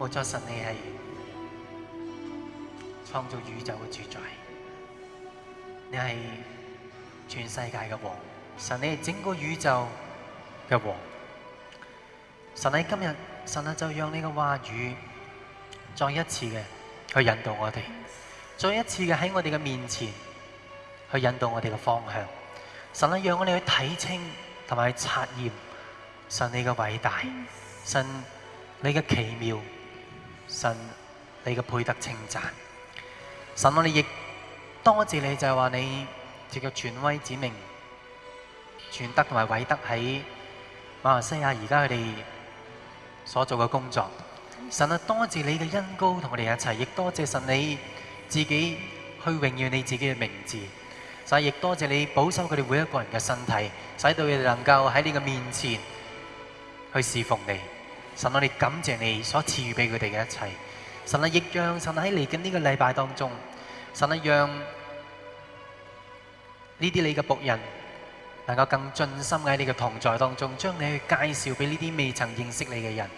我錯，神你係創造宇宙嘅主宰，你係全世界嘅王，神你係整個宇宙嘅王。神你今日，神就讓你嘅話語再，再一次嘅去引導我哋，再一次嘅喺我哋嘅面前，去引導我哋嘅方向。神啊，你讓我哋去睇清同埋察驗神你嘅偉大，神你嘅奇妙。神，你嘅配得稱讚。神，我哋亦多謝你，就係、是、話你藉着權威指明、指命、傳德同埋偉德喺馬來西亞而家佢哋所做嘅工作。神啊，多謝，謝你嘅恩高同我哋一齊，亦多謝，謝神你自己去榮耀你自己嘅名字。但亦多謝你保守佢哋每一個人嘅身體，使到佢哋能夠喺你嘅面前去侍奉你。神啊，我哋感謝你所賜予俾佢哋嘅一切。神啊，亦讓神喺嚟緊呢個禮拜當中，神啊，讓呢啲你嘅僕人能夠更盡心喺你嘅同在當中，將你去介紹俾呢啲未曾認識你嘅人，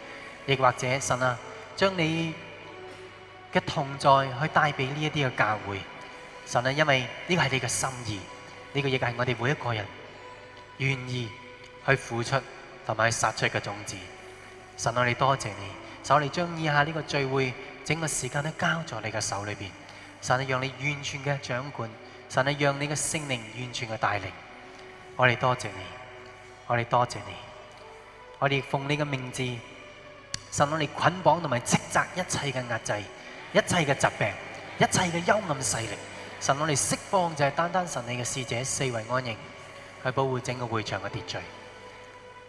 亦或者神啊，將你嘅同在去帶俾呢一啲嘅教會。神啊，因為呢個係你嘅心意，呢個亦係我哋每一個人願意去付出同埋去撒出嘅種子。神我哋多謝你，神我哋將以下呢個聚會整個時間都交咗你嘅手裏邊。神我哋讓你完全嘅掌管，神我哋讓你嘅聖靈完全嘅帶領。我哋多謝你，我哋多謝你，我哋奉你嘅名字，神我哋捆綁同埋斥責一切嘅壓制，一切嘅疾病，一切嘅幽暗勢力。神我哋釋放就係單單神你嘅使者四圍安營，去保護整個會場嘅秩序。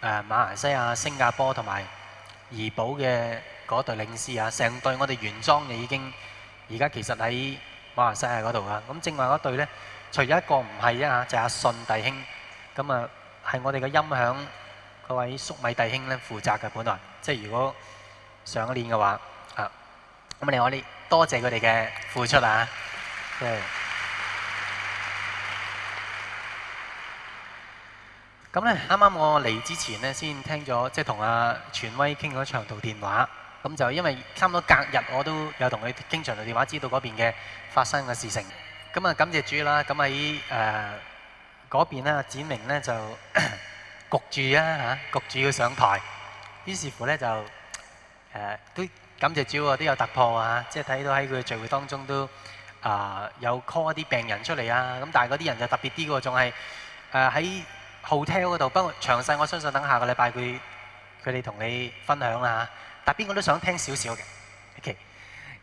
誒馬來西亞、新加坡同埋怡保嘅嗰隊領事啊，成隊我哋原裝嘅已經，而家其實喺馬來西亞嗰度啊。咁正話嗰隊咧，除咗一個唔係啊，就阿信弟兄，咁啊係我哋嘅音響嗰位粟米弟兄咧負責嘅本來。即係如果上一年嘅話，啊，咁啊嚟我哋多謝佢哋嘅付出啊。咁咧，啱啱我嚟之前咧，先聽咗即係同阿全威傾咗長途電話。咁就因為差唔多隔日，我都有同佢傾長途電話，知道嗰邊嘅發生嘅事情。咁啊，感謝主啦！咁喺誒嗰邊咧，展明咧就焗住、呃、啊嚇，焗住要上台。於是乎咧就誒、啊、都感謝主啊，都有突破啊！即係睇到喺佢嘅聚會當中都啊有 call 一啲病人出嚟啊。咁但係嗰啲人就特別啲喎，仲係誒喺，啊 hotel 嗰度，不過詳細我相信等下個禮拜佢佢哋同你分享啦。但邊個都想聽少少嘅，ok。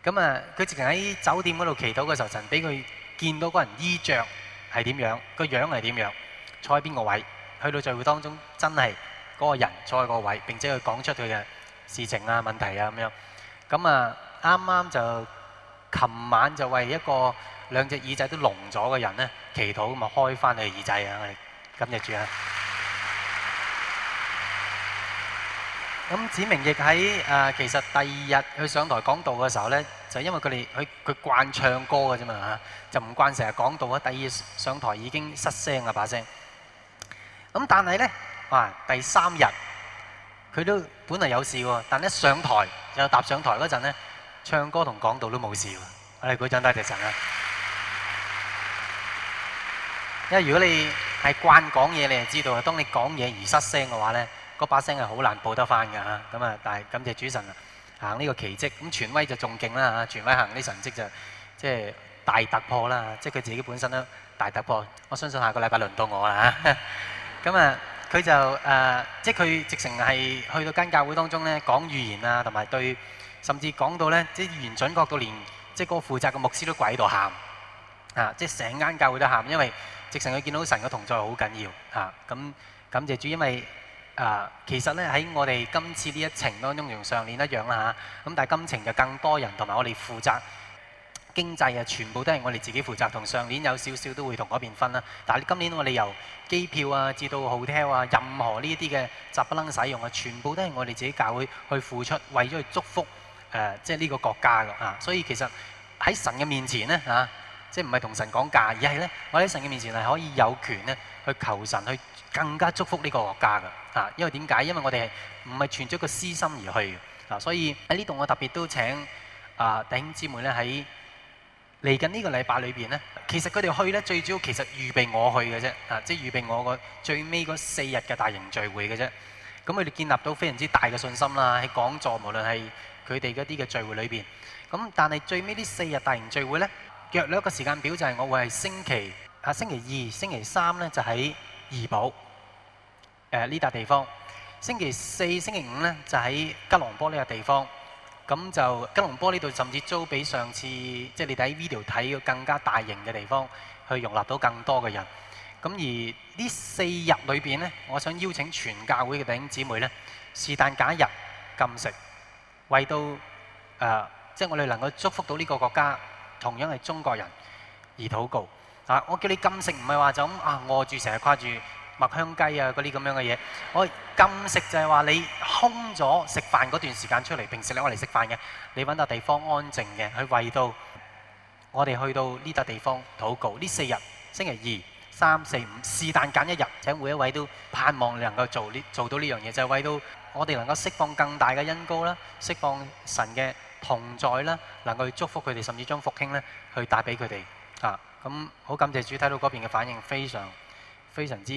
咁啊，佢直情喺酒店嗰度祈禱嘅時候，曾俾佢見到嗰人衣着係點樣，個樣係點樣，坐喺邊個位，去到聚會當中真係嗰個人坐喺個位，並且佢講出佢嘅事情啊、問題啊咁樣。咁啊，啱啱就琴晚就為一個兩隻耳仔都聾咗嘅人咧祈禱，咁啊開翻佢耳仔啊！今日住啊！咁子明亦喺誒，其實第二日佢上台講道嘅時候咧，就因為佢哋佢佢慣唱歌嘅啫嘛嚇，就唔慣成日講道啊。第二日上台已經失聲啊把聲。咁但係咧，哇！第三日佢都本嚟有事喎，但係一上台又踏上台嗰陣咧，唱歌同講道都冇事喎。我哋舉掌答謝神啊！因為如果你係慣講嘢，你就知道啊。當你講嘢而失聲嘅話咧，嗰把聲係好難補得返嘅嚇。咁啊，但係感謝主神啊，行呢個奇蹟。咁傳威就仲勁啦嚇，傳威行啲神蹟就即係大突破啦。即係佢自己本身都大突破。我相信下個禮拜輪到我啊。咁啊，佢就誒，即係佢直情係去到間教會當中咧講預言啊，同埋對，甚至講到咧即係預言準確到連即係嗰個負責嘅牧師都跪喺度喊啊！即係成間教會都喊，因為。直情佢見到神嘅同在好緊要嚇，咁、啊、感謝主，因為啊，其實咧喺我哋今次呢一程當中，同上年一樣啦嚇，咁、啊、但係今程就更多人，同埋我哋負責經濟啊，全部都係我哋自己負責，同上年有少少都會同嗰邊分啦、啊。但係今年我哋由機票啊，至到 hotel 啊，任何呢一啲嘅雜不楞使用啊，全部都係我哋自己教會去付出，為咗去祝福誒、啊，即係呢個國家㗎嚇、啊。所以其實喺神嘅面前呢。嚇、啊。即唔係同神講價，而係咧，我喺神嘅面前係可以有權咧，去求神去更加祝福呢個國家㗎。啊，因為點解？因為我哋係唔係存咗一個私心而去㗎。嗱，所以喺呢度我特別都請啊弟兄姊妹咧喺嚟緊呢個禮拜裏邊咧，其實佢哋去咧最主要其實預備我去嘅啫。啊，即係預備我個、啊、最尾嗰四日嘅大型聚會嘅啫。咁佢哋建立到非常之大嘅信心啦。喺講座，無論係佢哋嗰啲嘅聚會裏邊，咁但係最尾呢四日大型聚會咧。約咗一個時間表，就係我會係星期啊，星期二、星期三咧就喺怡保誒呢笪地方，星期四、星期五咧就喺吉隆坡呢個地方。咁就吉隆坡呢度甚至租畀上次即係你睇喺 video 睇嘅更加大型嘅地方，去容納到更多嘅人。咁而呢四日裏邊咧，我想邀請全教會嘅弟兄姊妹咧，是但揀一日禁食，為到誒即係我哋能夠祝福到呢個國家。同樣係中國人而禱告啊！我叫你禁食，唔係話就咁啊餓住，成日掛住麥香雞啊嗰啲咁樣嘅嘢。我禁食就係話你空咗食飯嗰段時間出嚟，平時你攞嚟食飯嘅，你揾個地方安靜嘅去為到我哋去到呢笪地方禱告。呢四日星期二、三四五，是但揀一日，請每一位都盼望能夠做呢做到呢樣嘢，就係為到我哋能夠釋放更大嘅恩膏啦，釋放神嘅。同在啦，能夠祝福佢哋，甚至將復興咧，去帶俾佢哋啊！咁好感謝主，睇到嗰邊嘅反應非常非常之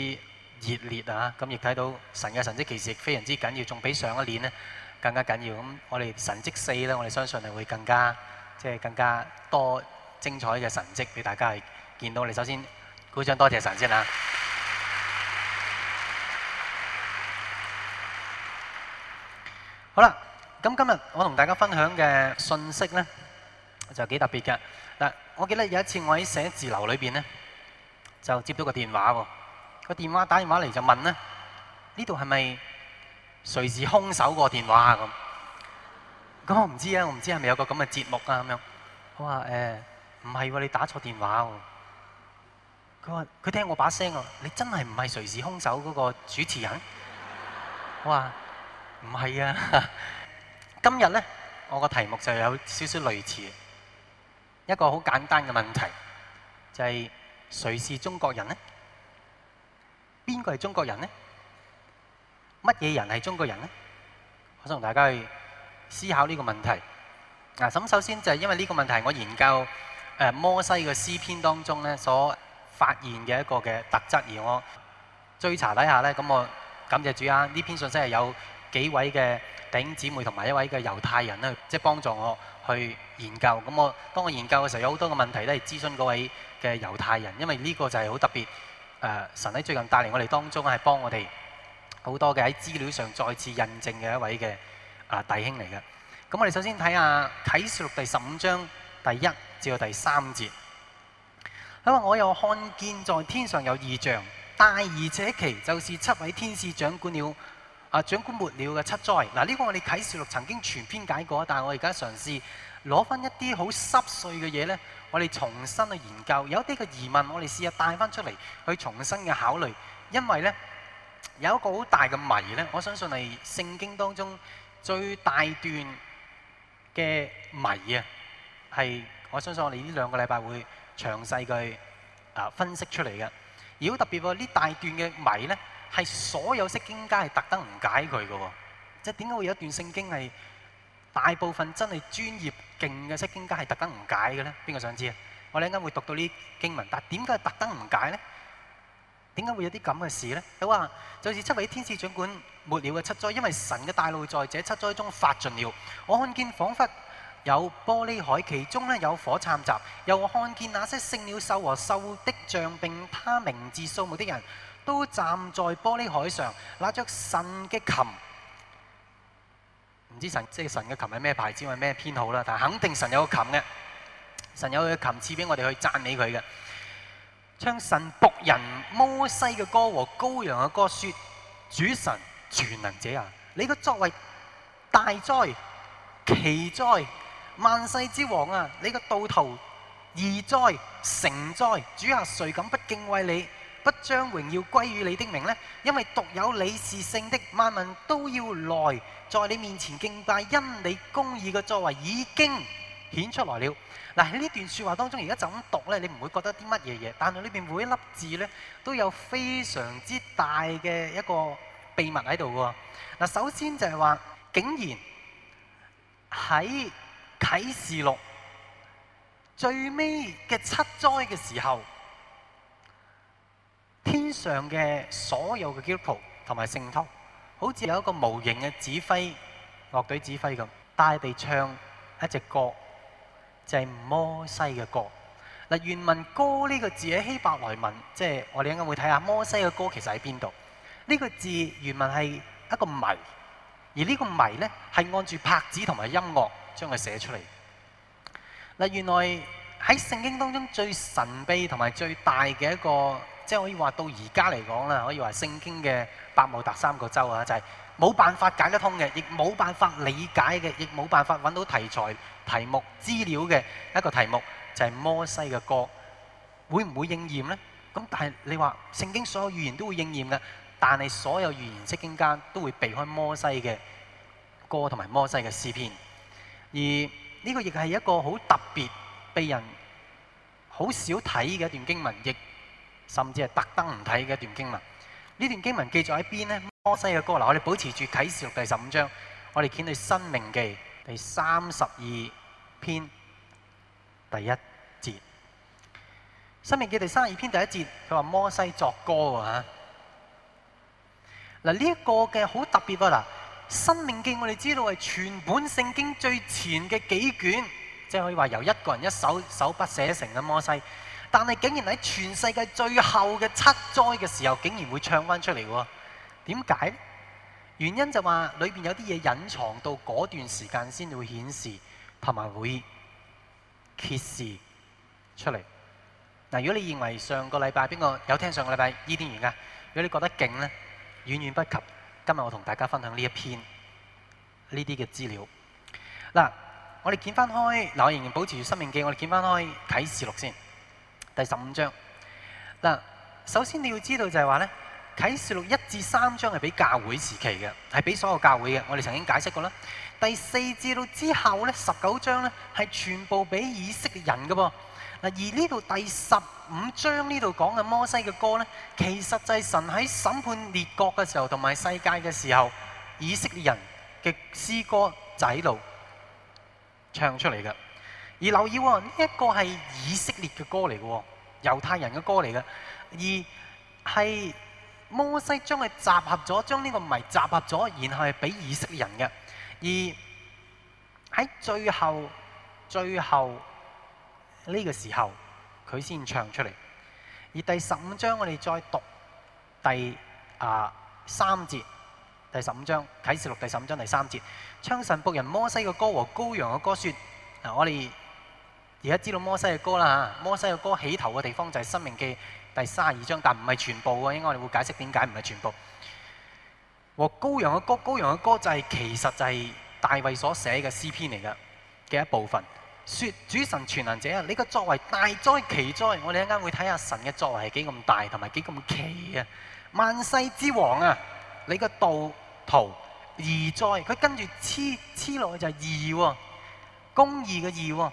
熱烈啊！咁亦睇到神嘅神蹟其實亦非常之緊要，仲比上一年咧更加緊要。咁我哋神蹟四咧，我哋相信係會更加即係更加多精彩嘅神蹟俾大家去見到。我哋首先鼓掌，多謝神先啦！好啦。咁今日我同大家分享嘅信息咧就幾特別嘅嗱，我記得有一次我喺寫字樓裏邊咧就接到個電話喎，個電話打電話嚟就問咧呢度係咪隨時空手個電話啊咁？咁我唔知啊，我唔知係咪有個咁嘅節目啊咁樣。我話誒唔係喎，你打錯電話喎。佢話佢聽我把聲喎，你真係唔係隨時空手嗰個主持人？我話唔係啊。今日咧，我個題目就有少少類似，一個好簡單嘅問題，就係誰是中國人咧？邊個係中國人咧？乜嘢人係中國人咧？我想同大家去思考呢個問題。嗱，咁首先就係因為呢個問題，我研究誒摩西嘅詩篇當中咧所發現嘅一個嘅特質而我追查底下咧，咁我感謝主啊！呢篇信息係有。幾位嘅弟兄姊妹同埋一位嘅猶太人咧，即係幫助我去研究。咁我當我研究嘅時候，有好多嘅問題都係諮詢嗰位嘅猶太人，因為呢個就係好特別。誒、呃，神喺最近帶嚟我哋當中係幫我哋好多嘅喺資料上再次印證嘅一位嘅啊弟兄嚟嘅。咁我哋首先睇下啟示錄第十五章第一至到第三節。因為我有看見在天上有異象，大而且奇，就是七位天使掌管了。啊！掌管末了嘅七災，嗱呢個我哋啟示錄曾經全篇解過，但係我而家嘗試攞翻一啲好濕碎嘅嘢咧，我哋重新去研究，有一啲嘅疑問，我哋試下帶翻出嚟去重新嘅考慮，因為咧有一個好大嘅謎咧，我相信係聖經當中最大段嘅謎啊，係我相信我哋呢兩個禮拜會詳細去啊分析出嚟嘅。而好特別喎，呢大段嘅謎咧。係所有釋經家係特登唔解佢嘅喎，即係點解會有一段聖經係大部分真係專業勁嘅釋經家係特登唔解嘅咧？邊個想知啊？我哋啱啱會讀到呢啲經文，但係點解特登唔解咧？點解會有啲咁嘅事咧？佢話，就是七位天使掌管末了嘅七災，因為神嘅大怒在這七災中發盡了。我看見彷彿有玻璃海，其中咧有火攙雜。又看見那些聖鳥獸和獸的像並他名字數目的人。都站在玻璃海上，拿着神嘅琴，唔知神即係神嘅琴係咩牌子，或咩編號啦。但係肯定神有個琴嘅，神有嘅琴賜俾我哋去讚美佢嘅，唱神僕人摩西嘅歌和羔羊嘅歌說，說主神全能者啊，你個作為大災奇災萬世之王啊，你個道途易災成災，主下誰敢不敬畏你？不將榮耀歸於你的名呢？因為獨有你是聖的，萬民都要來在你面前敬拜，因你公義嘅作為已經顯出來了。嗱，喺呢段説話當中，而家就咁讀呢，你唔會覺得啲乜嘢嘢，但係裏邊每一粒字呢，都有非常之大嘅一個秘密喺度㗎。嗱，首先就係話，竟然喺啟示錄最尾嘅七災嘅時候。天上嘅所有嘅基督徒同埋聖徒，好似有一個無形嘅指揮樂隊指揮咁，帶佢哋唱一隻歌，就係摩西嘅歌。嗱，原文歌呢個字喺希伯來文，即係我哋應該會睇下摩西嘅歌其實喺邊度？呢個字原文係一個謎，而呢個謎咧係按住拍子同埋音樂將佢寫出嚟。嗱，原來喺聖經當中最神秘同埋最大嘅一個。即係可以話到而家嚟講啦，可以話聖經嘅百慕達三角洲啊，就係、是、冇辦法解得通嘅，亦冇辦法理解嘅，亦冇辦法揾到題材、題目、資料嘅一個題目，就係、是、摩西嘅歌，會唔會應驗呢？咁但係你話聖經所有預言都會應驗嘅，但係所有預言釋經家都會避開摩西嘅歌同埋摩西嘅詩篇。而呢個亦係一個好特別、被人好少睇嘅一段經文，亦～甚至係特登唔睇嘅一段經文，呢段經文記載喺邊呢？摩西嘅歌，嗱，我哋保持住啟示錄第十五章，我哋見到《申命記》第三十二篇第一節，《申命記》第三十二篇第一節，佢話摩西作歌啊！嗱，呢一個嘅好特別喎，嗱，《申命記》我哋知道係全本聖經最前嘅幾卷，即係可以話由一個人一手手筆寫成嘅摩西。但係竟然喺全世界最後嘅七災嘅時候，竟然會唱翻出嚟喎？點解？原因就話裏邊有啲嘢隱藏到嗰段時間先會顯示，同埋會揭示出嚟。嗱，如果你認為上個禮拜邊個有聽上個禮拜伊甸園嘅，如果你覺得勁呢，遠遠不及今日我同大家分享呢一篇呢啲嘅資料。嗱，我哋見翻開，嗱，我仍然保持住生命記，我哋見翻開啟示錄先。第十五章嗱，首先你要知道就係話咧，《啟示錄》一至三章係俾教會時期嘅，係俾所有教會嘅。我哋曾經解釋過啦。第四至到之後咧，十九章咧係全部俾以、以色列人嘅噃。嗱，而呢度第十五章呢度講嘅摩西嘅歌咧，其實就係神喺審判列國嘅時候同埋世界嘅時候，以色列人嘅詩歌仔路唱出嚟嘅。而留意喎，呢、這、一個係以色列嘅歌嚟嘅，猶太人嘅歌嚟嘅，而係摩西將佢集合咗，將呢個謎集合咗，然後係俾以色列人嘅。而喺最後、最後呢個時候，佢先唱出嚟。而第十五章我哋再讀第啊三節，第十五章啟示錄第十五章第三節，唱神僕人摩西嘅歌和羔羊嘅歌説，嗱我哋。而家知道摩西嘅歌啦嚇，摩西嘅歌起頭嘅地方就係《生命記》第三十二章，但唔係全部喎。應該我哋會解釋點解唔係全部。和羔羊嘅歌，羔羊嘅歌就係、是、其實就係大衛所寫嘅詩篇嚟噶，嘅一部分。説主神全能者啊，你嘅作為大哉奇哉！我哋一陣會睇下神嘅作為係幾咁大，同埋幾咁奇啊！萬世之王啊，你嘅道途義哉，佢跟住黐黐落去就係義喎，公義嘅義喎。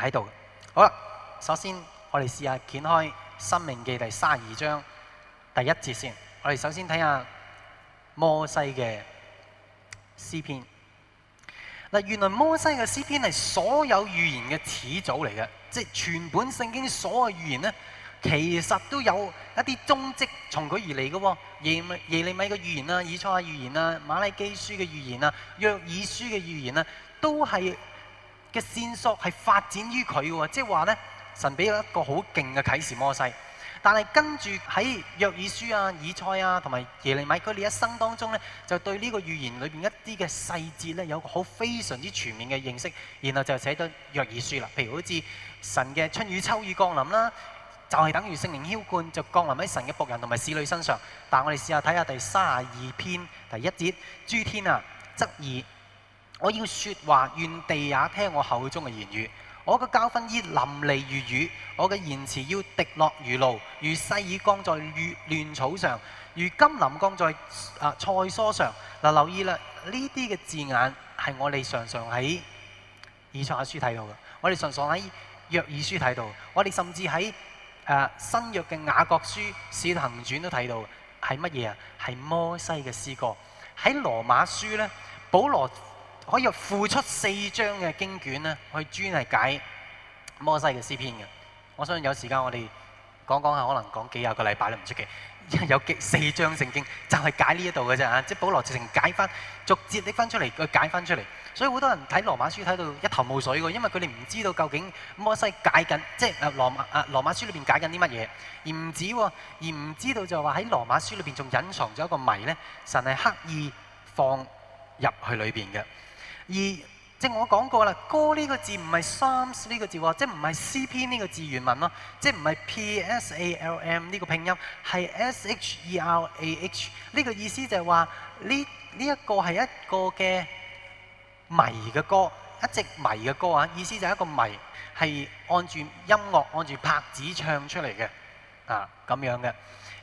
喺度。好啦，首先我哋試下掀開《申命記》第三二章第一節先。我哋首先睇下摩西嘅詩篇。嗱，原來摩西嘅詩篇係所有預言嘅始祖嚟嘅，即係全本聖經所有預言呢，其實都有一啲蹤跡從佢而嚟嘅。耶耶利米嘅預言啊、以賽亞預言啊、瑪拉基書嘅預言啊、約珥書嘅預言啊，都係。嘅線索係發展於佢喎，即係話呢，神俾咗一個好勁嘅啟示摩西，但係跟住喺約珥書啊、以賽啊同埋耶利米佢呢一生當中呢，就對呢個預言裏邊一啲嘅細節呢，有一個好非常之全面嘅認識，然後就寫到約珥書啦。譬如好似神嘅春雨秋雨降臨啦，就係、是、等於聖靈澆灌就降臨喺神嘅僕人同埋使女身上。但係我哋試下睇下第三十二篇第一節，諸天啊，側耳。我要説話，願地也聽我口中嘅言語。我嘅教訓要淋漓如雨，我嘅言詞要滴落如露，如細雨降在亂草上，如金林降在啊菜蔬上。嗱、呃，留意啦，呢啲嘅字眼係我哋常常喺《以賽亞書》睇到嘅，我哋常常喺《約珥書》睇到嘅，我哋甚至喺誒、呃、新約嘅雅各書、使徒行傳都睇到。係乜嘢啊？係摩西嘅詩歌。喺羅馬書呢，保羅。可以付出四章嘅經卷咧，去專係解摩西嘅詩篇嘅。我相信有時間我哋講講下，可能講幾廿個禮拜都唔出奇。有幾四章聖經就係解呢一度嘅啫嚇，即係保羅直情解翻逐節拎翻出嚟，佢解翻出嚟。所以好多人睇羅馬書睇到一頭霧水嘅，因為佢哋唔知道究竟摩西解緊，即係啊羅馬啊羅馬書裏邊解緊啲乜嘢，而唔止喎，而唔知道就話喺羅馬書裏邊仲隱藏咗一個謎咧，神係刻意放入去裏邊嘅。而即係我講過啦，歌呢個字唔係 songs 呢個字喎，即係唔係 c p 呢個字原文咯，即係唔係 p s a l m 呢個拼音係 s h e r a h 呢個意思就係話呢呢一個係一個嘅迷嘅歌，一隻迷嘅歌啊，意思就係一個迷，係按住音樂按住拍子唱出嚟嘅啊咁樣嘅。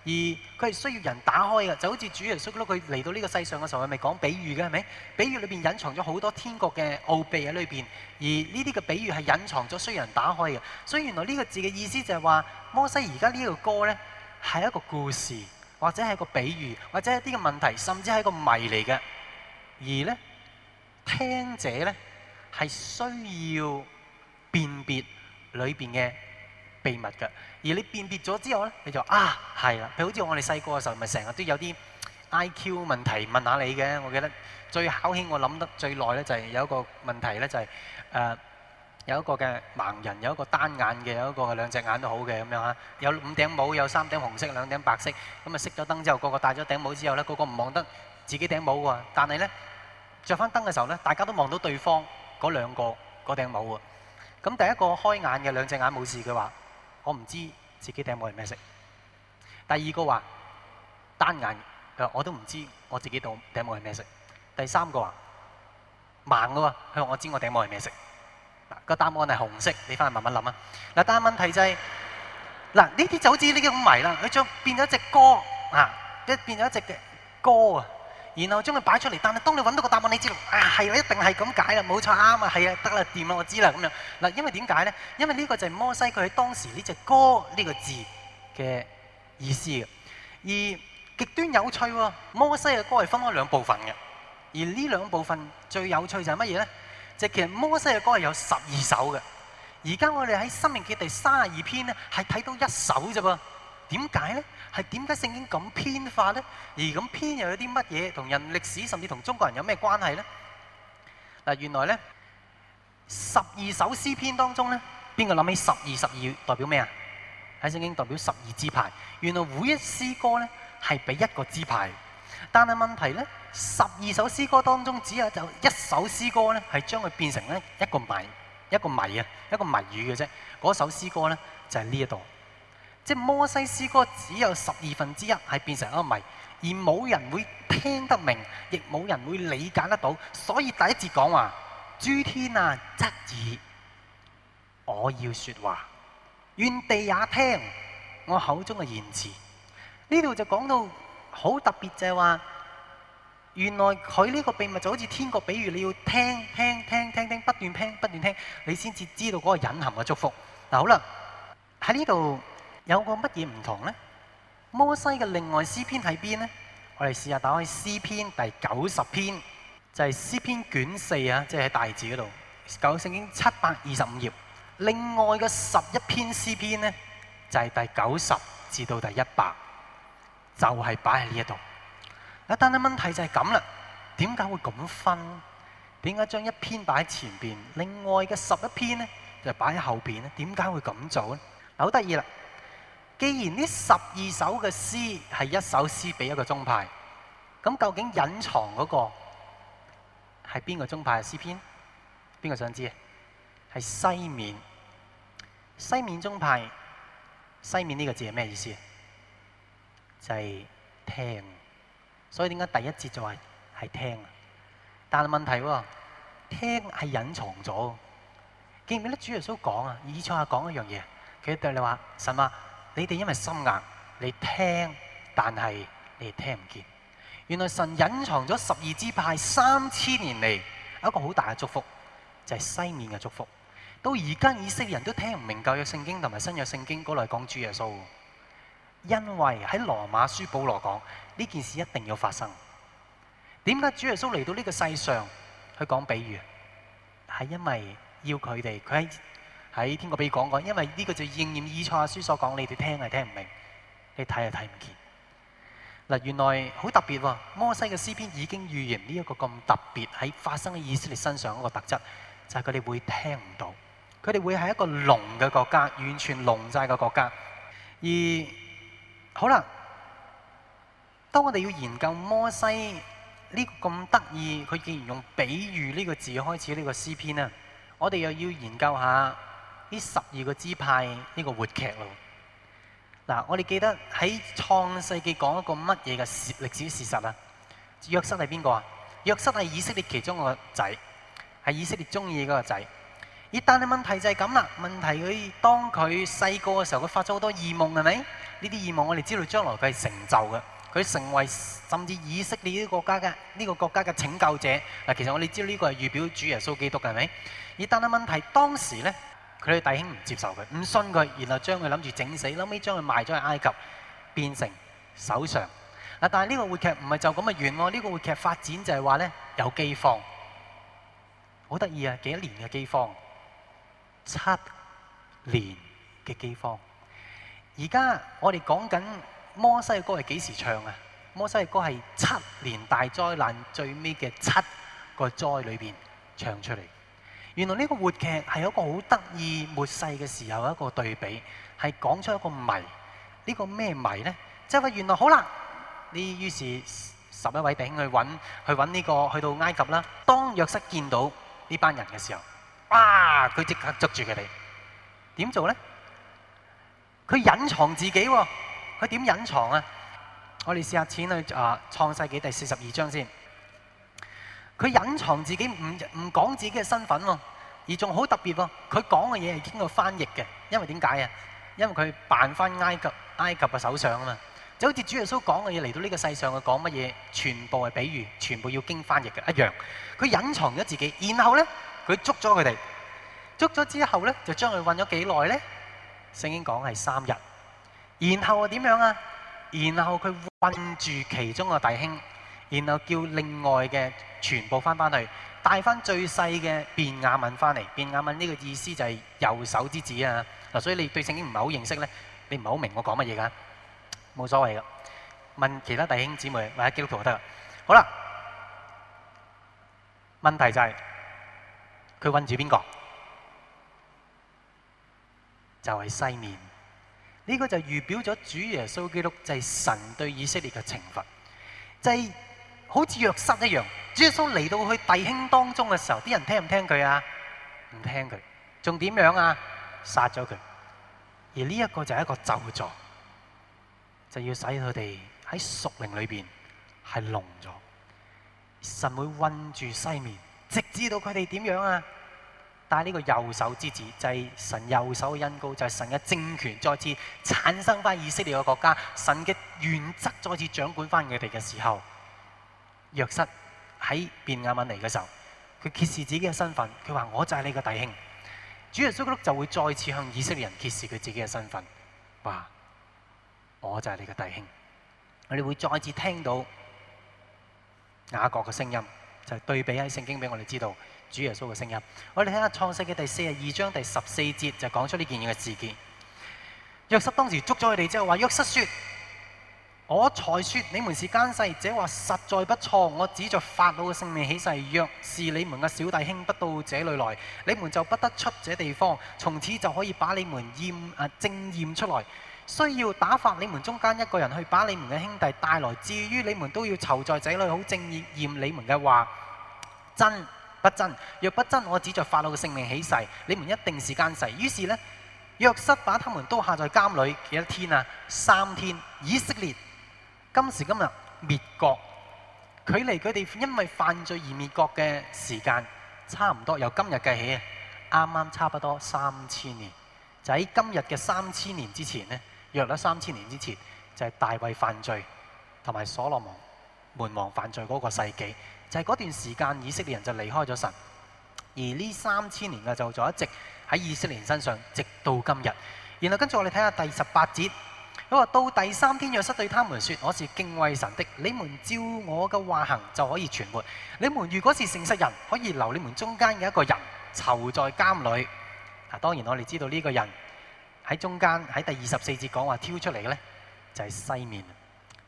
而佢係需要人打開嘅，就好似主耶穌佢嚟到呢個世上嘅時候，係咪講比喻嘅，係咪？比喻裏邊隱藏咗好多天國嘅奧秘喺裏邊。而呢啲嘅比喻係隱藏咗需要人打開嘅。所以原來呢個字嘅意思就係話，摩西而家呢個歌咧係一個故事，或者係一個比喻，或者一啲嘅問題，甚至係一個謎嚟嘅。而咧聽者咧係需要辨別裏邊嘅。秘密㗎，而你辨別咗之後咧，你就啊，係啦。譬如好似我哋細個嘅時候，咪成日都有啲 IQ 問題問下你嘅。我記得最考起我諗得最耐咧，就係有一個問題咧，就係誒有一個嘅盲人，有一個單眼嘅，有一個兩隻眼都好嘅咁樣吓。有五頂帽，有三頂紅色，兩頂白色。咁啊熄咗燈之後，個個戴咗頂帽之後咧，個個唔望得自己頂帽喎。但係咧著翻燈嘅時候咧，大家都望到對方嗰兩個嗰頂帽喎。咁第一個開眼嘅兩隻眼冇事佢話，我唔知自己頂帽係咩色。第二個話單眼，佢話我都唔知我自己度頂帽係咩色。第三個話盲嘅喎，佢話我知我頂帽係咩色。嗱，個答案係紅色，你返去慢慢諗啊。嗱，但問題就係，嗱呢啲就好似呢種迷啦，佢仲變咗隻歌啊，一變咗隻嘅歌啊。然後將佢擺出嚟，但係當你揾到個答案，你知道啊係啦，一定係咁解啦，冇錯啱啊，係啊，得啦，掂啦，我知啦咁樣，嗱，因為點解咧？因為呢個就係摩西佢喺當時呢隻歌呢個字嘅意思嘅。而極端有趣喎，摩西嘅歌係分開兩部分嘅。而呢兩部分最有趣就係乜嘢呢？就係其實摩西嘅歌係有十二首嘅。而家我哋喺《申命記》第三十二篇呢，係睇到一首啫噃。點解呢？係點解聖經咁編化咧？而咁編又有啲乜嘢同人歷史，甚至同中國人有咩關係咧？嗱，原來咧十二首詩篇當中咧，邊個諗起十二十二代表咩啊？喺聖經代表十二支派。原來每一詩歌咧係俾一個支派，但係問題咧，十二首詩歌當中只有就一首詩歌咧係將佢變成咧一個謎、一個謎啊、一個謎語嘅啫。嗰首詩歌咧就係呢一度。即摩西詩歌只有十二分之一係變成一個謎，而冇人會聽得明，亦冇人會理解得到。所以第一節講話：諸天啊，側耳，我要説話，願地也聽我口中嘅言辭。呢度就講到好特別就係、是、話，原來佢呢個秘密就好似天國，比喻，你要聽聽聽聽聽不斷聽不斷，不斷聽，你先至知道嗰個隱含嘅祝福。嗱好啦，喺呢度。有個乜嘢唔同呢？摩西嘅另外詩篇喺邊呢？我哋試下打開詩篇第九十篇，就係詩篇卷四啊，即係喺大字嗰度。九聖經七百二十五頁，另外嘅十一篇詩篇呢，就係第九十至到第一百，就係擺喺呢一度。嗱，但係問題就係咁啦，點解會咁分？點解將一篇擺喺前邊，另外嘅十一篇呢，就擺喺後邊咧？點解會咁做咧？好得意啦！既然呢十二首嘅詩係一首詩俾一個宗派，咁究竟隱藏嗰個係邊個宗派嘅詩篇？邊個想知啊？係西面，西面宗派。西面呢個字係咩意思？就係聽。所以點解第一節就係係聽啊？但係問題喎，聽係隱藏咗。記唔記得？主耶穌講啊，以唱下講一樣嘢，佢對你話：神啊！你哋因為心硬，你聽，但係你哋聽唔見。原來神隱藏咗十二支派三千年嚟，有一個好大嘅祝福，就係西面嘅祝福。到而家以色列人都聽唔明舊約聖經同埋新約聖經，過來講主耶穌。因為喺羅馬書保羅講呢件事一定要發生。點解主耶穌嚟到呢個世上去講比喻？係因為要佢哋佢喺。喺天國俾你講講，因為呢個就應驗以賽亞書所講，你哋聽係聽唔明，你睇係睇唔見。嗱，原來好特別喎，摩西嘅詩篇已經預言呢一個咁特別喺發生喺以色列身上一個特質，就係佢哋會聽唔到，佢哋會係一個聾嘅國家，完全聾曬嘅國家。而好啦，當我哋要研究摩西呢個咁得意，佢竟然用比喻呢個字開始呢個詩篇啊，我哋又要研究下。呢十二個支派呢個活劇咯。嗱，我哋記得喺創世記講一個乜嘢嘅史歷史事實是啊？約瑟係邊個啊？約瑟係以色列其中個仔，係以色列中意嗰個仔。而但係問題就係咁啦，問題佢當佢細個嘅時候，佢發咗好多異夢係咪？呢啲異夢我哋知道將來佢係成就嘅，佢成為甚至以色列啲國家嘅呢個國家嘅拯救者。嗱，其實我哋知道呢個係預表主耶穌基督係咪？而但係問題當時咧。佢哋弟兄唔接受佢，唔信佢，然後將佢諗住整死，撚尾將佢賣咗去埃及，變成首相。嗱，但係呢個活劇唔係就咁嘅完喎，呢個活劇發展就係話咧有饑荒，好得意啊！幾多年嘅饑荒？七年嘅饑荒。而家我哋講緊摩西嘅歌係幾時唱啊？摩西嘅歌係七年大災難最尾嘅七個災裏邊唱出嚟。原來呢個活劇係一個好得意末世嘅時候一個對比，係講出一個謎。呢個咩謎咧？即係話原來好啦，啲於是十一位弟兄去揾去揾呢個去到埃及啦。當約瑟見到呢班人嘅時候，哇！佢即刻捉住佢哋。點做咧？佢隱藏自己喎。佢點隱藏啊？我哋試下轉去啊《創世記》第四十二章先。佢隱藏自己，唔唔講自己嘅身份喎，而仲好特別喎。佢講嘅嘢係經過翻譯嘅，因為點解啊？因為佢扮翻埃及埃及嘅首相啊嘛，就好似主耶穌講嘅嘢嚟到呢個世上，佢講乜嘢全部係比喻，全部要經翻譯嘅一樣。佢隱藏咗自己，然後呢，佢捉咗佢哋，捉咗之後呢，就將佢困咗幾耐呢？聖經講係三日，然後點樣啊？然後佢困住其中個弟兄，然後叫另外嘅。全部翻翻去，帶翻最細嘅便雅憫翻嚟。便雅憫呢個意思就係右手之子啊！嗱，所以你對聖經唔係好認識咧，你唔係好明我講乜嘢噶。冇所謂噶，問其他弟兄姊妹或者基督徒得啦。好啦，問題就係佢困住邊個？就係西面。呢個就預表咗主耶穌基督就係神對以色列嘅懲罰。即係。好似約瑟一樣，耶穌嚟到去弟兄當中嘅時候，啲人聽唔聽佢啊？唔聽佢，仲點樣啊？殺咗佢。而呢一個就係一個咒詛，就要使佢哋喺屬靈裏面係聾咗，神會困住西面，直至到佢哋點樣啊？帶呢個右手之子，就係、是、神右手嘅恩膏，就係、是、神嘅政權再次產生翻以色列嘅國家，神嘅原則再次掌管翻佢哋嘅時候。約瑟喺便雅憫嚟嘅時候，佢揭示自己嘅身份，佢話我就係你嘅弟兄。主耶穌基督就會再次向以色列人揭示佢自己嘅身份，話我就係你嘅弟兄。我哋會再次聽到雅各嘅聲音，就係對比喺聖經俾我哋知道主耶穌嘅聲音。我哋睇下創世嘅第四十二章第十四節就講出呢件嘢嘅事件。約瑟當時捉咗佢哋之後話約瑟說。我才說你們是奸細，這話實在不錯。我指着法老嘅性命起誓，若是你們嘅小弟兄不到這裏來，你們就不得出這地方。從此就可以把你們驗啊、呃、正驗出來。需要打發你們中間一個人去把你們嘅兄弟帶來。至於你們都要囚在這裏好正驗驗你們嘅話真不真。若不真，我指着法老嘅性命起誓，你們一定是奸細。於是呢，約瑟把他們都下在監裏幾多天啊？三天。以色列。今時今日滅國，距離佢哋因為犯罪而滅國嘅時間差唔多，由今日計起，啱啱差不多三千年。就喺今日嘅三千年之前，約咗三千年之前，就係大衛犯罪同埋所羅門門王犯罪嗰個世紀。就係嗰段時間，以色列人就離開咗神。而呢三千年嘅就就一直喺以色列人身上，直到今日。然後跟住我哋睇下第十八節。佢話到第三天，約瑟對他們說：我是敬畏神的，你們照我嘅話行就可以存活。你們如果是誠實人，可以留你們中間嘅一個人囚在監裏。啊，當然我哋知道呢個人喺中間喺第二十四節講話挑出嚟嘅呢，就係西面，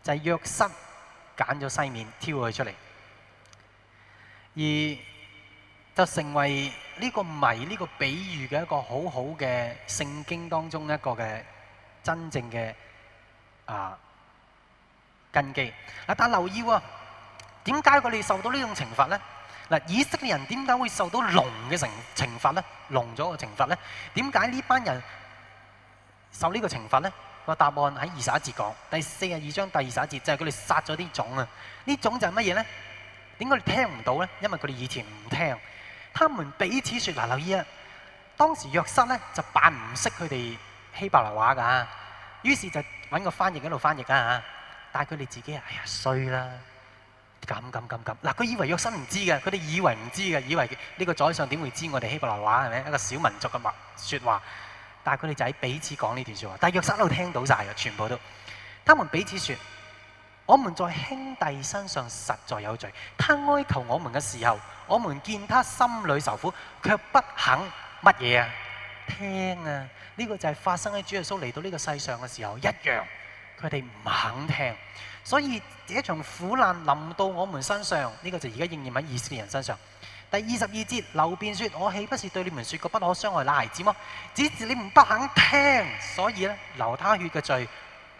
就係、是、約瑟揀咗西面挑佢出嚟，而就成為呢個迷呢、這個比喻嘅一個好好嘅聖經當中一個嘅真正嘅。啊，根基嗱，但留意啊，點解佢哋受到這種懲罰呢種懲罰咧？嗱，以色列人點解會受到聾嘅刑懲罰咧？聾咗嘅懲罰咧？點解呢班人受這個懲罰呢個懲罰咧？個答案喺二十一節講第四十二章第二十一節就係佢哋殺咗啲種啊。這種是什麼呢種就係乜嘢咧？點解你聽唔到咧？因為佢哋以前唔聽，他們彼此説嗱，留意啊，當時約瑟咧就扮唔識佢哋希伯來話噶，於是就。揾個翻譯喺度翻譯啊，但係佢哋自己啊，哎呀衰啦，咁咁咁咁。嗱，佢以為約瑟唔知嘅，佢哋以為唔知嘅，以為呢個宰相點會知我哋希伯來話係咪？一個小民族嘅話說話，但係佢哋就喺彼此講呢段說話。但係約瑟喺度聽到晒嘅，全部都。他們彼此說：我們在兄弟身上實在有罪。他哀求我們嘅時候，我們見他心裏受苦，卻不肯乜嘢啊？聽啊！呢個就係發生喺主耶穌嚟到呢個世上嘅時候，一樣佢哋唔肯聽，所以呢一場苦難臨到我們身上，呢個就而家應驗喺以色列人身上。第二十二節，流便說：我豈不是對你們說過不可傷害那孩子麼？只是你們不肯聽，所以呢流他血嘅罪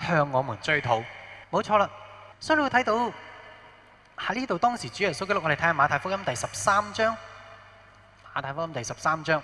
向我們追討。冇錯啦，所以你會睇到喺呢度當時主耶穌記錄，我哋睇下馬太福音第十三章，馬太福音第十三章。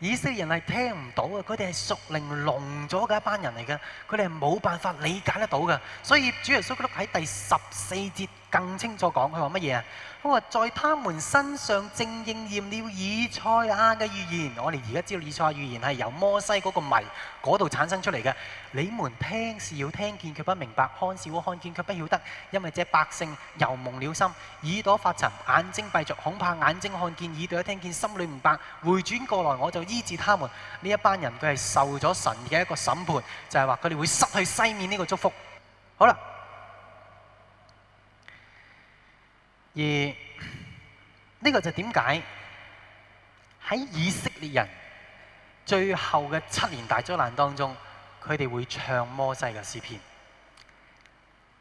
以色列人係聽唔到嘅，佢哋係屬靈聾咗嘅一班人嚟嘅，佢哋係冇辦法理解得到嘅。所以主耶穌基督喺第十四節更清楚講，佢話乜嘢啊？佢話在他們身上正應驗了以賽亞嘅預言，我哋而家知道以賽亞預言係由摩西嗰個謎嗰度產生出嚟嘅。你們聽是要聽見，卻不明白；看是會看見，卻不曉得，因為這百姓油蒙了心，耳朵發沉，眼睛閉着，恐怕眼睛看見，耳朵一聽見，心裡唔白。回轉過來，我就醫治他們呢一班人，佢係受咗神嘅一個審判，就係話佢哋會失去西面呢個祝福。好啦。而呢、這個就點解喺以色列人最後嘅七年大災難當中，佢哋會唱摩西嘅詩篇。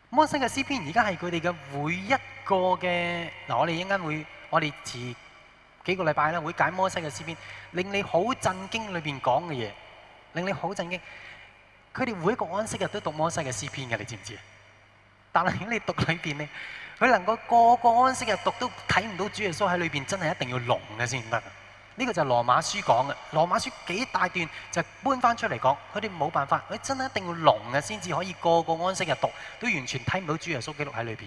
摩西嘅詩篇而家係佢哋嘅每一個嘅，嗱，我哋應該會我哋遲幾個禮拜啦，會解摩西嘅詩篇，令你好震驚裏邊講嘅嘢，令你好震驚。佢哋每一個安息日都讀摩西嘅詩篇嘅，你知唔知？但係喺你讀裏邊咧。佢能夠個個安息日讀都睇唔到主耶穌喺裏邊，真係一定要聾嘅先得。呢個就係羅馬書講嘅。羅馬書幾大段就搬翻出嚟講，佢哋冇辦法。佢真係一定要聾嘅先至可以個個安息日讀，都完全睇唔到主耶穌記錄喺裏邊，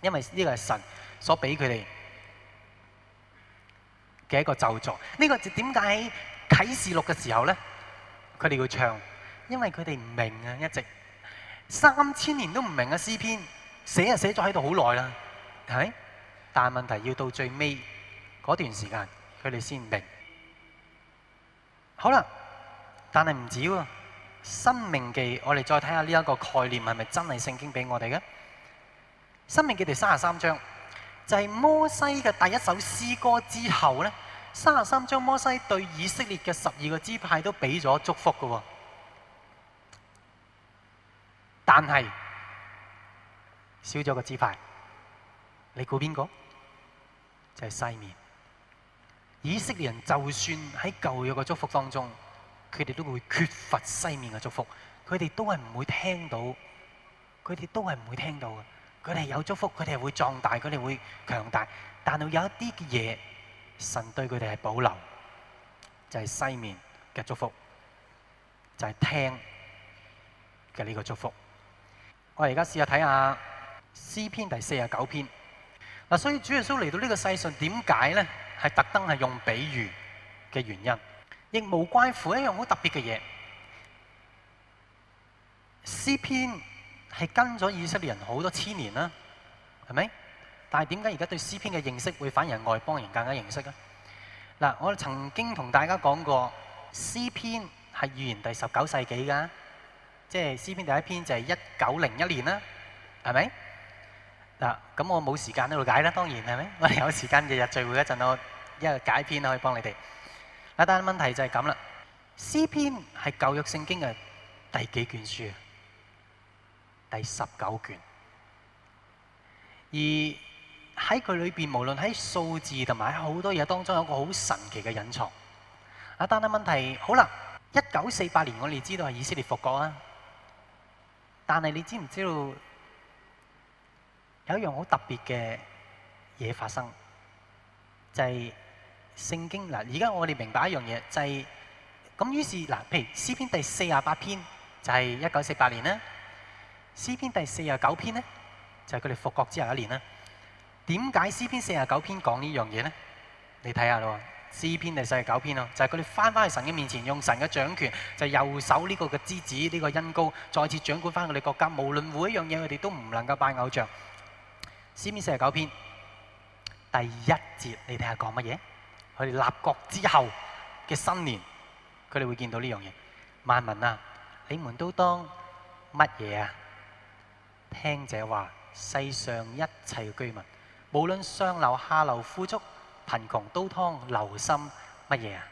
因為呢個係神所俾佢哋嘅一個咒詛。呢個點解喺啟示錄嘅時候咧，佢哋要唱，因為佢哋唔明啊，一直三千年都唔明嘅詩篇。寫啊寫咗喺度好耐啦，係，但係問題要到最尾嗰段時間，佢哋先明。好啦，但係唔止喎，《申命記》我哋再睇下呢一個概念係咪真係聖經俾我哋嘅？《申命記第》第三十三章就係、是、摩西嘅第一首詩歌之後咧，三十三章摩西對以色列嘅十二個支派都俾咗祝福嘅，但係。少咗個支派，你估邊個？就係西面。以色列人就算喺舊約嘅祝福當中，佢哋都會缺乏西面嘅祝福。佢哋都係唔會聽到，佢哋都係唔會聽到嘅。佢哋有祝福，佢哋會壯大，佢哋會強大，但係有一啲嘅嘢，神對佢哋係保留，就係西面嘅祝福，就係聽嘅呢個祝福。我而家試下睇下。詩篇第四十九篇，嗱，所以主耶穌嚟到呢個世上，點解呢係特登係用比喻嘅原因，亦冇關乎一樣好特別嘅嘢。詩篇係跟咗以色列人好多千年啦，係咪？但係點解而家對詩篇嘅認識會反而係外邦人更加認識呢？嗱，我曾經同大家講過，詩篇係預言第十九世紀噶，即係詩篇第一篇就係一九零一年啦，係咪？嗱、啊，咁我冇時間喺度解啦，當然係咩？我哋有時間日日聚會一陣，我一個解篇可以幫你哋。阿、啊、丹，問題就係咁啦。詩篇係舊約聖經嘅第幾卷書？第十九卷。而喺佢裏面，無論喺數字同埋好多嘢當中，有個好神奇嘅隱藏。阿丹，問題好啦，一九四八年我哋知道係以色列復國啊，但係你知唔知道？有一樣好特別嘅嘢發生，就係、是、聖經嗱。而家我哋明白一樣嘢，就係、是、咁。於是嗱，譬如詩篇第四十八篇就係一九四八年啦，詩篇第四十九篇咧就係佢哋復國之後一年啦。點解詩篇四十九篇講呢樣嘢咧？你睇下咯，詩篇第四十九篇咯，就係佢哋翻返去神嘅面前，用神嘅掌權，就是、右手呢個嘅之子呢、這個恩膏，再次掌管翻佢哋國家。無論每一樣嘢，佢哋都唔能夠拜偶像。詩篇四十九篇第一節，你睇下講乜嘢？佢哋立國之後嘅新年，佢哋會見到呢樣嘢。萬民啊，你們都當乜嘢啊？聽者話，世上一切嘅居民，無論上流下流，富足貧窮，都當留心乜嘢啊？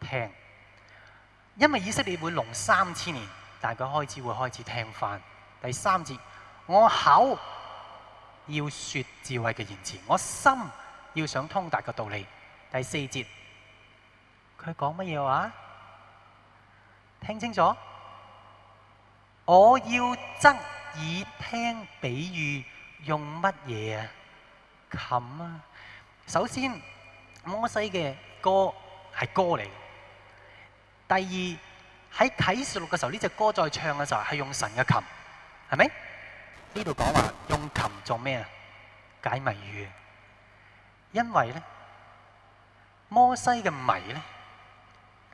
聽，因為以色列會隆三千年，但係佢開始會開始聽翻。第三節，我口。要說智慧嘅言辭，我心要想通達嘅道理。第四節，佢講乜嘢話？聽清楚，我要側耳聽比喻，用乜嘢啊？琴啊！首先，摩西嘅歌係歌嚟。第二，喺啟示錄嘅時候，呢隻歌再唱嘅時候係用神嘅琴，係咪？呢度講話用琴做咩啊？解謎語。因為咧，摩西嘅謎咧，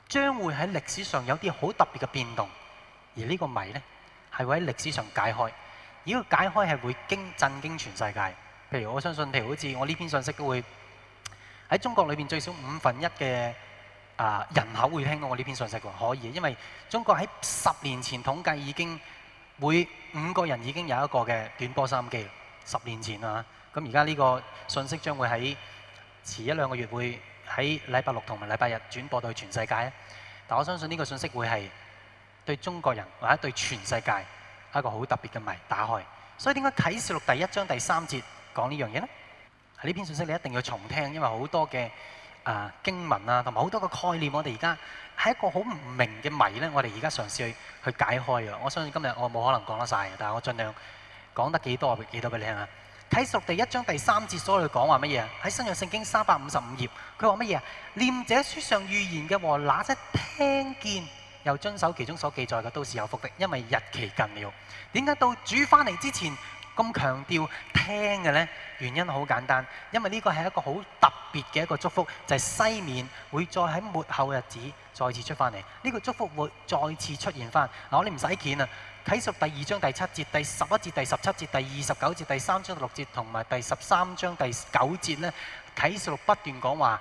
將會喺歷史上有啲好特別嘅變動，而這個迷呢個謎咧，係會喺歷史上解開。如果解開係會驚震驚全世界。譬如我相信，譬如好似我呢篇信息都會喺中國裏邊最少五分一嘅啊人口會聽到我呢篇信息嘅，可以，因為中國喺十年前統計已經。每五個人已經有一個嘅短波收音機，十年前啊，咁而家呢個信息將會喺遲一兩個月會喺禮拜六同埋禮拜日轉播到全世界。但我相信呢個信息會係對中國人或者對全世界一個好特別嘅迷，打開。所以點解啟示錄第一章第三節講呢樣嘢呢？呢篇信息你一定要重聽，因為好多嘅啊、呃、經文啊，同埋好多個概念我們現在，我哋而家。係一個好唔明嘅謎呢，我哋而家嘗試去去解開啊！我相信今日我冇可能講得晒嘅，但係我盡量講得幾多少，俾幾多俾你聽啊！啟示錄第一章第三節所裏講話乜嘢？喺新約聖經三百五十五頁，佢話乜嘢啊？念者書上預言嘅和那些聽見又遵守其中所記載嘅，都是有福的，因為日期近了。點解到主翻嚟之前咁強調聽嘅呢？原因好簡單，因為呢個係一個好特別嘅一個祝福，就係、是、西面會再喺末後日子。再次出翻嚟，呢個祝福會再次出現翻嗱，我哋唔使見啊！啟示第二章第七節、第十一節、第十七節、第二十九節、第三章六節同埋第十三章第九節咧，啟示不斷講話，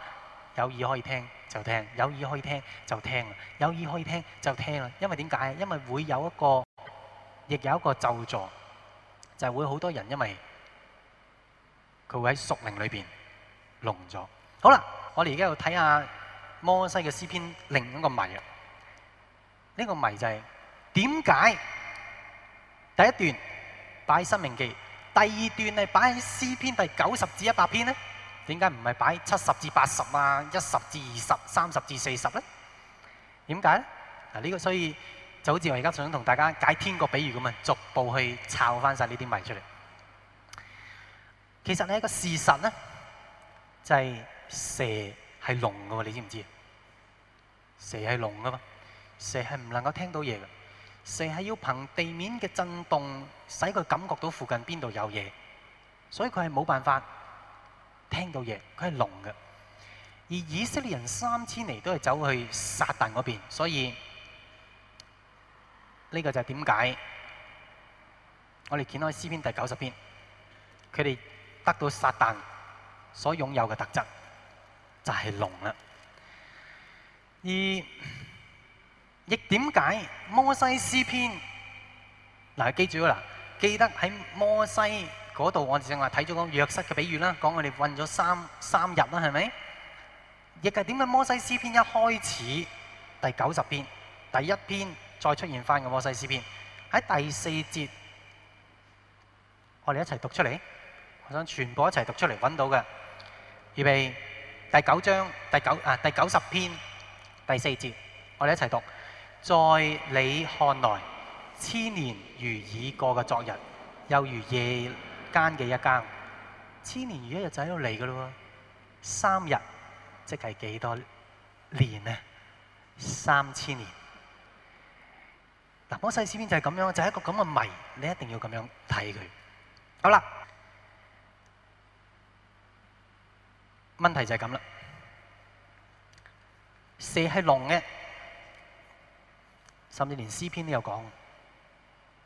有耳可以聽就聽，有耳可以聽就聽，有耳可以聽就聽啦。因為點解啊？因為會有一個，亦有一個咒詛，就會好多人因為佢會喺屬靈裏邊聾咗。好啦，我哋而家要睇下。摩西嘅詩篇另一個謎啊！呢、呢個謎就係點解第一段擺申命記，第二段係擺喺詩篇第九十至一百篇呢？點解唔係擺七十至八十啊？一十至二十、三十至四十呢？點解咧？嗱呢個所以就好似我而家想同大家解天國比喻咁啊，逐步去抄翻晒呢啲謎出嚟。其實呢個事實呢，就係、是、蛇。係聾噶，你知唔知？蛇係聾噶嘛？蛇係唔能夠聽到嘢噶，蛇係要憑地面嘅震動，使佢感覺到附近邊度有嘢，所以佢係冇辦法聽到嘢。佢係聾噶。而以色列人三千年都係走去撒旦嗰邊，所以呢個就係點解，我哋見開詩篇第九十篇，佢哋得到撒旦所擁有嘅特質。就係龍啦。而亦點解摩西詩篇嗱，記住啦，記得喺摩西嗰度，我正話睇咗個約瑟嘅比喻啦，講我哋困咗三三日啦，係咪？亦係點解摩西詩篇一開始第九十篇第一篇再出現翻個摩西詩篇喺第四節，我哋一齊讀出嚟，我想全部一齊讀出嚟揾到嘅，預備。第九章第九啊，第九十篇第四節，我哋一齊讀。在你看來，千年如已過嘅昨日，又如夜間嘅一更。千年如一日就喺度嚟噶咯喎。三日即係幾多年呢？三千年。嗱，摩西詩篇就係咁樣，就係、是、一個咁嘅謎，你一定要咁樣睇佢。好啦。問題就係咁啦，蛇係龍嘅，甚至連詩篇都有講。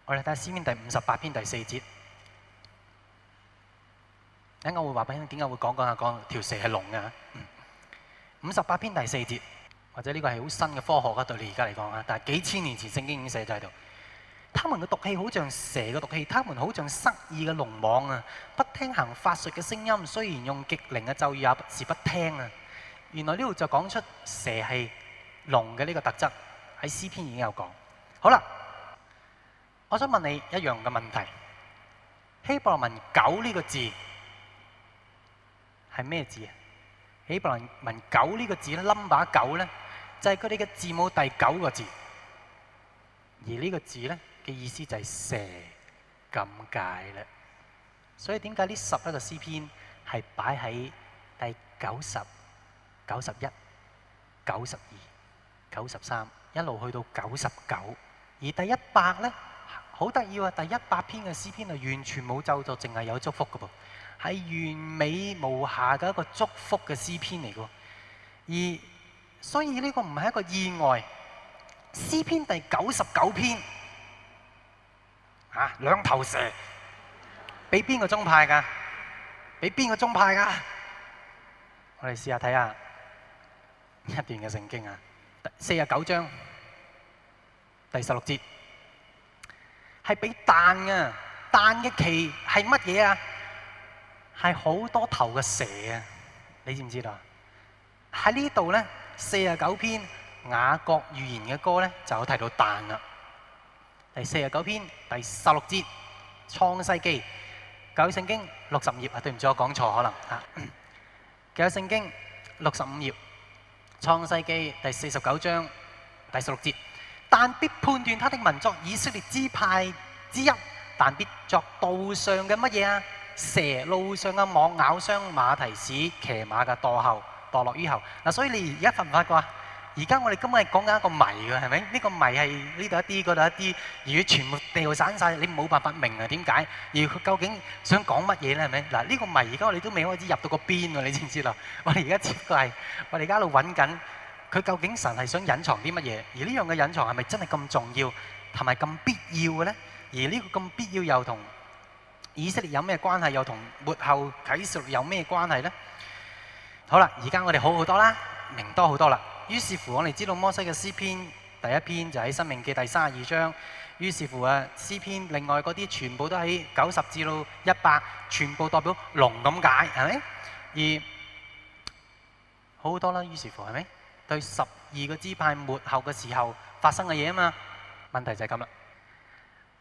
我哋睇下詩篇第五十八篇第四節，等我會話俾你聽，點解會講講下講條蛇係龍嘅？五十八篇第四節，或者呢個係好新嘅科學啊，對，你而家嚟講啊，但係幾千年前聖經已經寫咗喺度。他們嘅毒氣好像蛇嘅毒氣，他們好像失意嘅龍網啊！不聽行法術嘅聲音，雖然用極靈嘅咒語也不是不聽啊！原來呢度就講出蛇係龍嘅呢個特質喺詩篇已經有講。好啦，我想問你一樣嘅問題：希伯羅文九呢個字係咩字啊？希伯羅文九呢個字咧，number 九咧，就係佢哋嘅字母第九個字，而呢個字咧。嘅意思就係蛇咁解啦，所以點解呢十一個詩篇係擺喺第九十、九十一、九十二、九十三一路去到九十九，而第一百咧好得意喎！第一百篇嘅詩篇啊，完全冇咒詛，淨係有祝福㗎噃，係完美無瑕嘅一個祝福嘅詩篇嚟㗎。而所以呢個唔係一個意外，詩篇第九十九篇。啊！兩頭蛇，俾邊個宗派噶？俾邊個宗派噶？我哋試下睇下一段嘅聖經啊，第四十九章第十六節係俾彈嘅，彈嘅旗係乜嘢啊？係好多頭嘅蛇啊！你知唔知道？喺呢度咧，四十九篇雅各預言嘅歌咧，就好提到彈啦。第四十九篇第十六節《創世記》舊聖， 舊聖經六十頁啊，對唔住，我講錯可能嚇。舊聖經六十五頁，《創世記》第四十九章第十六節。但必判斷他的民族，以色列支派之一。但必作道上嘅乜嘢啊？蛇路上嘅網，咬傷馬蹄，使騎馬嘅墮後，墮落於後。嗱，所以你而家發唔發覺？而家我哋根本係講緊一個謎㗎，係咪？呢個謎係呢度一啲，嗰度一啲，而佢全部掉散曬，你冇辦法明啊點解？而佢究竟想講乜嘢咧？係咪？嗱，呢個謎而家我哋都未開始入到個邊喎，你知唔知啦？我哋而家只係我哋而家喺度揾緊，佢究竟神係想隱藏啲乜嘢？而呢樣嘅隱藏係咪真係咁重要同埋咁必要嘅咧？而呢個咁必要又同以色列有咩關係？又同末後啟示有咩關係咧？好啦，而家我哋好好多啦，明多好多啦。於是乎，我哋知道摩西嘅詩篇第一篇就喺、是《申命記》第三十二章。於是乎啊，詩篇另外嗰啲全部都喺九十至到一百，全部代表龍咁解，係咪？而好多啦，於是乎係咪？對十二個支派末後嘅時候發生嘅嘢啊嘛。問題就係咁啦。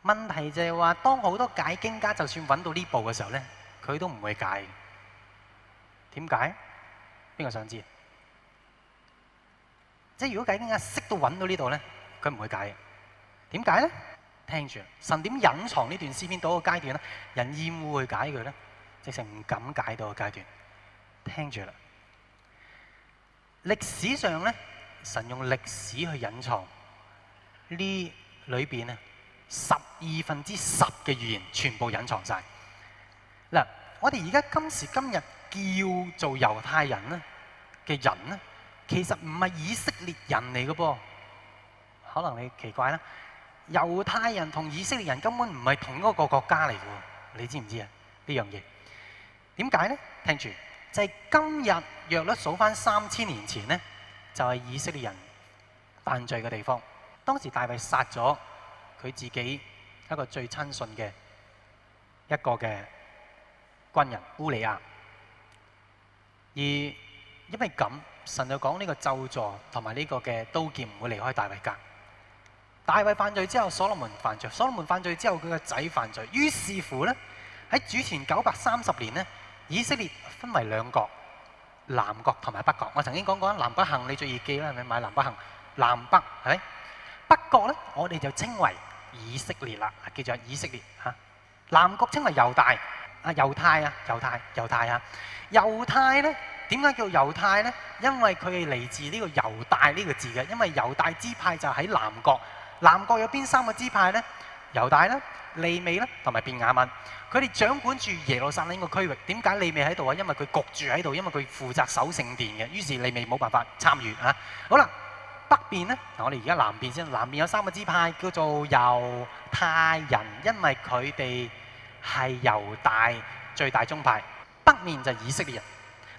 問題就係話，當好多解經家就算揾到呢步嘅時候呢，佢都唔會解。點解？邊個想知？即係如果解經嘅識都揾到呢度咧，佢唔會解嘅。點解咧？聽住，神點隱藏呢段詩篇到一個階段咧？人厭惡去解佢咧，直成唔敢解到個階段。聽住啦。歷史上咧，神用歷史去隱藏呢裏邊啊十二分之十嘅預言，全部隱藏晒。嗱，我哋而家今時今日叫做猶太人咧嘅人咧。其實唔係以色列人嚟嘅噃，可能你奇怪啦。猶太人同以色列人根本唔係同一個國家嚟嘅，你知唔知啊？呢樣嘢點解咧？聽住就係今日約略數返三千年前咧，就係以色列人犯罪嘅地方。當時大衛殺咗佢自己一個最親信嘅一個嘅軍人烏里亞，而因為咁。神就講呢個咒詛同埋呢個嘅刀劍唔會離開大衛家。大衛犯罪之後，所羅門犯罪，所羅門犯罪之後佢個仔犯罪。於是乎咧，喺主前九百三十年咧，以色列分為兩國，南國同埋北國。我曾經講過，南北行你最易記啦，係咪買南北行？南北係咪？北國咧，我哋就稱為以色列啦，叫做以色列吓。南國稱為猶大啊，猶太啊，猶太，猶太啊，猶太咧。點解叫猶太咧？因為佢係嚟自呢個猶大呢個字嘅，因為猶大支派就喺南國，南國有邊三個支派咧？猶大咧、利未咧同埋便雅憫。佢哋掌管住耶路撒冷呢個區域。點解利未喺度啊？因為佢焗住喺度，因為佢負責守聖殿嘅，於是利未冇辦法參與嚇。好啦，北邊咧，嗱，我哋而家南邊先。南邊有三個支派叫做猶太人，因為佢哋係猶大最大宗派。北面就以色列人。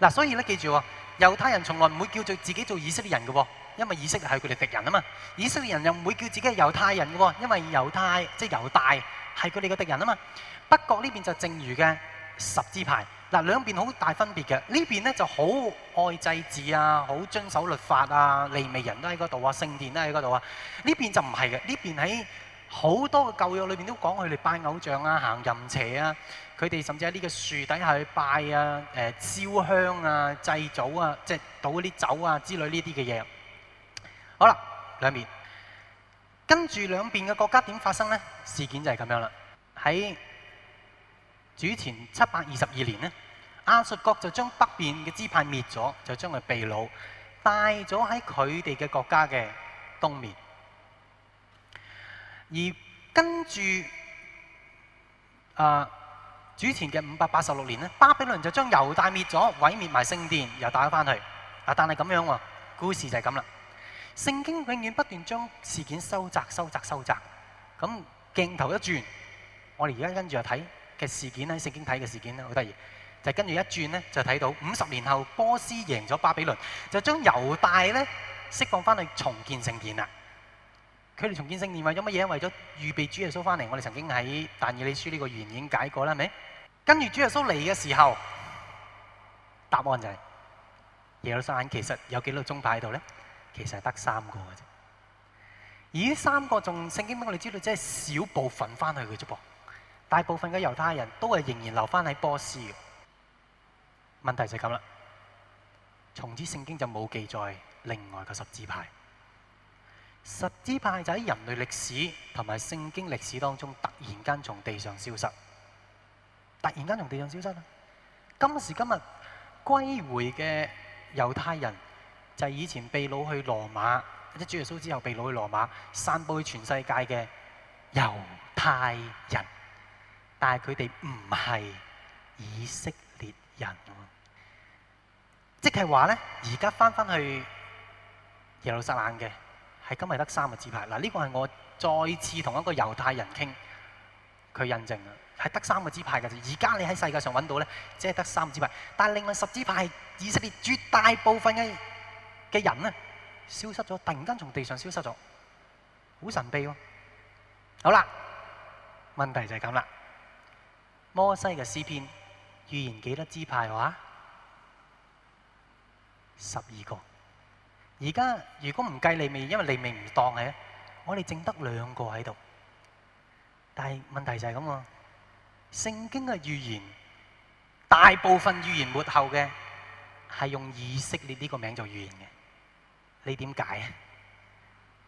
嗱，所以咧，記住喎，猶太人從來唔會叫做自己做以色列人嘅喎，因為以色列係佢哋敵人啊嘛。以色列人又唔會叫自己係猶太人嘅喎，因為猶太即係猶大係佢哋嘅敵人啊嘛。北國呢邊就剩餘嘅十支派，嗱兩邊好大分別嘅。呢邊咧就好愛祭祀啊，好遵守律法啊，利未人都喺嗰度啊，聖殿都喺嗰度啊。呢邊就唔係嘅，呢邊喺好多嘅舊約裏邊都講佢哋拜偶像啊，行淫邪啊。佢哋甚至喺呢個樹底下去拜啊、誒、呃、燒香啊、祭祖啊，即係倒啲酒啊之類呢啲嘅嘢。好啦，兩面跟住兩邊嘅國家點發生呢？事件就係咁樣啦。喺主前七百二十二年呢，亞述國就將北邊嘅支派滅咗，就將佢被擄帶咗喺佢哋嘅國家嘅東面。而跟住啊～、呃主前嘅五百八十六年呢，巴比倫就將猶大滅咗，毀滅埋聖殿，又打咗翻去。啊，但係咁樣喎，故事就係咁啦。聖經永遠不斷將事件收窄、收窄、收窄。咁鏡頭一轉，我哋而家跟住就睇嘅事件，呢，聖經睇嘅事件呢，好得意。就跟住一轉呢，就睇到五十年後波斯贏咗巴比倫，就將猶大呢釋放翻去重建聖殿啦。佢哋重建聖殿為咗乜嘢？為咗預備主耶穌翻嚟。我哋曾經喺但以理書呢個原文解過啦，係咪？跟住主耶穌嚟嘅時候，答案就係耶路撒冷其實有幾多宗派喺度咧？其實係得三個嘅啫。而呢三個仲聖經俾我哋知道即係少部分翻去嘅啫噃。大部分嘅猶太人都係仍然留翻喺波斯嘅。問題就係咁啦。從此聖經就冇記載另外個十字牌。十支派就喺人類歷史同埋聖經歷史當中突然間從地上消失，突然間從地上消失啦。今時今日歸回嘅猶太人就係以前被擄去羅馬，即主耶穌之後被擄去羅馬，散佈去全世界嘅猶太人，但係佢哋唔係以色列人，即係話咧，而家返返去耶路撒冷嘅。今日得三個支派，嗱、這、呢個係我再次同一個猶太人傾，佢印證啊，係得三個支派嘅啫。而家你喺世界上揾到咧，只係得三個支派，但係另外十支派係以色列絕大部分嘅嘅人咧，消失咗，突然間從地上消失咗、啊，好神秘喎。好啦，問題就係咁啦。摩西嘅詩篇預言幾多支派話？十二個。而家如果唔計利未，因為利未唔當嘅，我哋淨得兩個喺度。但係問題就係咁喎，聖經嘅預言，大部分預言末後嘅係用以色列呢個名做預言嘅。你點解啊？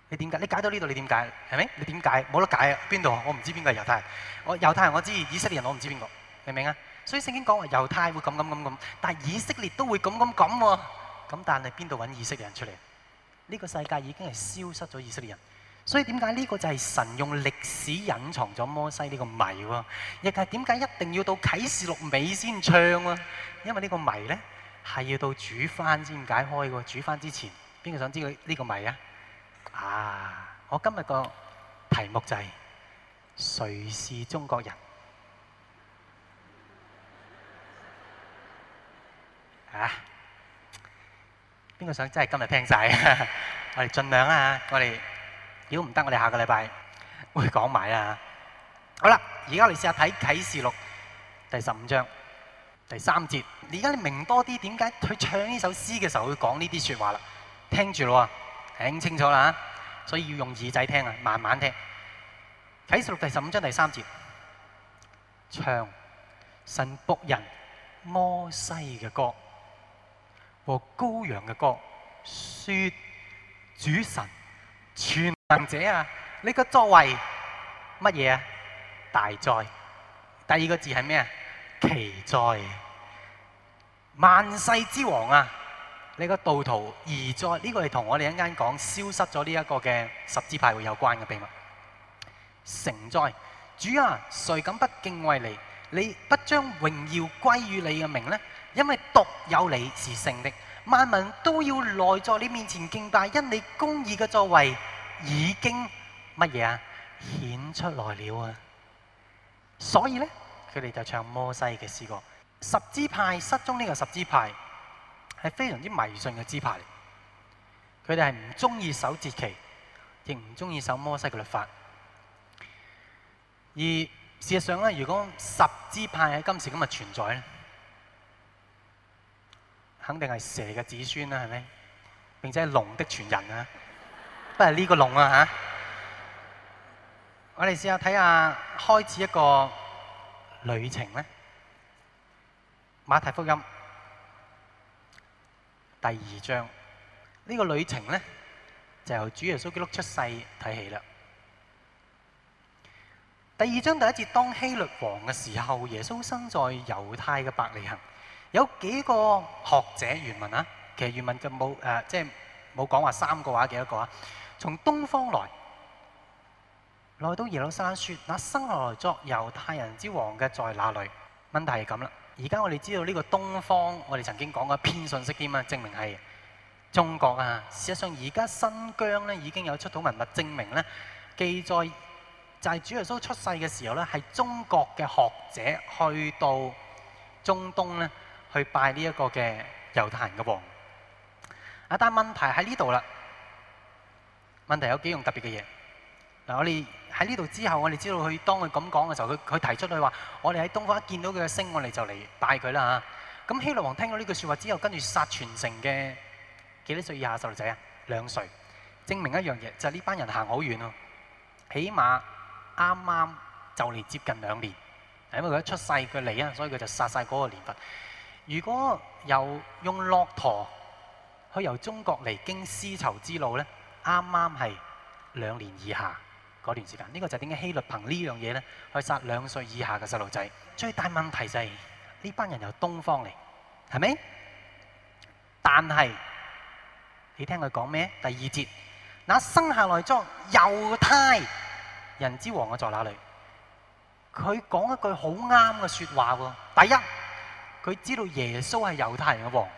你點解？你解到呢度你點解？係咪？你點解？冇得解啊！邊度？我唔知邊個係猶太人。我猶太人我知，以色列人我唔知邊個，明唔明啊？所以聖經講話猶太會咁咁咁咁，但係以色列都會咁咁咁喎。咁但係邊度揾以色列人出嚟？呢、這個世界已經係消失咗以色列人，所以點解呢個就係神用歷史隱藏咗摩西呢個謎喎？亦係點解一定要到啟示錄尾先唱啊？因為呢個謎呢，係要到主返先解開嘅喎。主返之前，邊個想知道呢個謎啊？啊！我今日個題目就係、是、誰是中國人啊？邊個想真係今日聽晒？我哋盡量啊！我哋如果唔得，我哋下個禮拜會講埋啊！好啦，而家我哋試下睇啟示錄第十五章第三節。而家你明多啲，點解佢唱呢首詩嘅時候會講呢啲說話啦？聽住咯，聽清楚啦，所以要用耳仔聽啊，慢慢聽。啟示錄第十五章第三節，唱神僕人摩西嘅歌。和羔羊嘅歌，説主神全能者啊！你嘅作為乜嘢啊？大哉，第二個字係咩啊？奇哉，萬世之王啊！你嘅道途而哉呢，這個係同我哋一間講消失咗呢一個嘅十支派會有關嘅秘密。誠哉主啊！誰敢不敬畏你？你不將榮耀歸於你嘅名呢？因為獨有你是聖的，萬民都要來在你面前敬拜，因你公義嘅作為已經乜嘢啊，顯出來了啊！所以呢，佢哋就唱摩西嘅詩歌。十支派失蹤，呢個十支派係非常之迷信嘅支派嚟，佢哋係唔中意守節期，亦唔中意守摩西嘅律法。而事實上咧，如果十支派喺今時今日存在肯定係蛇嘅子孫啦，係咪？並且係龍的傳人啊， 不係呢個龍啊吓、啊，我哋試下睇下開始一個旅程咧，《馬太福音》第二章呢、呢個旅程咧就由主耶穌基督出世睇起啦。第二章第一節當希律王嘅時候，耶穌生在猶太嘅伯利恒。有幾個學者原文啊？其實原文就冇誒，即係冇講話三個話幾多個啊？從東方來，來到耶路撒冷，說：那生來作猶太人之王嘅，在哪裏？問題係咁啦。而家我哋知道呢個東方，我哋曾經講過一篇信息添啊，證明係中國啊。事實上，而家新疆咧已經有出土文物證明咧，記載就係主耶穌出世嘅時候咧，係中國嘅學者去到中東咧。去拜呢一個嘅猶太人嘅王啊！但係問題喺呢度啦。問題有幾樣特別嘅嘢嗱，我哋喺呢度之後，我哋知道佢當佢咁講嘅時候，佢佢提出去話：我哋喺東方一見到佢嘅星，我哋就嚟拜佢啦嚇。咁希律王聽到呢句説話之後，跟住殺全城嘅幾多歲以下細路仔啊？兩歲，證明一樣嘢就係呢班人行好遠咯。起碼啱啱就嚟接近兩年，因為佢一出世佢嚟啊，所以佢就殺晒嗰個年份。如果由用駱駝去由中國嚟經絲綢之路咧，啱啱係兩年以下嗰段時間，呢、這個就係點解希律憑呢樣嘢咧去殺兩歲以下嘅細路仔？最大問題就係、是、呢班人由東方嚟，係咪？但係你聽佢講咩？第二節，嗱，生下來作猶太人之王我在哪裏？佢講一句好啱嘅説話喎，第一。佢知道耶穌係猶太人嘅王，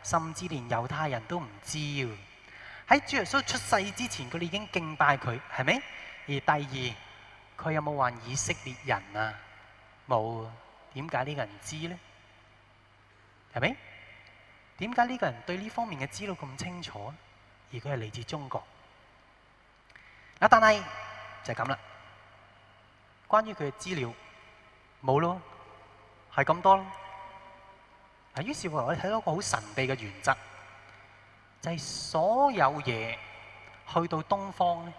甚至連猶太人都唔知喎。喺主耶穌出世之前，佢哋已經敬拜佢，係咪？而第二，佢有冇話以色列人啊？冇。點解呢個人知咧？係咪？點解呢個人對呢方面嘅資料咁清楚？而佢係嚟自中國。嗱，但係就係咁啦。關於佢嘅資料，冇咯，係咁多。嗱，於是乎我哋睇到一個好神秘嘅原則，就係所有嘢去到東方咧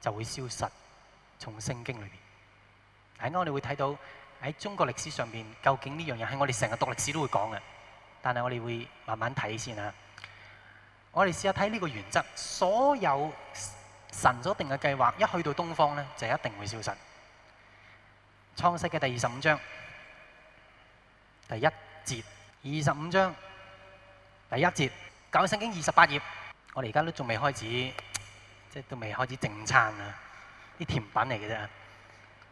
就會消失，從聖經裏邊。係我哋會睇到喺中國歷史上邊究竟呢樣嘢係我哋成日讀歷史都會講嘅，但係我哋會慢慢睇先啦。我哋試下睇呢個原則，所有神所定嘅計劃一去到東方咧就一定會消失。創世嘅第二十五章第一。二十五章第一節，舊聖經二十八頁，我哋而家都仲未開始，即係都未開始正餐啊！啲甜品嚟嘅啫。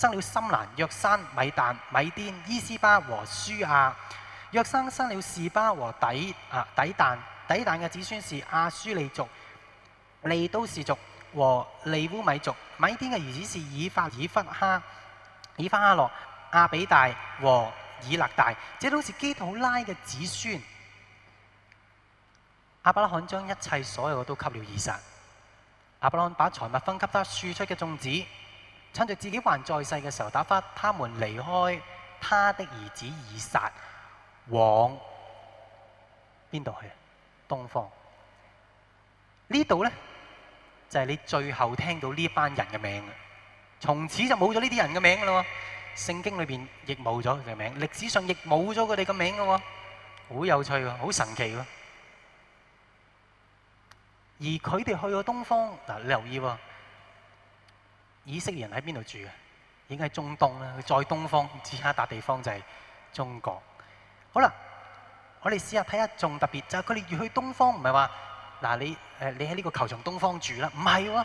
生了深蘭、約山、米旦、米甸、伊斯巴和舒亞；約生生了士巴和底啊底但，底但嘅子孫是阿舒利族、利都士族和利烏米族。米甸嘅兒子是以法、以弗哈、以法哈洛、阿比大和以勒大，這都是基土拉嘅子孫。亞伯拉罕將一切所有嘅都給了以撒。亞伯拉罕把財物分給他庶出嘅眾子。趁住自己還在世嘅時候，打發他們離開他的兒子以撒，往邊度去？東方。呢度呢，就係你最後聽到呢班人嘅名。從此就冇咗呢啲人嘅名啦。聖經裏面亦冇咗佢哋名，歷史上亦冇咗佢哋嘅名嘅喎。好有趣喎，好神奇喎。而佢哋去過東方嗱，你留意喎。以色列人喺邊度住嘅？已經喺中東啦，再東方，接下笪地方就係中國。好啦，我哋試下睇下，仲特別就係佢哋越去東方，唔係話嗱你誒你喺呢個球場東方住啦，唔係喎，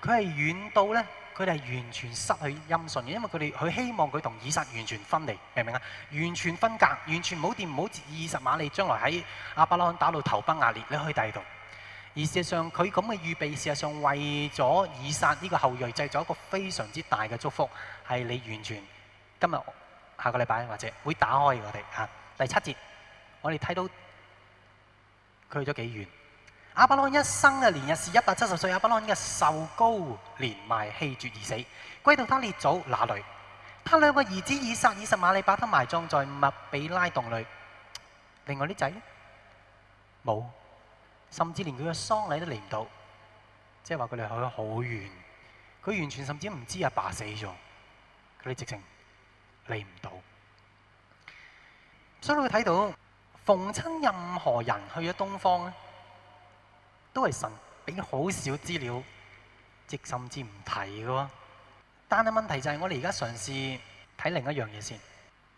佢係遠到咧，佢哋係完全失去音信嘅，因為佢哋佢希望佢同以色列完全分離，明唔明啊？完全分隔，完全冇掂冇二十馬里，將來喺阿伯拉罕打到頭崩牙裂咧，你可以去第二度。而事實上，佢咁嘅預備，事實上為咗以撒呢個後裔，製造一個非常之大嘅祝福，係你完全今日下個禮拜或者會打開我哋嚇、啊、第七節。我哋睇到佢去咗幾遠。亞伯拉罕一生啊，年日是一百七十歲。亞伯拉罕嘅壽高年邁，連氣絕而死，歸到他列祖那裏。他兩個兒子以撒、以實瑪利把他埋葬在麥比拉洞裏。另外啲仔冇。甚至連佢嘅喪禮都嚟唔到，即係話佢哋去咗好遠，佢完全甚至唔知阿爸死咗，佢哋直情嚟唔到。所以你會睇到逢親任何人去咗東方咧，都係神俾好少資料，直甚至唔提㗎喎。但係問題就係我哋而家嘗試睇另一樣嘢先。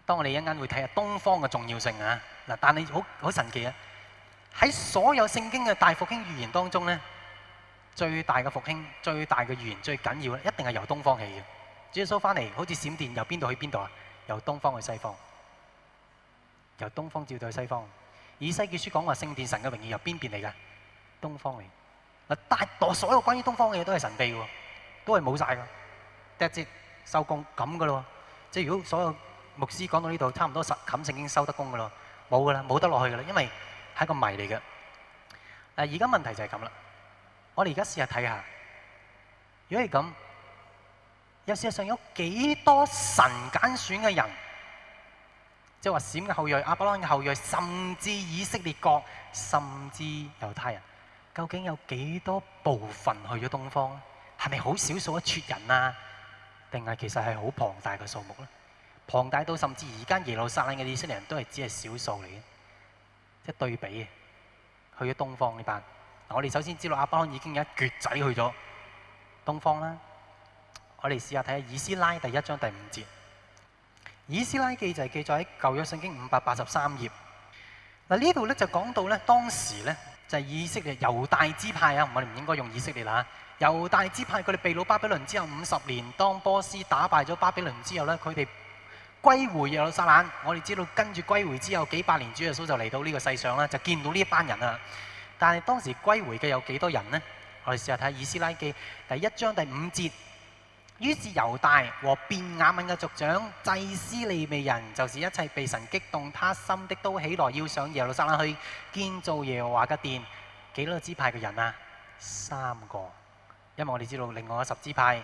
當我哋一陣會睇下東方嘅重要性啊嗱，但係好好神奇啊！喺所有聖經嘅大復興預言當中咧，最大嘅復興、最大嘅預言、最緊要咧，一定係由東方起嘅。耶穌翻嚟好似閃電，由邊度去邊度啊？由東方去西方，由東方照到去西方。以西結書講話聖殿神嘅榮耀由邊邊嚟噶？東方嚟。嗱，大多所有關於東方嘅嘢都係神秘嘅，都係冇曬嘅，直接收工咁嘅咯。即係如果所有牧師講到呢度，差唔多十冚聖經收得工嘅咯，冇嘅啦，冇得落去嘅啦，因為。係個謎嚟嘅，但而家問題就係咁啦。我哋而家試下睇下，如果係咁，有事實上有幾多神揀選嘅人，即係話閃嘅後裔、亞伯拉罕嘅後裔，甚至以色列國，甚至猶太人，究竟有幾多部分去咗東方？係咪好少數一撮人啊？定係其實係好龐大嘅數目咧？龐大到甚至而家耶路撒冷嘅以色列人都係只係少數嚟嘅。即係對比嘅，去咗東方呢班。我哋首先知道亞伯罕已經有一撅仔去咗東方啦。我哋試下睇下以斯拉第一章第五節。以斯拉記就係記載喺舊約聖經五百八十三頁。嗱呢度咧就講到咧，當時咧就係以色列猶大支派啊，我哋唔應該用以色列啦嚇。猶大支派佢哋被擄巴比倫之後五十年，當波斯打敗咗巴比倫之後咧，佢哋。歸回耶路撒冷，我哋知道跟住歸回之後幾百年，主耶穌就嚟到呢個世上啦，就見到呢一班人啊。但係當時歸回嘅有幾多人呢？我哋試下睇《以斯拉記》第一章第五節。於是猶大和便雅憫嘅族長、祭司利未人，就是一切被神激動他心的，都起來要上耶路撒冷去建造耶和華嘅殿。幾多支派嘅人啊？三個，因為我哋知道另外十支派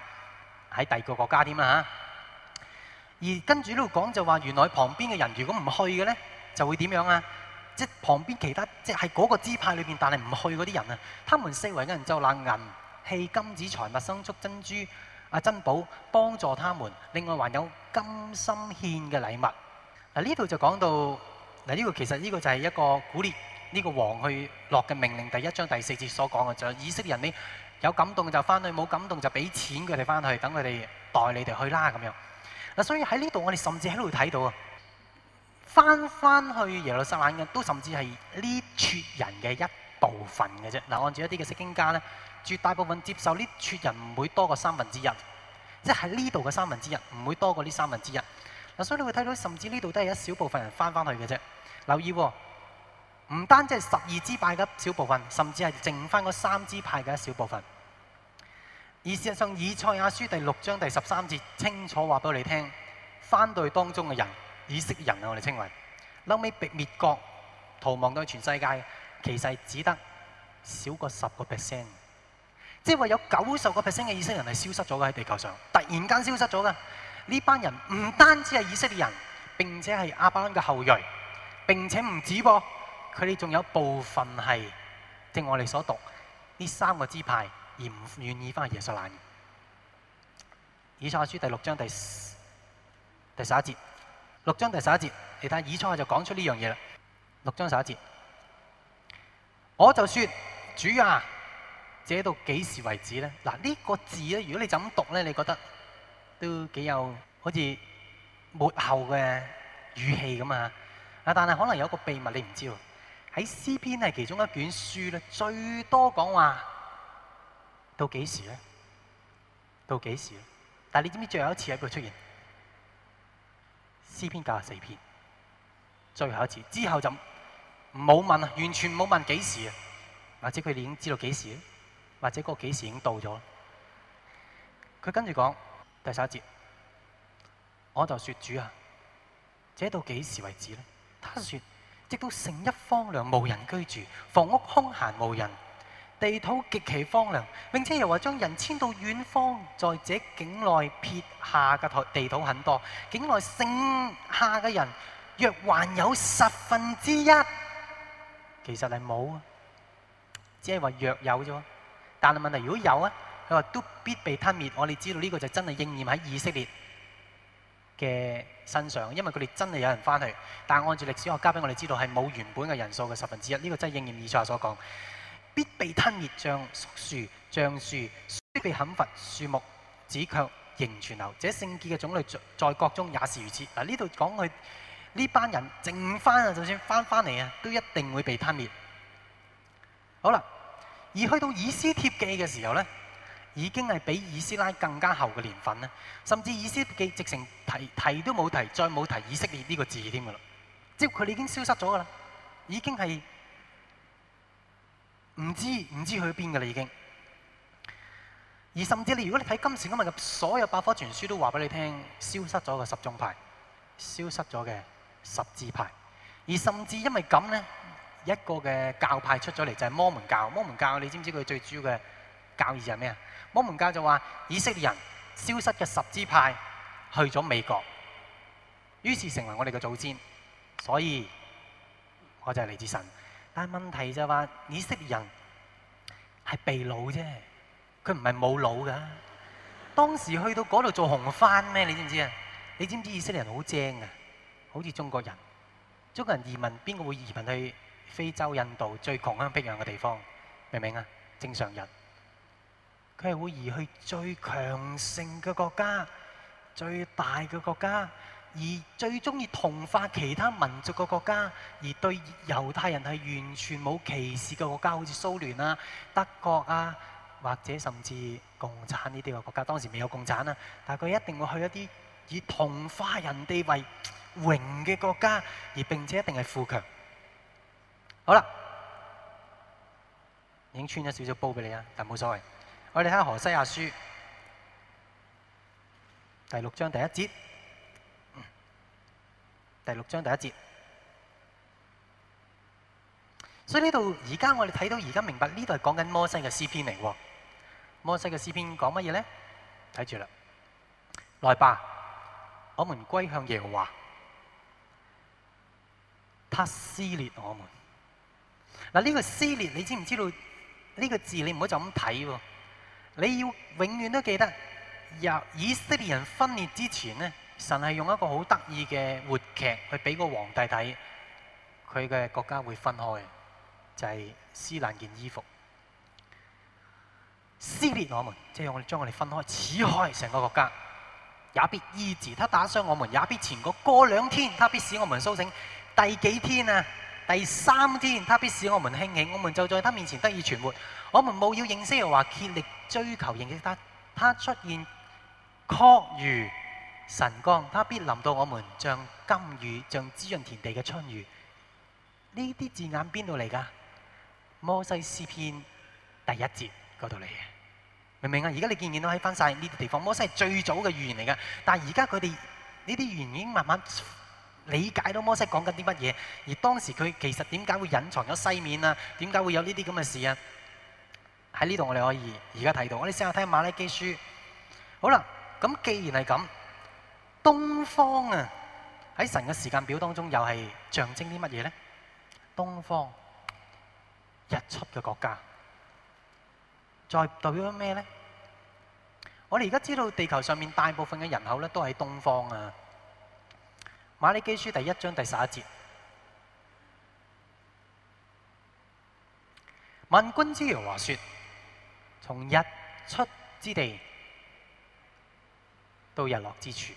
喺第二個國家添啦。而跟住呢度講就話，原來旁邊嘅人如果唔去嘅呢，就會點樣啊？即係旁邊其他即係嗰個支派裏邊，但係唔去嗰啲人啊，他們四圍嘅人就攔銀、棄金子、財物、牲畜珍珠珍寶，幫助他們。另外還有甘心獻嘅禮物。嗱，呢度就講到嗱，呢個其實呢個就係一個古列呢個王去落嘅命令。第一章第四節所講嘅就以色列人呢有感動就翻去，冇感動就俾錢佢哋翻去，等佢哋代你哋去啦咁樣。嗱，所以喺呢度我哋甚至喺度睇到啊，翻翻去耶路撒冷嘅都甚至係呢撮人嘅一部分嘅啫。嗱，按照一啲嘅釋經家咧，絕大部分接受呢撮人唔會多過三分之一，即係喺呢度嘅三分之一唔會多過呢三分之一。嗱，所以你會睇到甚至呢度都係一小部分人翻翻去嘅啫。留意喎、哦，唔單止係十二支派嘅一小部分，甚至係剩翻嗰三支派嘅一小部分。而事實上，《以賽亞書》第六章第十三節清楚話俾你聽，翻到去當中嘅人，以色列人啊，我哋稱為後尾被滅國、逃亡到全世界，其實只得少過十個 percent，即係話有九十個 percent 嘅以色列人係消失咗嘅喺地球上，突然間消失咗嘅呢班人唔單止係以色列人，並且係亞伯拉罕嘅後裔，並且唔止噃，佢哋仲有部分係正我哋所讀呢三個支派。而唔願意翻去耶穌那以賽亞書第六章第第十一節，六章第十一節，你睇以賽亞就講出呢樣嘢啦。六章十一節，我就說主啊，寫到幾時為止咧？嗱，呢、這個字咧，如果你就咁讀咧，你覺得都幾有好似末後嘅語氣咁啊！啊，但係可能有個個秘密你唔知喎，喺詩篇係其中一卷書咧，最多講話。到幾時咧？到幾時咧？但係你知唔知最後一次喺邊度出現？詩篇九十四篇最後一次，之後就冇問啊，完全冇問幾時啊，或者佢哋已經知道幾時咧，或者嗰個幾時已經到咗。佢跟住講第十一節，我就說主啊，這到幾時為止咧？他說直到城邑荒涼無人居住，房屋空閒無人。地土極其荒涼，並且又話將人遷到遠方，在這境內撇下嘅台地土很多，境內剩下嘅人，若還有十分之一，其實係冇，啊，只係話若有啫。但係問題是如果有啊，佢話都必被吞滅。我哋知道呢個就真係應驗喺以色列嘅身上，因為佢哋真係有人翻去。但係按住歷史學家俾我哋知道係冇原本嘅人數嘅十分之一。呢、這個真係應驗以賽亞所講。必被吞滅，橡樹、橡樹必被砍伐，樹木子卻仍存留。這聖潔嘅種類在國中也是如此。嗱，呢度講佢呢班人淨翻啊，就算翻返嚟啊，都一定會被吞滅。好啦，而去到以斯帖記嘅時候咧，已經係比以斯拉更加後嘅年份啦，甚至以斯帖記直情提提都冇提，再冇提以色列呢個字添㗎啦。即係佢哋已經消失咗㗎啦，已經係。唔知唔知去咗邊噶啦，已經。而甚至你如果你睇今時今日嘅所有百科全書，都話俾你聽，消失咗嘅十宗派，消失咗嘅十支派。而甚至因為咁呢，一個嘅教派出咗嚟，就係、是、摩門教。摩門教你知唔知佢最主要嘅教義就係咩啊？摩門教就話以色列人消失嘅十支派去咗美國，於是成為我哋嘅祖先。所以我就係李自神。但係問題就話、是，以色列人係被擄啫，佢唔係冇腦噶。當時去到嗰度做紅番咩？你知唔知啊？你知唔知道以色列人好精啊？好似中國人，中國人移民邊個會移民去非洲、印度最窮鄉僻壤嘅地方？明唔明啊？正常人，佢係會移去最強盛嘅國家、最大嘅國家。而最中意同化其他民族嘅國家，而對猶太人係完全冇歧視嘅國家，好似蘇聯啊、德國啊，或者甚至共產呢啲嘅國家，當時未有共產啊，但佢一定會去一啲以同化人哋為榮嘅國家，而並且一定係富強。好啦，已經穿咗少少煲俾你啊，但冇所謂。我哋睇下《何西阿書》第六章第一節。第六章第一節，所以呢度而家我哋睇到而家明白呢度係講緊摩西嘅詩篇嚟喎。摩西嘅詩篇講乜嘢咧？睇住啦，來吧，我們歸向耶和華，他撕裂我們。嗱，呢個撕裂你知唔知道？呢個字你唔好就咁睇喎，你要永遠都記得，入以色列人分裂之前咧。神係用一個好得意嘅活劇去俾個皇帝睇，佢嘅國家會分開，就係撕爛件衣服，撕裂我們，即係我哋將我哋分開，撕開成個國家，也必醫治，他打傷我們，也必前過。過兩天他必使我們甦醒，第幾天啊，第三天他必使我們興起，我們就在他面前得以存活。我們冇要認識又話竭力追求認識他，他出現，確如。神光，他必臨到我們，像甘雨，像滋潤田地嘅春雨。呢啲字眼邊度嚟噶？摩西詩篇第一節嗰度嚟嘅，明唔明啊？而家你見唔見到喺翻晒呢啲地方？摩西係最早嘅預言嚟噶，但係而家佢哋呢啲預言已經慢慢理解到摩西講緊啲乜嘢。而當時佢其實點解會隱藏咗西面啊？點解會有呢啲咁嘅事啊？喺呢度我哋可以而家睇到，我哋試下睇馬拉基書。好啦，咁既然係咁，東方啊，喺神嘅時間表當中，又係象徵啲乜嘢呢？東方，日出嘅國家，再代表咗咩呢？我哋而家知道地球上面大部分嘅人口咧，都喺東方啊。馬利基書第一章第十一節，萬軍之耶和華說：從日出之地到日落之處。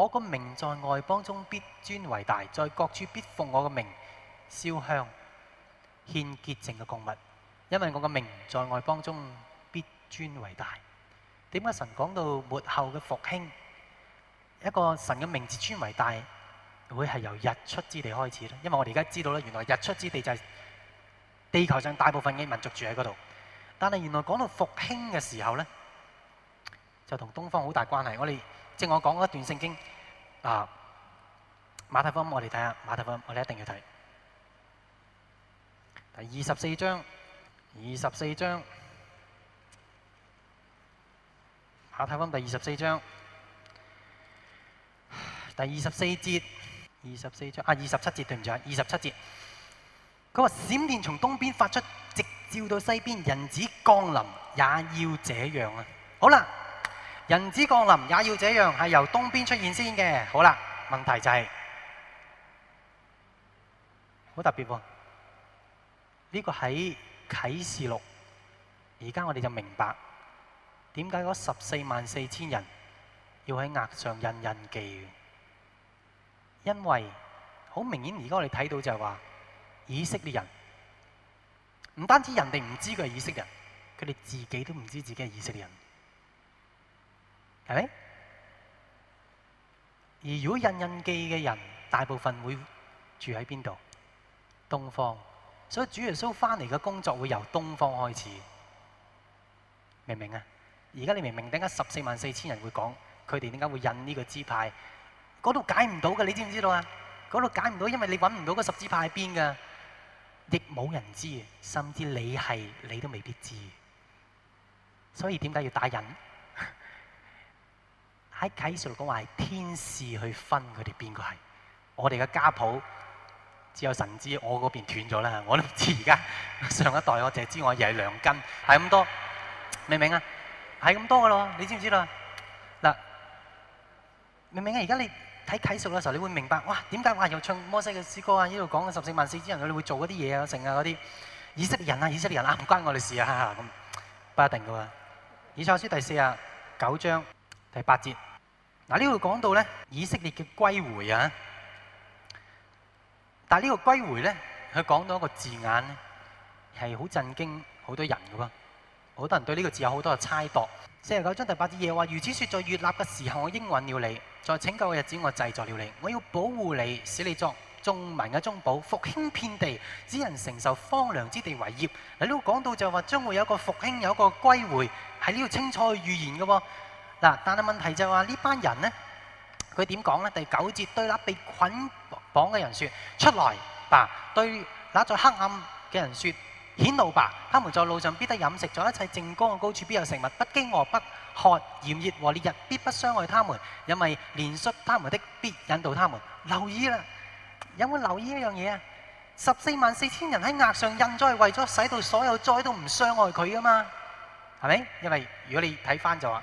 我個名在外邦中必尊為大，在各處必奉我個名燒香獻潔淨嘅供物，因為我個名在外邦中必尊為大。點解神講到末後嘅復興？一個神嘅名字尊為大，會係由日出之地開始咧。因為我哋而家知道咧，原來日出之地就係地球上大部分嘅民族住喺嗰度。但係原來講到復興嘅時候咧，就同東方好大關係。我哋。即係我講嗰一段聖經啊，馬太福音我哋睇下，馬太福音我哋一定要睇。第二十四章，二十四章，馬太福音第二十四章，第二十四節，二十四章啊，二十七節對唔住啊，二十七節，佢話閃電從東邊發出，直照到西邊，人子降臨也要這樣啊！好啦。人子降臨也要這樣，係由東邊出現先嘅。好啦，問題就係、是、好特別、啊。呢、這個喺啟示錄，而家我哋就明白點解嗰十四萬四千人要喺額上印印記。因為好明顯，而家我哋睇到就係話以色列人唔單止人哋唔知佢係以色列人，佢哋自己都唔知道自己係以色列人。係咪？而如果印印記嘅人，大部分會住喺邊度？東方。所以主耶穌翻嚟嘅工作會由東方開始，明唔明啊？而家你明唔明點解十四萬四千人會講佢哋點解會印呢個支派？嗰度解唔到嘅，你知唔知道啊？嗰度解唔到，因為你搵唔到嗰十支派喺邊噶，亦冇人知，甚至你係你都未必知。所以點解要打印？喺啟示錄講話係天使去分佢哋邊個係，我哋嘅家譜只有神知，我嗰邊斷咗啦，我都唔知而家上一代我淨係知我有兩根，係咁多，明唔明啊？係咁多噶咯，你知唔知啦？嗱，明唔明啊？而家你睇啟示嘅時候，你會明白，哇點解哇又唱摩西嘅詩歌啊？呢度講緊十四萬四千人，佢哋會做嗰啲嘢啊，剩啊嗰啲以色列人啊，以色列人啊，唔關我哋事啊嚇，咁不一定噶喎。以賽書第四啊九章第八節。嗱、這個，呢度講到咧以色列嘅歸回啊，但係呢個歸回咧，佢講到一個字眼咧，係好震驚好多人嘅喎，好多人對呢個字有好多嘅猜度。四十九章第八節耶和華話：如此説在悅納嘅時候，我應允了你；在拯救嘅日子，我製作了你。我要保護你，使你作眾民嘅中保，復興遍地，使人承受荒涼之地為業。係呢度講到就話將會有一個復興，有一個歸回，喺呢個清楚嘅預言嘅喎。嗱，但係問題就係話呢班人呢，佢點講呢？第九節對那被捆綁嘅人説：出來吧！對那在黑暗嘅人説：顯露吧！他們在路上必得飲食，在一切淨光嘅高處必有食物。不飢餓，不渴，炎熱和烈日必不傷害他們，因為憐恤他們的必引導他們。留意啦，有冇留意一樣嘢啊？十四萬四千人喺額上印咗，為咗使到所有災都唔傷害佢㗎嘛？係咪？因為如果你睇返就話。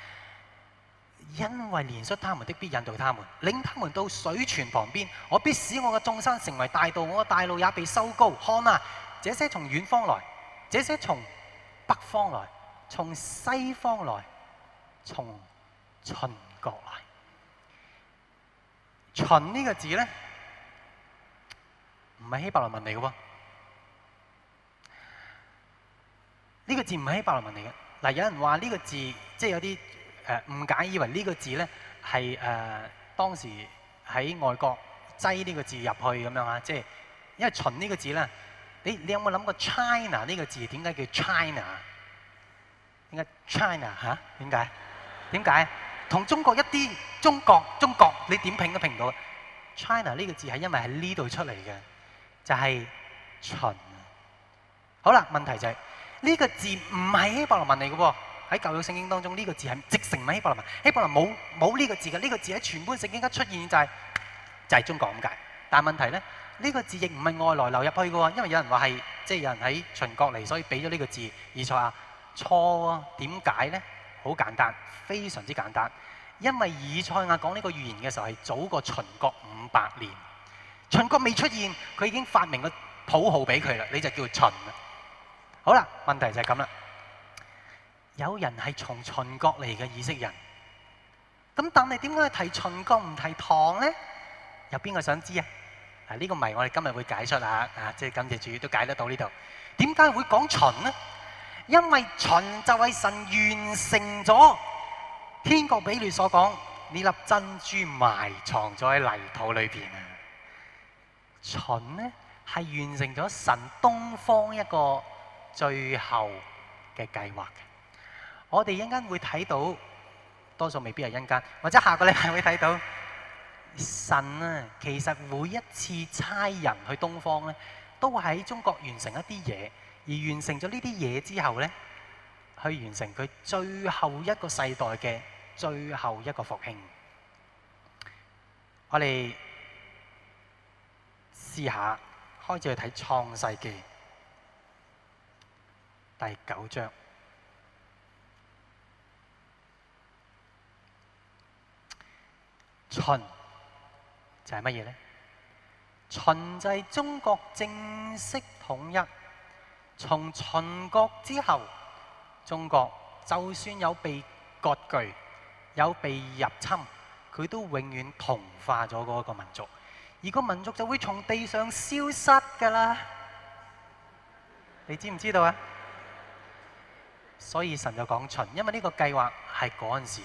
因為憐恤他們的必引導他們，領他們到水泉旁邊。我必使我嘅眾山成為大道，我嘅大路也被修高。看啊，這些從遠方來，這些從北方來，從西方來，從秦國來。秦呢個字咧，唔係希伯來文嚟嘅喎。呢、這個字唔係希伯來文嚟嘅。嗱，有人話呢個字即係、就是、有啲。誒、呃、唔解以為呢個字咧係誒當時喺外國擠呢個字入去咁樣啊！即係因為秦呢個字咧，你你有冇諗過 China 呢個字點解叫 China？點解 China 吓、啊？點解？點解？同中國一啲中國中國，你點拼都拼唔到。 China 呢個字係因為喺呢度出嚟嘅，就係、是、秦。好啦，問題就係、是、呢、這個字唔係希伯來文嚟嘅喎。喺《舊約聖經》當中，呢、這個字係直承唔係希伯來文，希伯來冇冇呢個字嘅。呢、這個字喺全本聖經一出現就係、是、就係、是、中國咁解。但問題咧，呢、這個字亦唔係外來流入去嘅，因為有人話係即係有人喺秦國嚟，所以俾咗呢個字。以賽亞錯喎？點解咧？好簡單，非常之簡單，因為以賽亞講呢個預言嘅時候係早過秦國五百年，秦國未出現，佢已經發明個譜號俾佢啦，你就叫、是、秦啦。好啦，問題就係咁啦。有人係從秦國嚟嘅以色列人，咁但係點解提秦國唔提唐咧？有邊個想知啊？啊，呢個謎我哋今日會解出啊！啊，即係感謝主都解得到呢度。點解會講秦呢？因為秦就係神完成咗天國比喻所講，呢粒珍珠埋藏咗喺泥土裏邊啊！秦呢係完成咗神東方一個最後嘅計劃。我哋一陣間會睇到，多數未必係一陣間，或者下個禮拜會睇到神啊。其實每一次差人去東方咧，都會喺中國完成一啲嘢，而完成咗呢啲嘢之後咧，去完成佢最後一個世代嘅最後一個復興。我哋試下開始去睇《創世記》第九章。秦就係乜嘢呢？秦就係中國正式統一。從秦國之後，中國就算有被割據、有被入侵，佢都永遠同化咗嗰個民族，而個民族就會從地上消失噶啦。你知唔知道啊？所以神就講秦，因為呢個計劃係嗰陣時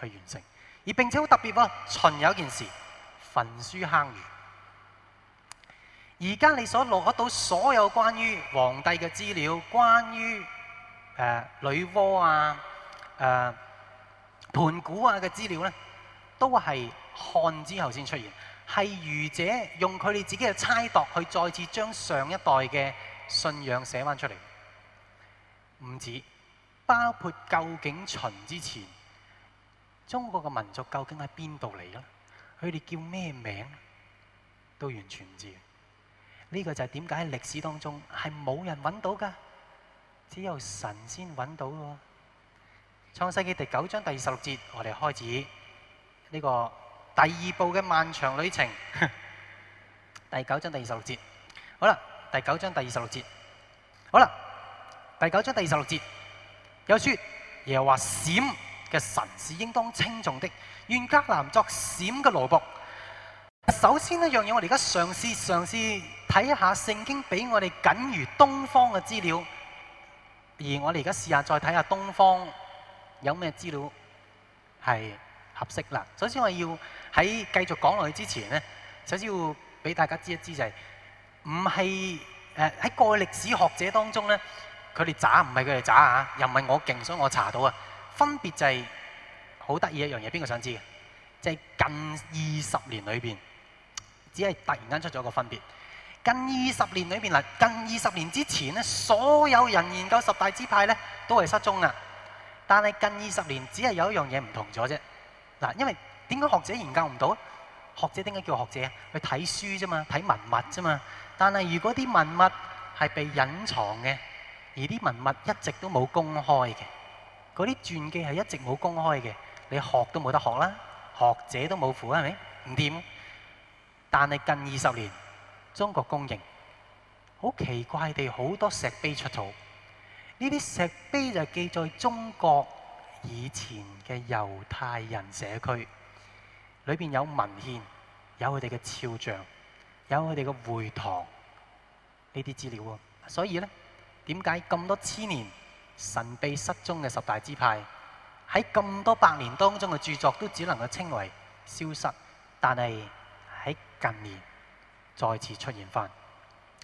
去完成。而並且好特別喎，秦有件事，焚書坑儒。而家你所錄得到所有關於皇帝嘅資料，關於女媧啊、誒、呃呃呃、盤古啊嘅資料咧，都係漢之後先出現，係儒者用佢哋自己嘅猜度去再次將上一代嘅信仰寫翻出嚟。唔止，包括究竟秦之前。中國嘅民族究竟喺邊度嚟咧？佢哋叫咩名都完全唔知嘅。呢個就係點解喺歷史當中係冇人揾到嘅，只有神先揾到嘅。創世紀第九章第二十六節，我哋開始呢個第二步嘅漫長旅程。第九章第二十六節，好啦，第九章第二十六節，好啦，第九章第二十六節，有說又話閃嘅神是應當稱頌的，願迦南作閃嘅奴僕。首先一樣嘢，我哋而家嘗試嘗試睇下聖經俾我哋僅如東方嘅資料，而我哋而家試下再睇下東方有咩資料係合適啦。首先我要喺繼續講落去之前呢，首先要俾大家知一知，就係唔係誒喺個歷史學者當中咧，佢哋渣唔係佢哋渣啊，又唔係我勁，所以我查到啊。分別就係好得意一樣嘢，邊個想知嘅？即係近二十年裏邊，只係突然間出咗個分別。近二十年裏邊，近二十年之前咧，所有人研究十大支派咧都係失蹤啊。但係近二十年，只係有一樣嘢唔同咗啫。嗱，因為點解學者研究唔到？學者點解叫學者？去睇書啫嘛，睇文物啫嘛。但係如果啲文物係被隱藏嘅，而啲文物一直都冇公開嘅。嗰啲傳記係一直冇公開嘅，你學都冇得學啦，學者都冇符啦，係咪唔掂？但係近二十年，中國公營，好奇怪地好多石碑出土，呢啲石碑就記載中國以前嘅猶太人社區，裏邊有文獻，有佢哋嘅肖像，有佢哋嘅會堂呢啲資料喎。所以咧，點解咁多千年？神秘失蹤嘅十大支派，喺咁多百年當中嘅著作都只能夠稱為消失，但係喺近年再次出現翻。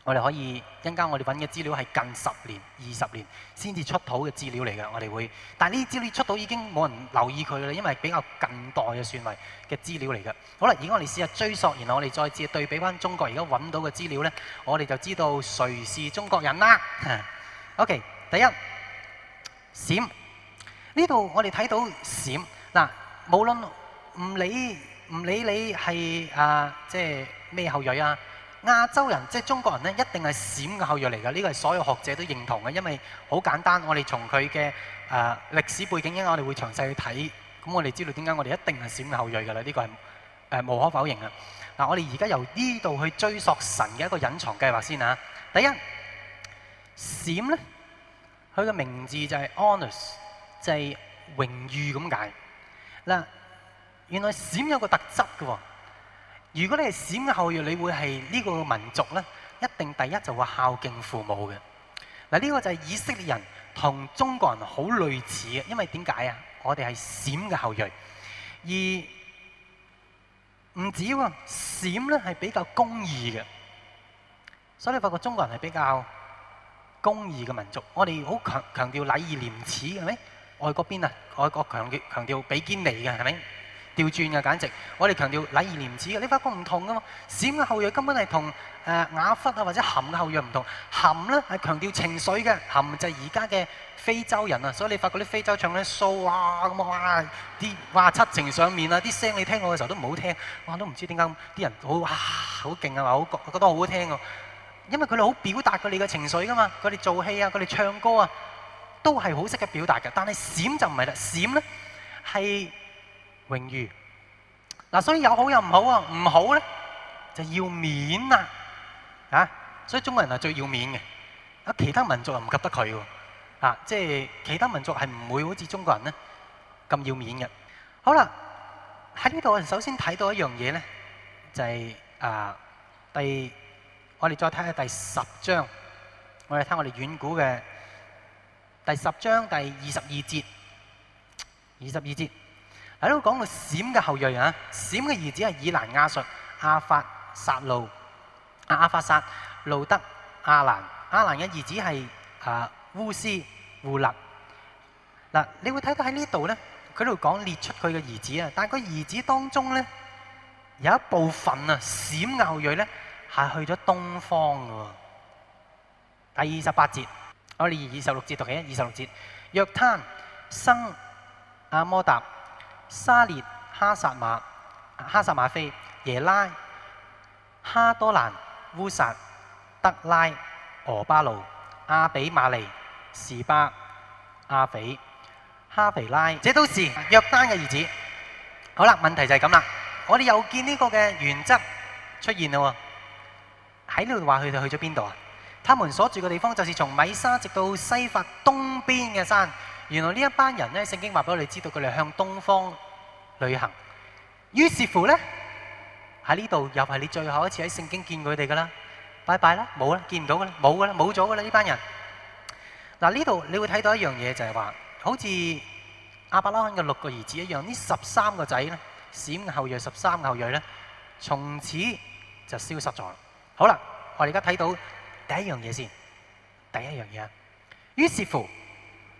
我哋可以一陣間我哋揾嘅資料係近十年、二十年先至出土嘅資料嚟嘅，我哋會，但係呢啲資料出土已經冇人留意佢啦，因為比較近代嘅算為嘅資料嚟嘅。好啦，而家我哋試下追溯，然後我哋再次對比翻中國而家揾到嘅資料咧，我哋就知道誰是中國人啦。 OK，第一。閃，呢度我哋睇到閃。嗱，無論唔理唔理你係啊，即係咩後裔啊，亞洲人即係中國人咧，一定係閃嘅後裔嚟噶。呢個係所有學者都認同嘅，因為好簡單。我哋從佢嘅誒歷史背景應該我哋會詳細去睇。咁我哋知道點解我哋一定係閃嘅後裔噶啦？呢個係誒無可否認嘅。嗱，我哋而家由呢度去追溯神嘅一個隱藏計劃先啊。第一，閃咧。佢嘅名字就係 honest，就係榮譽咁解。嗱，原來閃有一個特質嘅喎。如果你係閃嘅後裔，你會係呢個民族咧，一定第一就會孝敬父母嘅。嗱，呢個就係以色列人同中國人好類似嘅，因為點解啊？我哋係閃嘅後裔，而唔止喎。閃咧係比較公義嘅，所以你發覺中國人係比較公義嘅民族，我哋好強強調禮義廉恥係咪？外國邊啊？外國強調強調比堅尼嘅係咪？調轉啊，簡直，我哋強調禮義廉恥嘅，你發覺唔同㗎嘛？閃嘅後裔根本係同誒雅弗啊或者含嘅後裔唔同。含咧係強調情緒嘅，含就係而家嘅非洲人啊，所以你發覺啲非洲唱啲 show 啊咁啊哇，啲哇，哇七情上面啊啲聲，你聽過嘅時候都唔好聽，哇都唔知點解啲人好哇好勁啊嘛，好覺覺得好聽㗎。因為佢哋好表達佢哋嘅情緒噶嘛，佢哋做戲啊，佢哋唱歌啊，都係好識嘅表達嘅。但係閃就唔係啦，閃咧係榮譽。嗱，所以有好有唔好啊，唔好咧就要面啊，啊！所以中國人係最要面嘅，啊，其他民族又唔及得佢喎。啊，即係其他民族係唔會好似中國人咧咁要面嘅。好啦，喺呢度我哋首先睇到一樣嘢咧，就係啊第。我哋再睇下第十章，我哋睇我哋遠古嘅第十章第二十二節，二十二節，喺度講到閃嘅後裔啊，閃嘅兒子係以蘭、亞述、阿法撒路、阿阿法撒路德、阿蘭、阿蘭嘅兒子係啊烏斯戶勒。嗱，你會睇到喺呢度咧，佢度講列出佢嘅兒子啊，但係佢兒子當中咧有一部分啊閃嘅後裔咧。啊，去咗東方喎！第二十八節，我哋二十六節讀緊。二十六節，約坍、生、阿摩達、沙列、哈薩馬、哈薩馬飛、耶拉、哈多蘭、烏薩、德拉、俄巴路、阿比瑪利、士巴、阿斐、哈肥拉，這都是約坍嘅兒子。好啦，問題就係咁啦。我哋又見呢個嘅原則出現啦喎！喺呢度話佢哋去咗邊度啊？他們所住嘅地方就是從米沙直到西法東邊嘅山。原來呢一班人咧，聖經話俾我哋知道佢哋向東方旅行。於是乎咧，喺呢度又係你最後一次喺聖經見佢哋噶啦。拜拜啦，冇啦，見唔到啦，冇啦，冇咗噶啦呢班人。嗱，呢度你會睇到一樣嘢，就係話好似亞伯拉罕嘅六個兒子一樣，呢十三個仔咧，閃後裔十三後裔咧，從此就消失咗。好啦，我哋而家睇到第一樣嘢先。第一樣嘢啊，於是乎，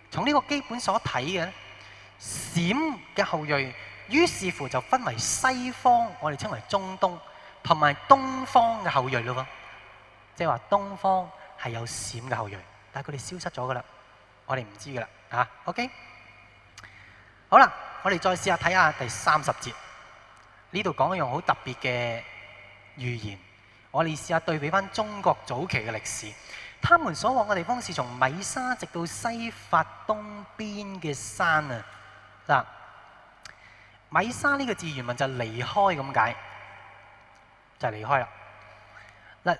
從呢個基本所睇嘅，閃嘅後裔，於是乎就分為西方，我哋稱為中東，同埋東方嘅後裔咯。即係話東方係有閃嘅後裔，但係佢哋消失咗噶啦，我哋唔知噶啦，嚇、啊。OK。好啦，我哋再試下睇下第三十節。呢度講一樣好特別嘅預言。我哋試下對比翻中國早期嘅歷史，他們所往嘅地方係從米沙直到西法東邊嘅山啊！嗱，米沙呢個字原文就離開咁解，就係離開啦。嗱，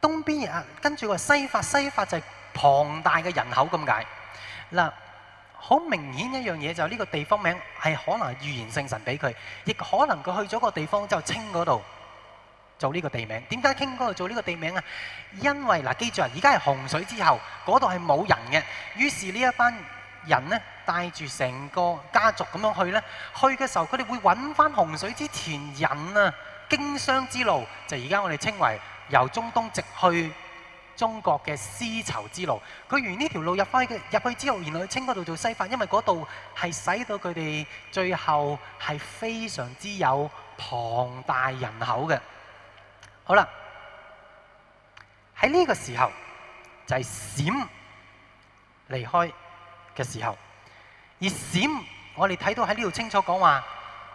東邊啊，跟住個西法，西法就係龐大嘅人口咁解。嗱，好明顯一樣嘢就係呢個地方名係可能係預言性神俾佢，亦可能佢去咗個地方之後稱嗰度。做呢個地名，點解傾嗰度做呢個地名啊？因為嗱、呃，記住啊，而家係洪水之後，嗰度係冇人嘅。於是呢一班人呢，帶住成個家族咁樣去呢。去嘅時候，佢哋會揾翻洪水之前引啊經商之路，就而家我哋稱為由中東直去中國嘅絲綢之路。佢沿呢條路入翻去，入去之後原來去清嗰度做西販，因為嗰度係使到佢哋最後係非常之有龐大人口嘅。好啦，喺呢個時候就係閃離開嘅時候，而閃我哋睇到喺呢度清楚講話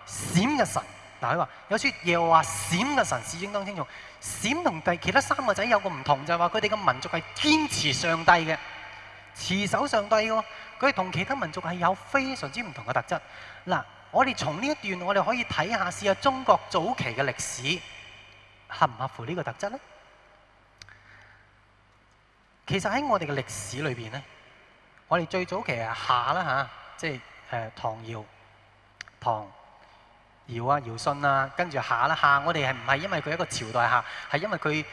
閃嘅神，但佢話有書耶和華閃嘅神是應當清楚。閃同第其他三個仔有個唔同，就係話佢哋嘅民族係堅持上帝嘅，持守上帝嘅，佢哋同其他民族係有非常之唔同嘅特質。嗱，我哋從呢一段我哋可以睇下試下中國早期嘅歷史。合唔合乎呢個特質咧？其實喺我哋嘅歷史裏邊咧，我哋最早期係夏啦吓，即係誒唐、堯、唐、堯啊、堯舜啦，跟住夏啦夏，我哋係唔係因為佢一個朝代，夏係因為佢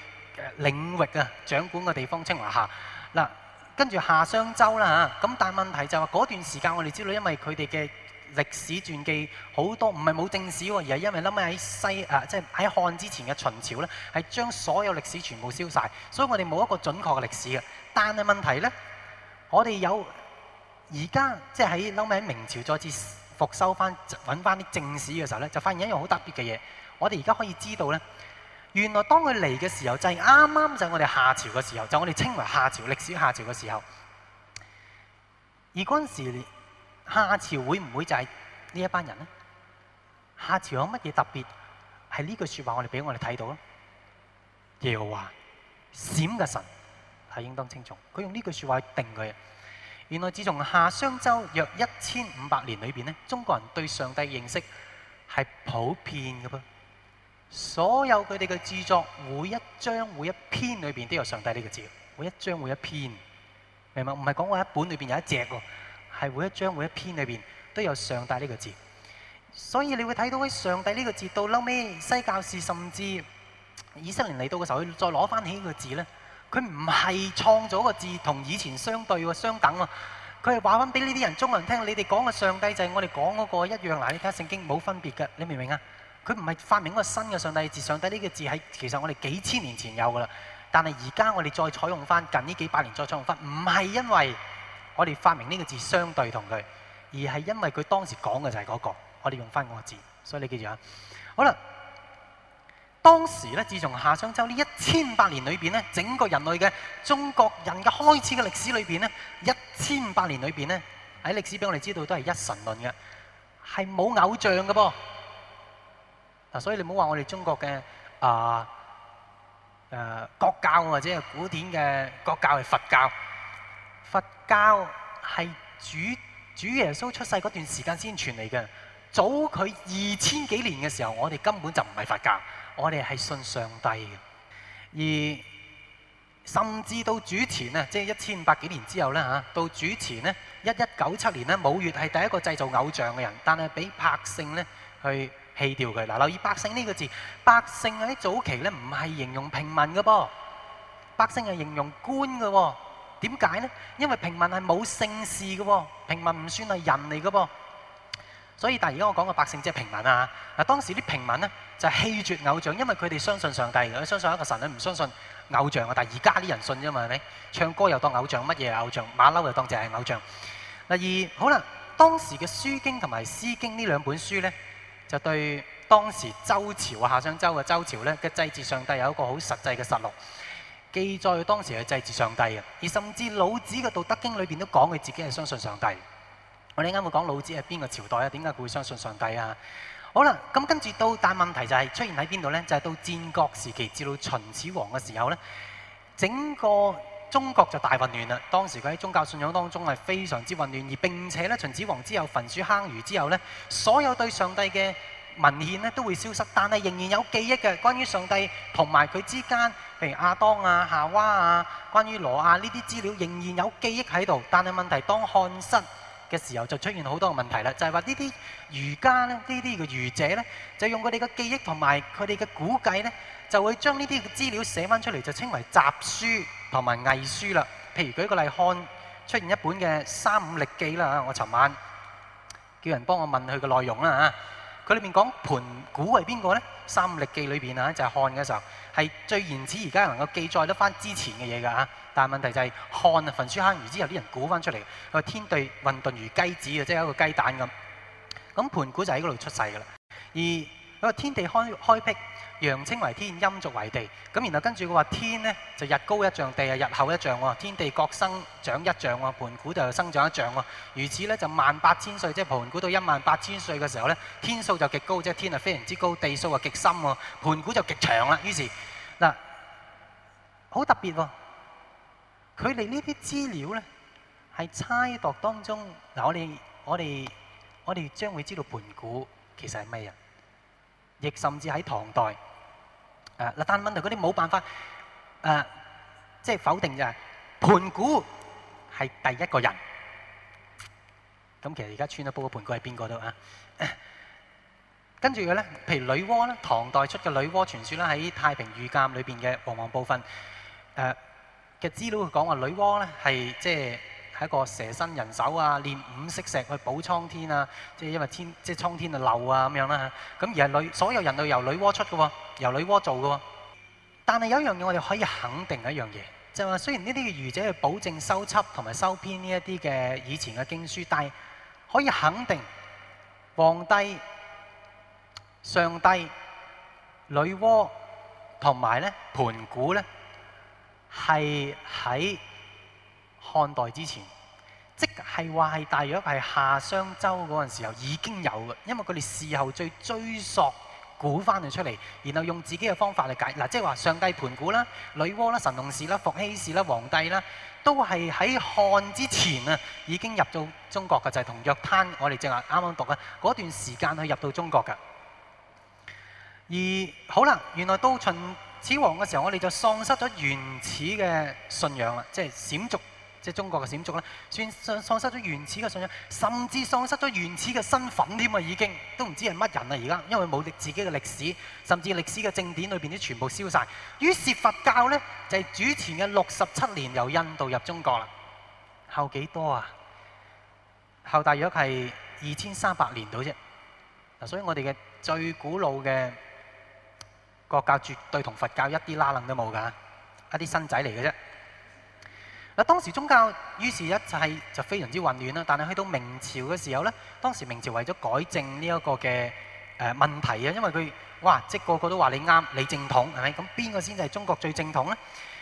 領域啊掌管嘅地方稱為夏，嗱，跟住夏商周啦吓，咁、啊、但係問題就係話嗰段時間我哋知道，因為佢哋嘅。歷史傳記好多唔係冇正史，而係因為撈尾喺西啊，即係喺漢之前嘅秦朝咧，係將所有歷史全部燒晒，所以我哋冇一個準確嘅歷史嘅。但係問題咧，我哋有而家即係喺撈尾喺明朝再次復收翻揾翻啲正史嘅時候咧，就發現一樣好特別嘅嘢。我哋而家可以知道咧，原來當佢嚟嘅時候就係啱啱就係我哋夏朝嘅時候，就，是，剛剛就我哋，就是，稱為夏朝歷史夏朝嘅時候，而嗰陣時夏朝會唔會就係呢一班人咧？夏朝有乜嘢特別？係呢句説話，我哋俾我哋睇到咯。耶和華：閃嘅神係應當清楚，佢用呢句説話去定佢。原來自從夏商周約一千五百年裏邊咧，中國人對上帝嘅認識係普遍嘅噃。所有佢哋嘅著作，每一章每一篇裏邊都有上帝呢個字。每一章每一篇，明白？唔係講我一本裏邊有一隻喎。係每一章每一篇裏邊都有上帝呢個字，所以你會睇到喺「上帝呢個字到嬲尾西教士，甚至以色列嚟到嘅時候，佢再攞翻起呢個字咧，佢唔係創造個字同以前相對喎相等喎，佢係話翻俾呢啲人中國人聽，你哋講嘅上帝就係我哋講嗰個一樣嗱，你睇下聖經冇分別㗎，你明唔明啊？佢唔係發明嗰個新嘅上帝的字，上帝呢個字係其實我哋幾千年前有噶啦，但係而家我哋再採用翻，近呢幾百年再採用翻，唔係因為。我哋發明呢個字，相對同佢，而係因為佢當時講嘅就係嗰個，我哋用返嗰個字，所以你記住啊。好啦，當時咧，自從夏商周呢一千百年裏邊咧，整個人類嘅中國人嘅開始嘅歷史裏邊咧，一千百年裏邊咧，喺歷史俾我哋知道都係一神論嘅，係冇偶像嘅噃。嗱，所以你唔好話我哋中國嘅啊誒國教或者係古典嘅國教係佛教。佛教係主主耶穌出世嗰段時間先傳嚟嘅，早佢二千幾年嘅時候，我哋根本就唔係佛教，我哋係信上帝嘅。而甚至到主前啊，即係一千五百幾年之後咧吓，到主前咧，一一九七年咧，武乙係第一個製造偶像嘅人，但係俾百姓咧去棄掉佢。嗱，留意百姓呢個字，百姓喺早期咧唔係形容平民嘅噃，百姓係形容官嘅。點解呢？因為平民係冇姓氏嘅喎，平民唔算係人嚟嘅噃，所以但係而家我講個百姓即係平民啊！嗱，當時啲平民呢，就係棄絕偶像，因為佢哋相信上帝，佢相信一個神，佢唔相信偶像啊！但係而家啲人信啫嘛，係咪？唱歌又當偶像，乜嘢偶像？馬騮又當淨係偶像。第二，好啦，當時嘅《書經》同埋《詩經》呢兩本書呢，就對當時周朝夏商周嘅周朝呢嘅祭祀上帝有一個好實際嘅實錄。記載當時嘅祭祀上帝嘅，而甚至老子嘅道德經裏邊都講佢自己係相信上帝。我哋啱啱講老子係邊個朝代啊？點解佢會相信上帝啊？好啦，咁跟住到，大問題就係、是、出現喺邊度呢？就係、是、到戰國時期至到秦始皇嘅時候呢，整個中國就大混亂啦。當時佢喺宗教信仰當中係非常之混亂，而並且呢，秦始皇之後焚書坑儒之後呢，所有對上帝嘅文獻咧都會消失，但係仍然有記憶嘅。關於上帝同埋佢之間，譬如亞當啊、夏娃啊，關於羅亞呢啲資料仍然有記憶喺度。但係問題當漢室嘅時候就出現好多問題啦，就係話呢啲儒家咧、呢啲嘅儒者呢，就用佢哋嘅記憶同埋佢哋嘅估計呢，就會將呢啲資料寫翻出嚟，就稱為雜書同埋偽書啦。譬如舉個例，漢出現一本嘅《三五歷記》啦，我尋晚叫人幫我問佢嘅內容啦嚇。佢裏面講盤古係邊個咧？三五歷記裏邊啊，就係漢嘅時候，係最原始而家能夠記載得翻之前嘅嘢㗎嚇。但係問題就係漢啊，焚書坑儒之後啲人估翻出嚟，佢話天地混沌如雞子啊，即係一個雞蛋咁。咁盤古就喺嗰度出世㗎啦。而佢話天地開開闢。陽清為天，陰濁為地。咁然後跟住佢話天呢，就日高一丈，地係日厚一丈喎。天地各生長一丈喎，盤古就生長一丈喎。如此咧就萬八千歲，即係盤古到一萬八千歲嘅時候咧，天數就極高，即係天啊非常之高，地數啊極深喎，盤古就極長啦。於是嗱，好特別喎、啊，佢哋呢啲資料咧係猜度當中嗱，我哋我哋我哋將會知道盤古其實係咩人，亦甚至喺唐代。誒嗱，但問題嗰啲冇辦法誒，即係否定就係盤古係第一個人。咁其實而家穿得破個盤古係邊個都啊？跟住嘅咧，譬如女媧咧，唐代出嘅女媧傳説咧，喺《太平御鑑》裏邊嘅皇王部分誒嘅資料講話女媧咧係即係。係一個蛇身人手啊，煉五色石去補蒼天啊，即係因為天即係蒼天啊漏啊咁樣啦。咁而係女所有人類由女媧出嘅喎、啊，由女媧做嘅喎、啊。但係有一樣嘢我哋可以肯定一樣嘢，就係、是、話雖然呢啲儒者去保證收輯同埋收編呢一啲嘅以前嘅經書，但係可以肯定，皇帝、上帝、女媧同埋咧盤古咧係喺。是在漢代之前，即係話係大約係夏商周嗰陣時候已經有嘅，因為佢哋事後再追溯估翻佢出嚟，然後用自己嘅方法嚟解嗱，即係話上帝盤古啦、女媧啦、神農氏啦、伏羲氏啦、皇帝啦，都係喺漢之前啊已經入到中國嘅，就係同約攤我哋正話啱啱讀嘅嗰段時間去入到中國嘅。而好啦，原來到秦始皇嘅時候，我哋就喪失咗原始嘅信仰啦，即係閃族。即係中國嘅閃族咧，算喪喪失咗原始嘅信仰，甚至喪失咗原始嘅身份添啊！已經都唔知係乜人啊。而家因為冇歷自己嘅歷史，甚至歷史嘅正典裏邊都全部消曬。於是佛教咧就係主前嘅六十七年由印度入中國啦。後幾多啊？後大約係二千三百年到啫。嗱，所以我哋嘅最古老嘅國教絕對同佛教一啲拉楞都冇㗎，一啲新仔嚟嘅啫。嗱，當時宗教於是一切就非常之混亂啦。但係去到明朝嘅時候咧，當時明朝為咗改正呢一個嘅誒問題啊，因為佢哇，即係個個都話你啱，你正統係咪？咁邊個先至係中國最正統咧？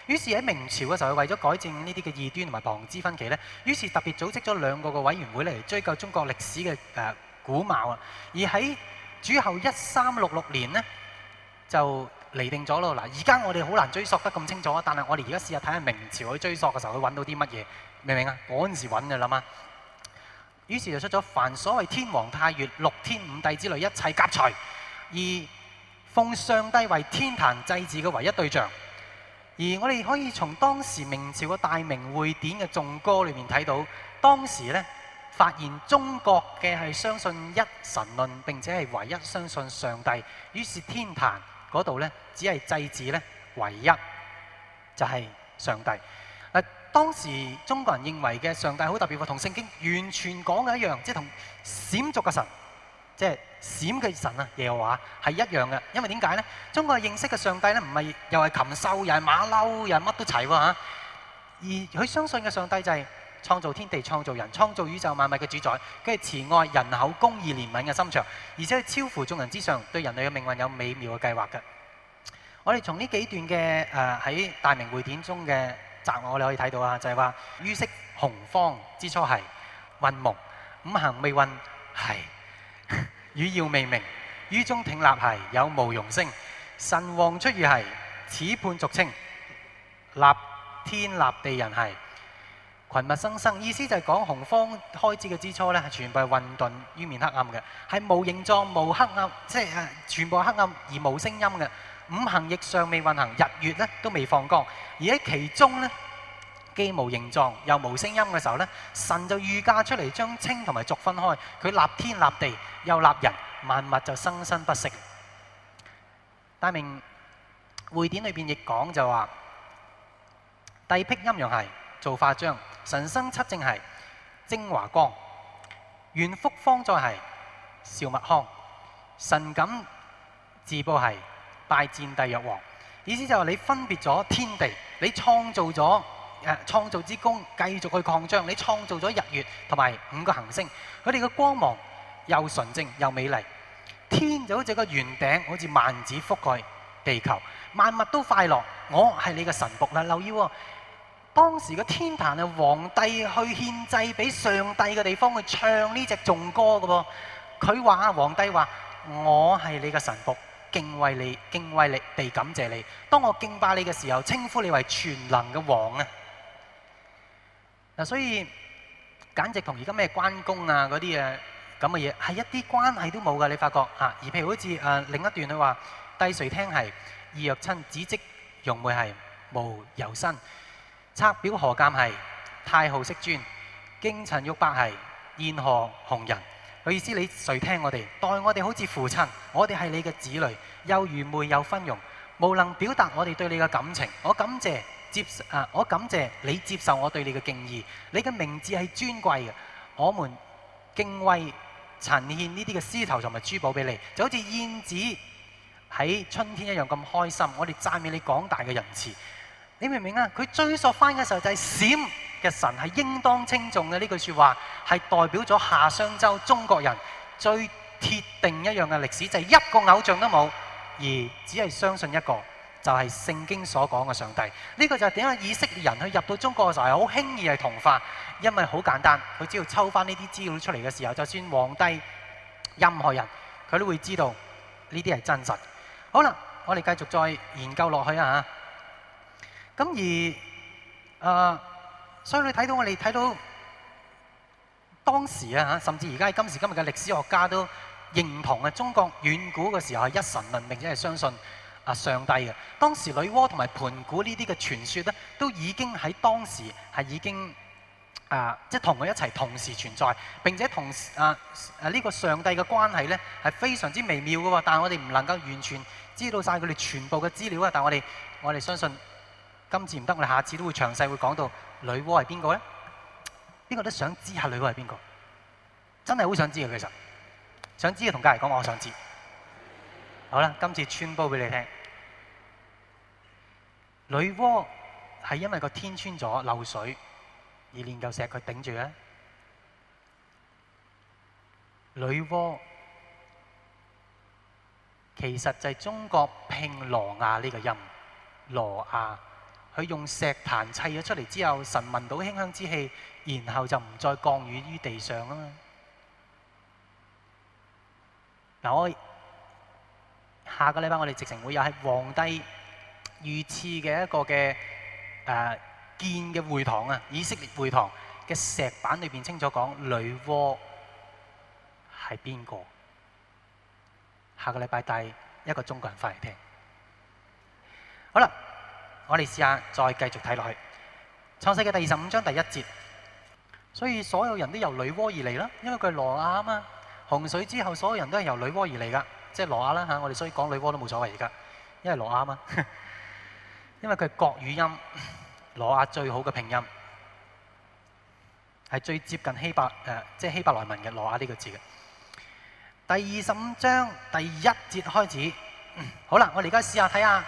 於是喺明朝嘅時候，為咗改正呢啲嘅異端同埋旁支分歧咧，於是特別組織咗兩個嘅委員會嚟追究中國歷史嘅誒古貌啊。而喺主後一三六六年咧，就。嚟定咗咯！嗱，而家我哋好難追溯得咁清楚啊！但係我哋而家試下睇下明朝去追溯嘅時候，去揾到啲乜嘢？明唔明啊？嗰陣時揾嘅啦嘛。於是就出咗凡所謂天皇太乙六天五帝之類一切甲材，而奉上帝為天壇祭祀嘅唯一對象。而我哋可以從當時明朝嘅《大明會典》嘅眾歌裏面睇到，當時呢發現中國嘅係相信一神論，並且係唯一相信上帝，於是天壇。嗰度咧，只係祭祀咧，唯一就係、是、上帝。嗱，當時中國人認為嘅上帝好特別喎，同聖經完全講嘅一樣，即係同閃族嘅神，即係閃嘅神啊，耶和華係一樣嘅。因為點解呢？中國嘅認識嘅上帝咧，唔係又係禽獸，又係馬騮，又係乜都齊喎、啊、而佢相信嘅上帝就係、是。創造天地、創造人、創造宇宙萬物嘅主宰，佢係慈愛、人口公義、憐憫嘅心腸，而且係超乎眾人之上，對人類嘅命運有美妙嘅計劃嘅。我哋從呢幾段嘅誒喺大明會典中嘅摘我哋可以睇到啊，就係話於色紅荒之初係雲蒙五行未運係雨搖未明，於中挺立係有無容聲，神皇出於係此判俗稱立天立地人係。群物生生，意思就係講紅方開始嘅之初咧，全部係混沌、烏面黑暗嘅，係無形狀、無黑暗，即係全部黑暗而無聲音嘅。五行亦尚未運行，日月咧都未放光，而喺其中咧，既無形狀又無聲音嘅時候咧，神就預架出嚟將清同埋濁分開，佢立天立地又立人，萬物就生生不息。大明會典裏邊亦講就話，地闢陰陽係造化章。神生七正係精華光，元福方再係少物康，神感自報係拜戰帝藥王。意思就係你分別咗天地，你創造咗誒創造之功，繼續去擴張。你創造咗日月同埋五個行星，佢哋嘅光芒又純正又美麗。天就好似個圓頂，好似萬紫覆蓋地球，萬物都快樂。我係你嘅神僕啦，留意、哦。當時個天壇係皇帝去獻祭俾上帝嘅地方，去唱呢隻頌歌嘅噃。佢話啊，皇帝話：我係你嘅神僕，敬畏你，敬畏你，地感謝你。當我敬拜你嘅時候，稱呼你為全能嘅王啊！嗱，所以簡直同而家咩關公啊嗰啲誒咁嘅嘢係一啲關係都冇噶。你發覺啊，而譬如好似誒另一段佢話：帝垂聽係義若親，子即容會係無由身。策表何鑑係太昊飾尊，經陳玉伯係燕河紅人。佢意思你誰聽我哋？待我哋好似父親，我哋係你嘅子女，又愚昧又昏庸，無能表達我哋對你嘅感情。我感謝接啊，我感謝你接受我對你嘅敬意。你嘅名字係尊貴嘅，我們敬畏陳獻呢啲嘅絲頭同埋珠寶俾你，就好似燕子喺春天一樣咁開心。我哋讚美你廣大嘅仁慈。你明唔明啊？佢追溯翻嘅時候就係閃嘅神係應當稱頌嘅呢句説話，係代表咗夏商周中國人最鐵定一樣嘅歷史，就係一個偶像都冇，而只係相信一個，就係聖經所講嘅上帝。呢個就係點解以色列人去入到中國嘅時候係好輕易係同化，因為好簡單，佢只要抽翻呢啲資料出嚟嘅時候，就算皇帝任何人，佢都會知道呢啲係真實。好啦，我哋繼續再研究落去啊！嚇。咁而啊、呃，所以你睇到我哋睇到當時啊，甚至而家今時今日嘅歷史學家都認同啊，中國遠古嘅時候係一神論，並且係相信啊上帝嘅。當時女媧同埋盤古呢啲嘅傳說咧，都已經喺當時，係已經啊，即係同佢一齊同時存在，並且同時啊啊呢個上帝嘅關係咧係呢非常之微妙嘅。但係我哋唔能夠完全知道曬佢哋全部嘅資料啊。但係我哋我哋相信。今次唔得，我哋下次都會詳細會講到女媧係邊個咧？邊個都想知下女媧係邊個？真係好想知嘅，其實，想知道同嘉怡講，我想知。好啦，今次穿煲俾你聽。女媧係因為個天穿咗漏水，而煉舊石佢頂住咧。女媧其實就係中國拼羅亞呢個音，羅亞。佢用石壇砌咗出嚟之後，神聞到馨香之氣，然後就唔再降雨於地上啊嘛！嗱，我下個禮拜我哋直情會有喺皇帝御賜嘅一個嘅誒建嘅會堂啊，以色列會堂嘅石板裏邊清楚講女媧係邊個。下個禮拜帶一個中國人翻嚟聽。好啦。我哋試下再繼續睇落去創世記第二十五章第一節，所以所有人都由女媧而嚟啦，因為佢係羅亞啊嘛。洪水之後，所有人都係由女媧而嚟噶，即係羅亞啦嚇。我哋所以講女媧都冇所謂而家，因為羅亞啊嘛， 因為佢係國語音羅亞最好嘅拼音，係最接近希伯誒，即係希伯來文嘅羅亞呢個字嘅。第二十五章第一節開始，好啦，我哋而家試下睇下。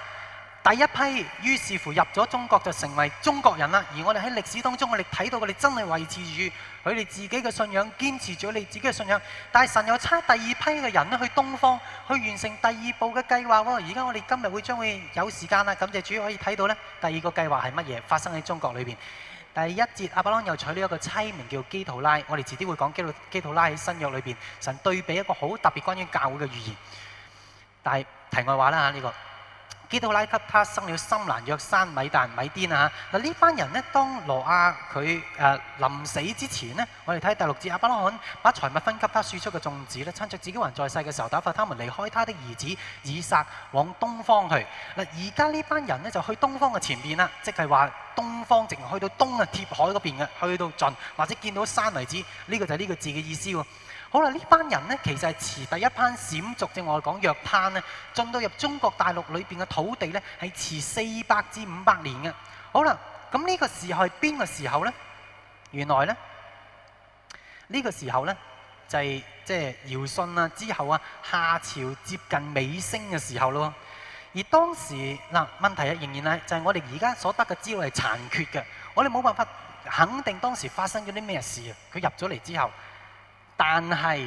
第一批於是乎入咗中國就成為中國人啦，而我哋喺歷史當中我哋睇到佢哋真係維持住佢哋自己嘅信仰，堅持咗你自己嘅信仰。但係神又差第二批嘅人咧去東方去完成第二步嘅計劃喎。而家我哋今日會將會有時間啦，感謝主要可以睇到呢第二個計劃係乜嘢發生喺中國裏邊。第一節阿巴朗又娶呢一個妻，名叫基土拉，我們基。我哋遲啲會講基土基土拉喺新約裏邊，神對比一個好特別關於教會嘅預言。但係題外話啦嚇呢個。基道拉給他生了深蘭、約山、米但、米甸啊！嗱，呢班人咧，當羅亞佢誒臨死之前咧，我哋睇第六節亞伯拉罕把財物分給他輸出嘅眾子咧，趁着自己還在世嘅時候，打發他們離開他的兒子以撒往東方去。嗱，而家呢班人咧就去東方嘅前邊啦，即係話東方直去到東啊，貼海嗰邊嘅，去到盡或者見到山為止。呢、這個就係呢個字嘅意思喎。好啦，呢班人咧，其實係遲第一班閃族，正我哋講若潘咧，進到入中國大陸裏邊嘅土地咧，係遲四百至五百年嘅。好啦，咁呢個時候係邊個時候咧？原來咧，呢、這個時候咧就係即係堯舜啊之後啊，夏朝接近尾聲嘅時候咯。而當時嗱問題啊，仍然係就係、是、我哋而家所得嘅資料係殘缺嘅，我哋冇辦法肯定當時發生咗啲咩事啊。佢入咗嚟之後。但係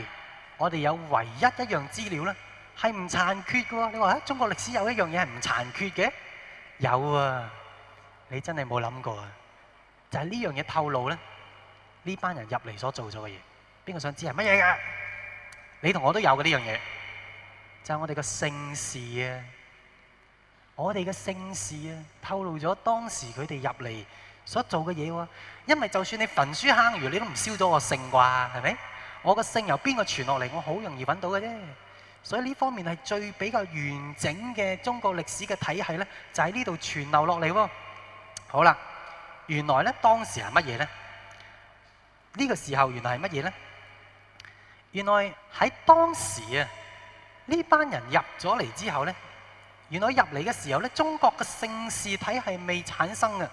我哋有唯一一樣資料咧，係唔殘缺嘅喎。你話啊，中國歷史有一樣嘢係唔殘缺嘅，有啊。你真係冇諗過啊！就係呢樣嘢透露咧，呢班人入嚟所做咗嘅嘢，邊個想知係乜嘢嘅？你同我都有嘅呢樣嘢，就係我哋嘅姓氏啊！我哋嘅姓氏啊，透露咗當時佢哋入嚟所做嘅嘢喎。因為就算你焚書坑儒，你都唔燒咗我個姓啩，係咪？我個姓由邊個傳落嚟？我好容易揾到嘅啫。所以呢方面係最比較完整嘅中國歷史嘅體系呢就喺呢度傳流落嚟喎。好啦，原來呢當時係乜嘢呢？呢、呢個時候原來係乜嘢呢？原來喺當時啊，呢班人入咗嚟之後呢，原來入嚟嘅時候呢，中國嘅姓氏體系是未產生嘅，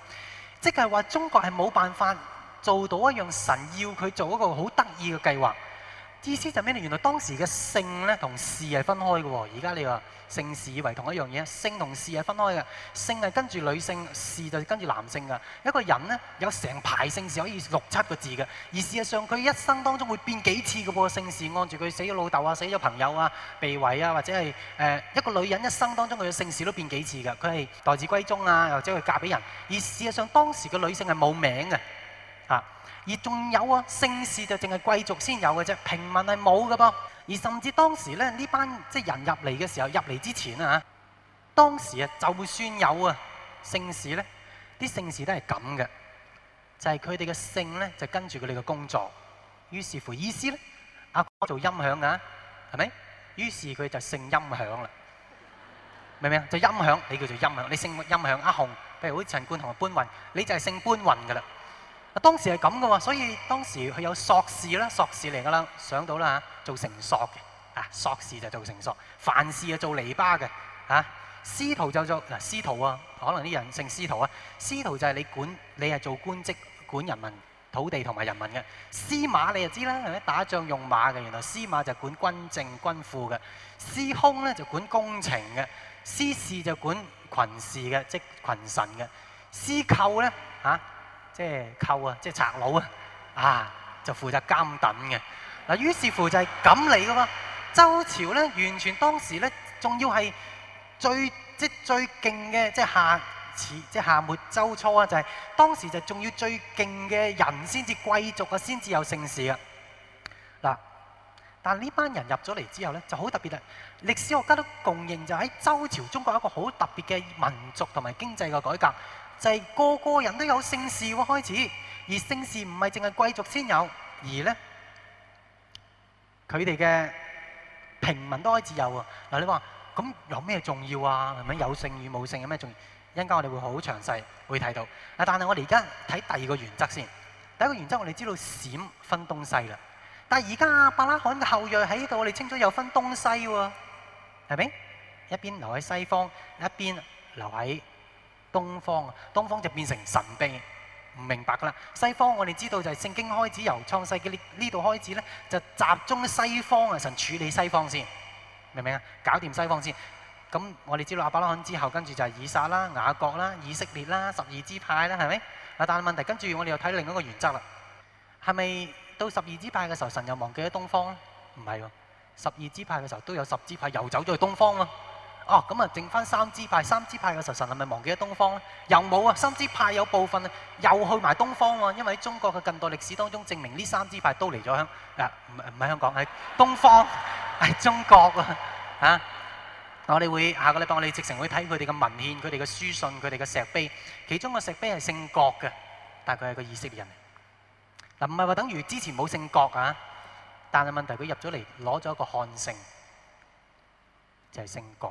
即係話中國係冇辦法。做到一樣神要佢做一個好得意嘅計劃，意思就咩、是、咧？原來當時嘅姓呢同氏係分開嘅喎。而家你話姓氏以為同一樣嘢，姓同氏係分開嘅。姓係跟住女性，氏就是跟住男性嘅。一個人呢，有成排姓氏可以六七個字嘅，而事實上佢一生當中會變幾次嘅噃姓氏，按住佢死咗老豆啊，死咗朋友啊，被毀啊，或者係誒、呃、一個女人一生當中佢嘅姓氏都變幾次嘅。佢係待字歸宗啊，或者佢嫁俾人，而事實上當時嘅女性係冇名嘅。而仲有啊，姓氏就淨係貴族先有嘅啫，平民係冇嘅噃。而甚至當時咧，呢班即係人入嚟嘅時候，入嚟之前啊，當時啊，就算有啊，姓氏咧，啲姓氏都係咁嘅，就係佢哋嘅姓咧，就係、跟住佢哋嘅工作。於是乎，意思咧，阿哥做音響㗎、啊，係咪？於是佢就係姓音響啦，明唔明啊？就音響，你叫做音響，你姓音響。阿紅，譬如好似陳冠雄搬運，你就係姓搬運嘅啦。啊，當時係咁嘅喎，所以當時佢有索士啦，索士嚟嘅啦，上到啦嚇，做成「索」嘅，啊，索士就做成「索」，「凡事」就做泥巴嘅，啊，司徒就做嗱、啊、司徒啊，可能啲人姓司徒啊，司徒就係你管，你係做官職管人民土地同埋人民嘅，司馬你就知啦，係咪打仗用馬嘅？原來司馬就管軍政軍庫嘅，司空咧就係、管工程嘅，司事就管群事嘅，即群臣嘅，司寇咧嚇。啊即係寇啊，即係賊佬啊，啊就負責監等嘅嗱，於是乎就係咁嚟嘅嘛。周朝咧，完全當時咧，仲要係最即係最勁嘅，即係夏始、即係夏末、周初啊，就係、是、當時就仲要最勁嘅人先至貴族啊，先至有姓氏啊。嗱，但呢班人入咗嚟之後咧，就好特別啦。歷史學家都共認就喺周朝，中國有一個好特別嘅民族同埋經濟嘅改革。就係、是、個個人都有姓氏喎，開始。而姓氏唔係淨係貴族先有，而咧佢哋嘅平民都開始有喎。嗱，你話咁有咩重要啊？係咪有姓與冇姓有咩重要？一陣間我哋會好詳細會睇到。啊，但係我哋而家睇第二個原則先。第一個原則我哋知道閃分東西啦。但係而家亞伯拉罕嘅後裔喺度，我哋清楚有分東西喎，係咪？一邊留喺西方，一邊留喺東方啊，東方就變成神秘唔明白啦。西方我哋知道就係聖經開始由創世記呢度開始呢，就集中西方啊，神處理西方先，明唔明啊？搞掂西方先。咁我哋知道亞伯拉罕之後，跟住就係以撒啦、雅各啦、以色列啦、十二支派啦，係咪？啊，但係問題跟住我哋又睇另一個原則啦。係咪到十二支派嘅時候，神又忘記咗東方？唔係喎，十二支派嘅時候都有十支派遊走咗去東方啊。哦，咁啊，剩翻三支派，三支派嘅時候，神係咪忘記咗東方咧？又冇啊！三支派有部分啊，又去埋東方喎、啊。因為喺中國嘅近代歷史當中，證明呢三支派都嚟咗香。嗱、啊，唔唔係香港，係東方，係中國啊。嚇！我哋會下個禮拜我哋直程會睇佢哋嘅文獻、佢哋嘅書信、佢哋嘅石碑。其中個石碑係姓郭嘅，但係佢係個以色人。嗱，唔係話等於之前冇姓郭啊，但係問題佢入咗嚟攞咗一個漢姓，就係、是、姓郭。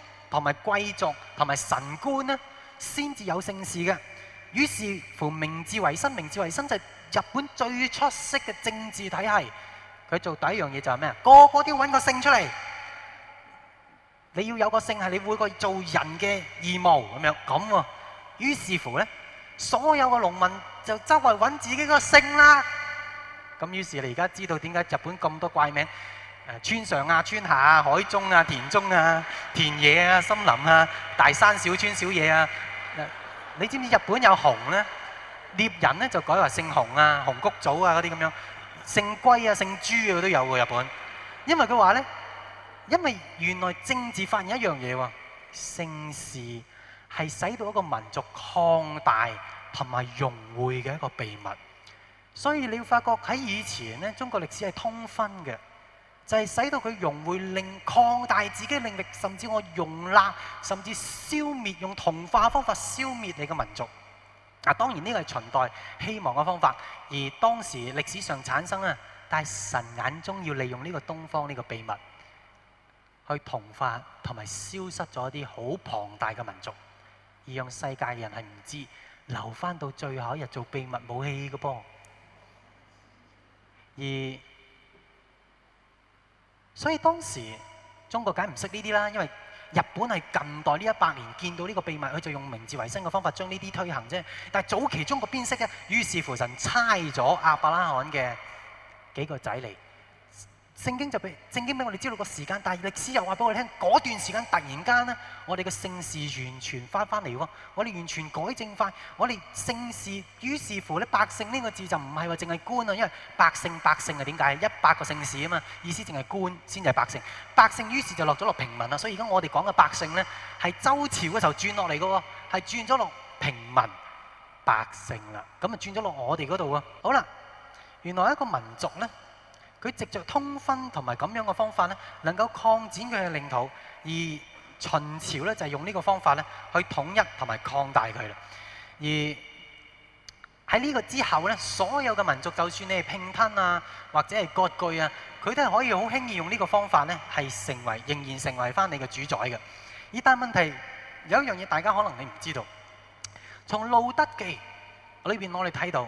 同埋貴族同埋神官呢，先至有姓氏嘅。於是乎明為，明治維新，明治維新就係日本最出色嘅政治體系。佢做第一樣嘢就係咩啊？個個都要揾個姓出嚟。你要有個姓係你每個做人嘅義務咁樣咁、啊、喎。於是乎呢所有嘅農民就周圍揾自己個姓啦。咁於是你而家知道點解日本咁多怪名？村上啊、村下啊、海中啊、田中啊、田野啊、森林啊、大山、小村、小野啊，你知唔知日本有熊咧？獵人咧就改為姓熊啊、熊谷組啊嗰啲咁樣，姓龜啊、姓豬啊都有嘅日本。因為佢話咧，因為原來政治發現一樣嘢喎，姓氏係使到一個民族擴大同埋融匯嘅一個秘密。所以你會發覺喺以前咧，中國歷史係通婚嘅。就係、是、使到佢融匯，令擴大自己嘅領域，甚至我容納，甚至消滅，用同化方法消滅你嘅民族。啊，當然呢個係秦代希望嘅方法，而當時歷史上產生啊，但係神眼中要利用呢個東方呢個秘密，去同化同埋消失咗一啲好龐大嘅民族，而讓世界嘅人係唔知，留翻到最後一日做秘密武器嘅噃。而所以當時中國梗唔識呢啲啦，因為日本係近代呢一百年見到呢個秘密，佢就用明治維新嘅方法將呢啲推行啫。但係早期中國邊識呢？於是乎神差咗亞伯拉罕嘅幾個仔嚟。聖經就俾聖經俾我哋知道個時間，但係歷史又話俾我哋聽，嗰段時間突然間呢，我哋嘅姓氏完全翻翻嚟喎，我哋完全改正翻，我哋姓氏，於是乎咧，百姓呢個字就唔係話淨係官啊，因為百姓百姓係點解？一百個姓氏啊嘛，意思淨係官先至係百姓，百姓於是就落咗落平民啦。所以而家我哋講嘅百姓呢，係周朝嘅時候轉落嚟嘅喎，係轉咗落平民百姓啦。咁啊轉咗落我哋嗰度啊。好啦，原來一個民族呢。佢藉著通婚同埋咁樣嘅方法咧，能夠擴展佢嘅領土；而秦朝咧就係用呢個方法咧，去統一同埋擴大佢啦。而喺呢個之後咧，所有嘅民族就算你係拼吞啊，或者係割據啊，佢都係可以好輕易用呢個方法咧，係成為仍然成為翻你嘅主宰嘅。而但係問題有一樣嘢，大家可能你唔知道，從《路德記》裏邊我哋睇到。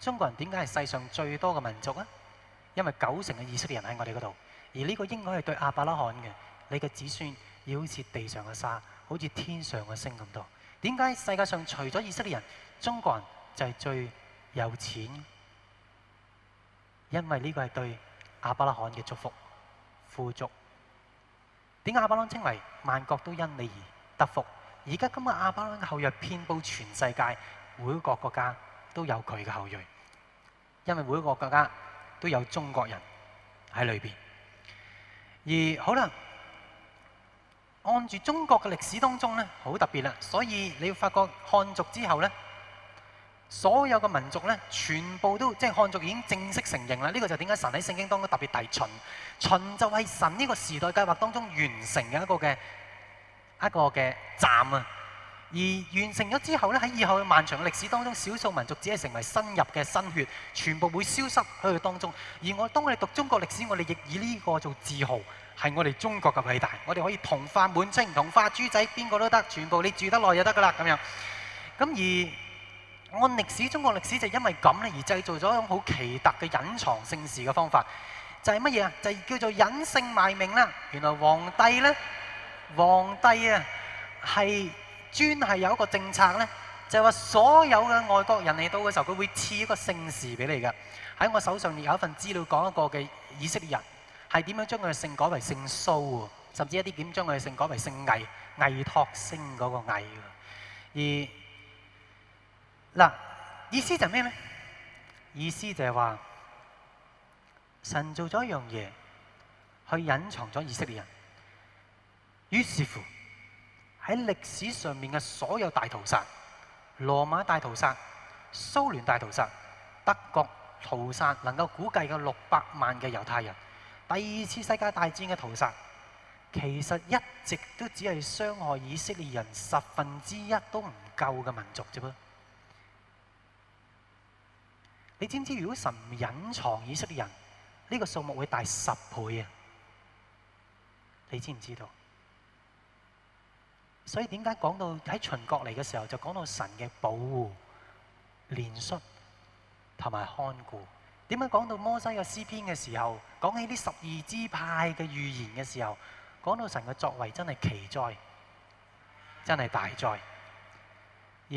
中國人點解係世上最多嘅民族呢？因為九成嘅以色列人喺我哋嗰度，而呢個應該係對亞伯拉罕嘅，你嘅子孫要好似地上嘅沙，好似天上嘅星咁多。點解世界上除咗以色列人，中國人就係最有錢？因為呢個係對亞伯拉罕嘅祝福，富足。點解亞伯拉罕稱為萬國都因你而得福？而家今日亞伯拉罕嘅後裔遍布全世界每個國家。都有佢嘅後裔，因為每一個國家都有中國人喺裏邊。而好啦，按住中國嘅歷史當中呢，好特別啦。所以你要發覺漢族之後呢，所有嘅民族呢，全部都即係漢族已經正式承認啦。呢個就點解神喺聖經當中特別提秦？秦就係神呢個時代計劃當中完成嘅一個嘅一個嘅站啊！而完成咗之後咧，喺以後嘅漫長歷史當中，少數民族只係成為新入嘅新血，全部會消失喺佢當中。而我當我哋讀中國歷史，我哋亦以呢個做自豪，係我哋中國嘅偉大，我哋可以同化滿清、同化豬仔，邊個都得，全部你住得耐就得噶啦咁樣。咁而按歷史中國歷史就因為咁咧，而製造咗一種好奇特嘅隱藏姓氏嘅方法，就係乜嘢啊？就係叫做隱姓埋名啦。原來皇帝咧，皇帝啊，係。專係有一個政策咧，就係話所有嘅外國人嚟到嘅時候，佢會賜一個姓氏俾你㗎。喺我手上有一份資料，講一個嘅以色列人係點樣將佢嘅姓改為姓蘇，甚至一啲點將佢嘅姓改為姓魏，魏托星嗰個魏。而嗱，意思就係咩咧？意思就係話神做咗一樣嘢，去隱藏咗以色列人，於是乎。喺歷史上面嘅所有大屠殺，羅馬大屠殺、蘇聯大屠殺、德國屠殺，能夠估計嘅六百萬嘅猶太人，第二次世界大戰嘅屠殺，其實一直都只係傷害以色列人十分之一都唔夠嘅民族啫噃。你知唔知如果神隱藏以色列人，呢個數目會大十倍啊？你知唔知道？所以點解講到喺秦國嚟嘅時候，就講到神嘅保護、憐恤同埋看顧。點解講到摩西嘅詩篇嘅時候，講起呢十二支派嘅預言嘅時候，講到神嘅作為真係奇哉，真係大哉。而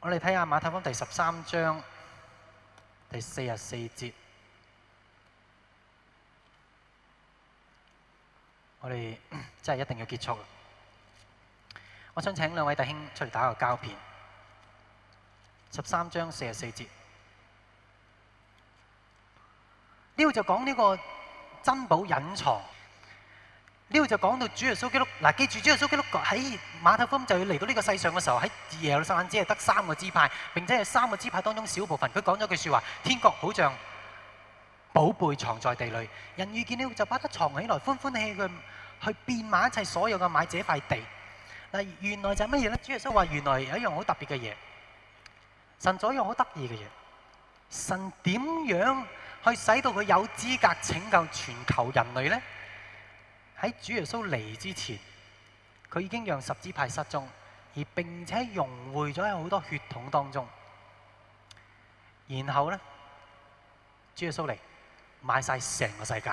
我哋睇下馬太福音第十三章第四十四節，我哋真係一定要結束。我想請兩位弟兄出嚟打個膠片，十三章四十四節。呢度就講呢個珍寶隱藏。呢度就講到主耶穌基督，嗱，記住，主耶穌基督喺馬太福音就要嚟到呢個世上嘅時候，喺耶路撒冷只係得三個支派，並且係三個支派當中小部分。佢講咗一句説話：天國好像寶貝藏在地裏，人遇見了就把它藏起來，歡歡喜喜去去變賣一切所有嘅買這塊地。但，原來就係乜嘢咧？主耶穌話：原來有一樣好特別嘅嘢，神做一樣好得意嘅嘢。神點樣去使到佢有資格拯救全球人類咧？喺主耶穌嚟之前，佢已經讓十支派失蹤，而並且融匯咗喺好多血統當中。然後咧，主耶穌嚟買晒成個世界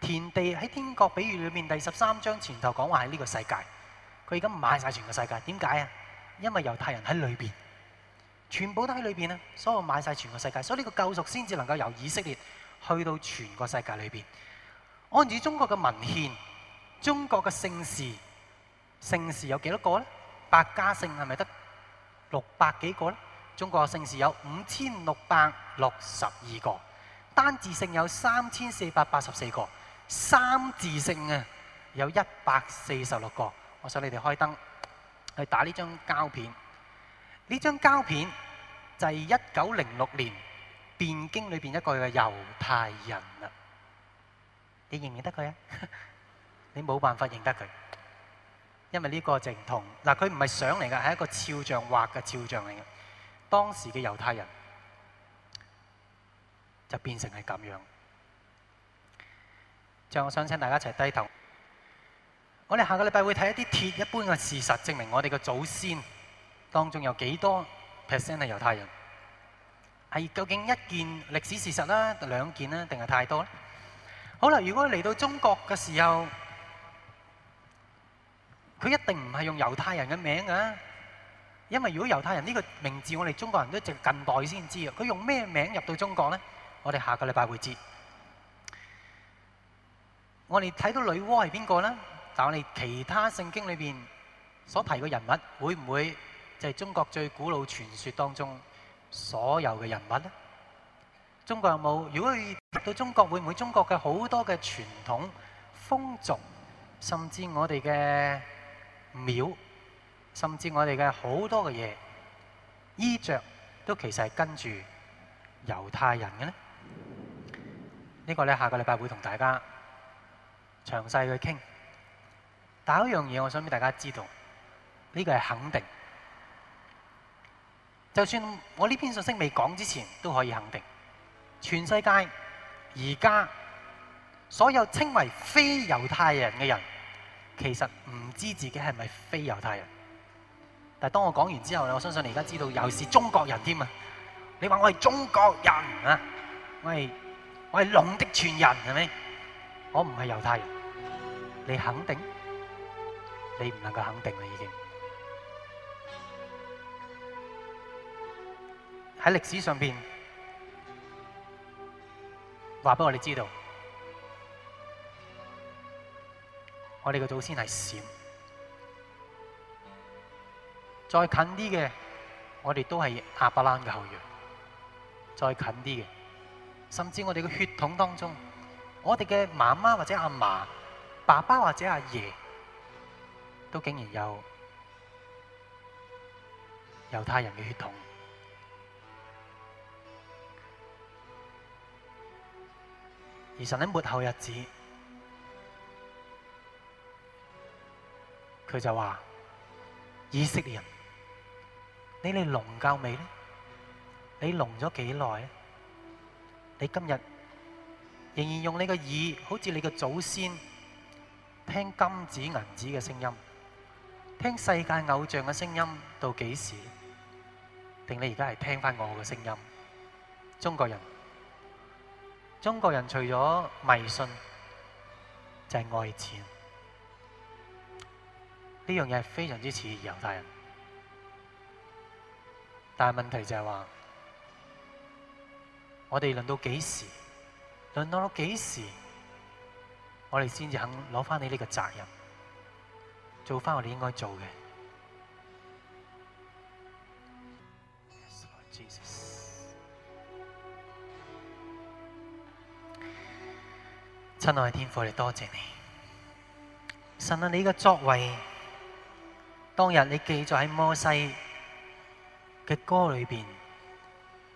田地，喺天國比喻裏面，第十三章前頭講話，係呢個世界。佢而家買晒全個世界，點解啊？因為猶太人喺裏面，全部都喺裏面啊！所以買晒全個世界，所以呢個救贖先至能夠由以色列去到全個世界裏邊。按照中國嘅文獻，中國嘅姓氏姓氏有幾多個呢？百家姓係咪得六百幾個呢？中國嘅姓氏有五千六百六十二個，單字姓有三千四百八十四個，三字姓啊有一百四十六個。我想你哋開燈，去打呢張膠片。呢張膠片就係一九零六年汴京裏邊一個嘅猶太人啦。你認唔認得佢啊？你冇辦法認得佢，因為呢個就係同嗱，佢唔係相嚟嘅，係一個肖像畫嘅肖像嚟嘅。當時嘅猶太人就變成係咁樣。咁，我想請大家一齊低頭。我哋下個禮拜會睇一啲鐵一般嘅事實，證明我哋嘅祖先當中有幾多 percent 係猶太人？係究竟一件歷史事實啦，兩件啦，定係太多咧？好啦，如果嚟到中國嘅時候，佢一定唔係用猶太人嘅名㗎，因為如果猶太人呢個名字，我哋中國人都直近代先知啊。佢用咩名入到中國咧？我哋下個禮拜會知。我哋睇到女媧係邊個咧？但我哋其他聖經裏面所提嘅人物，會唔會就係中國最古老傳說當中所有嘅人物呢？中國有冇？如果你到中國，會唔會中國嘅好多嘅傳統風俗，甚至我哋嘅廟，甚至我哋嘅好多嘅嘢衣着都其實係跟住猶太人嘅呢？這個、呢個咧，下個禮拜會同大家詳細去傾。第一樣嘢，我想俾大家知道，呢個係肯定。就算我呢篇信息未講之前，都可以肯定，全世界而家所有稱為非猶太人嘅人，其實唔知自己係咪非猶太人。但係當我講完之後咧，我相信你而家知道，又是中國人添啊！你話我係中國人啊？我係我係龍的傳人係咪？我唔係猶太人，你肯定？你唔能夠肯定啦，已經喺歷史上邊話俾我哋知道，我哋嘅祖先係閃，再近啲嘅，我哋都係阿伯蘭嘅後裔，再近啲嘅，甚至我哋嘅血統當中，我哋嘅媽媽或者阿嫲、爸爸或者阿爺。都竟然有猶太人嘅血統，而神喺末後日子，佢就話：以色列人，你哋聾夠未咧？你聾咗幾耐咧？你今日仍然用你嘅耳，好似你嘅祖先聽金子銀子嘅聲音。聽世界偶像嘅聲音到幾時？定你而家係聽翻我嘅聲音？中國人，中國人除咗迷信，就係愛錢。呢樣嘢係非常之似猶太人，但係問題就係話，我哋輪到幾時？輪到幾時？我哋先至肯攞翻起呢個責任？做翻我哋應該做嘅。親愛的天父，我哋多謝你。神啊，你嘅作為，當日你記載喺摩西嘅歌裏邊，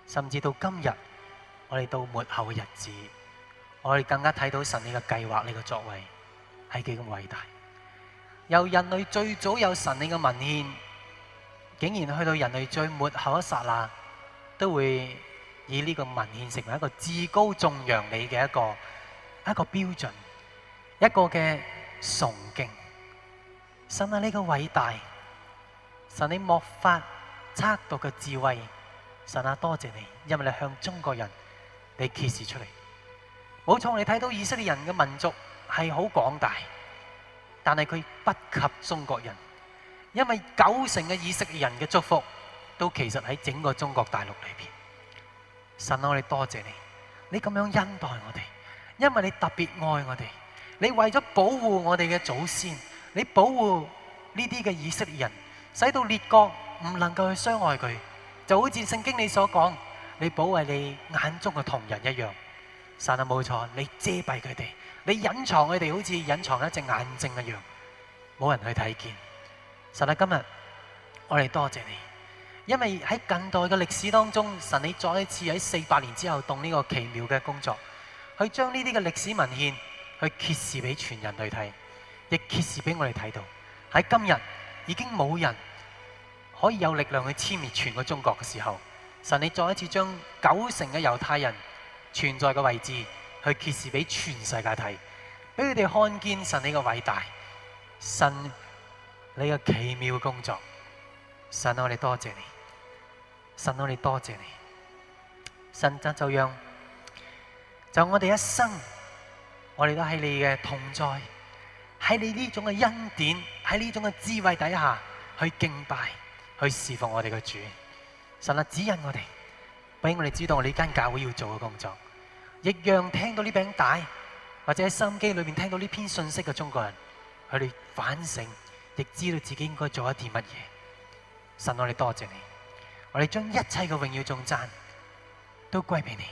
甚至到今日，我哋到末後嘅日子，我哋更加睇到神你嘅計劃，你嘅作為係幾咁偉大。由人類最早有神靈嘅文獻，竟然去到人類最末後一剎那，都會以呢個文獻成為一個至高頌揚你嘅一個一個標準，一個嘅崇敬。神啊，你、呢個偉大！神你莫法測度嘅智慧，神啊，多謝你，因為你向中國人你揭示出嚟。冇錯，你睇到以色列人嘅民族係好廣大。但係佢不及中國人，因為九成嘅以色列人嘅祝福，都其實喺整個中國大陸裏邊。神啊，我哋多謝你，你咁樣恩待我哋，因為你特別愛我哋，你為咗保護我哋嘅祖先，你保護呢啲嘅以色列人，使到列國唔能夠去傷害佢，就好似聖經裏所講，你保衛你眼中嘅瞳人一樣。神啊，冇錯，你遮蔽佢哋。你隱藏佢哋好似隱藏一隻眼睛一樣，冇人去睇見。實在，今日我哋多謝你，因為喺近代嘅歷史當中，神你再一次喺四百年之後動呢個奇妙嘅工作，去將呢啲嘅歷史文獻去揭示俾全人類睇，亦揭示俾我哋睇到。喺今日已經冇人可以有力量去殲滅全個中國嘅時候，神你再一次將九成嘅猶太人存在嘅位置。去揭示俾全世界睇，俾佢哋看見神呢個偉大，神呢個奇妙嘅工作，神我哋多謝你，神我哋多謝你，神就就讓就我哋一生，我哋都喺你嘅同在，喺你呢種嘅恩典，喺呢種嘅智慧底下去敬拜，去侍奉我哋嘅主，神啊指引我哋，俾我哋知道我呢間教會要做嘅工作。亦讓聽到呢餅帶，或者喺心機裏面聽到呢篇信息嘅中國人，佢哋反省，亦知道自己應該做一啲乜嘢。神，我哋多謝你，我哋將一切嘅榮耀頌讚都歸俾你。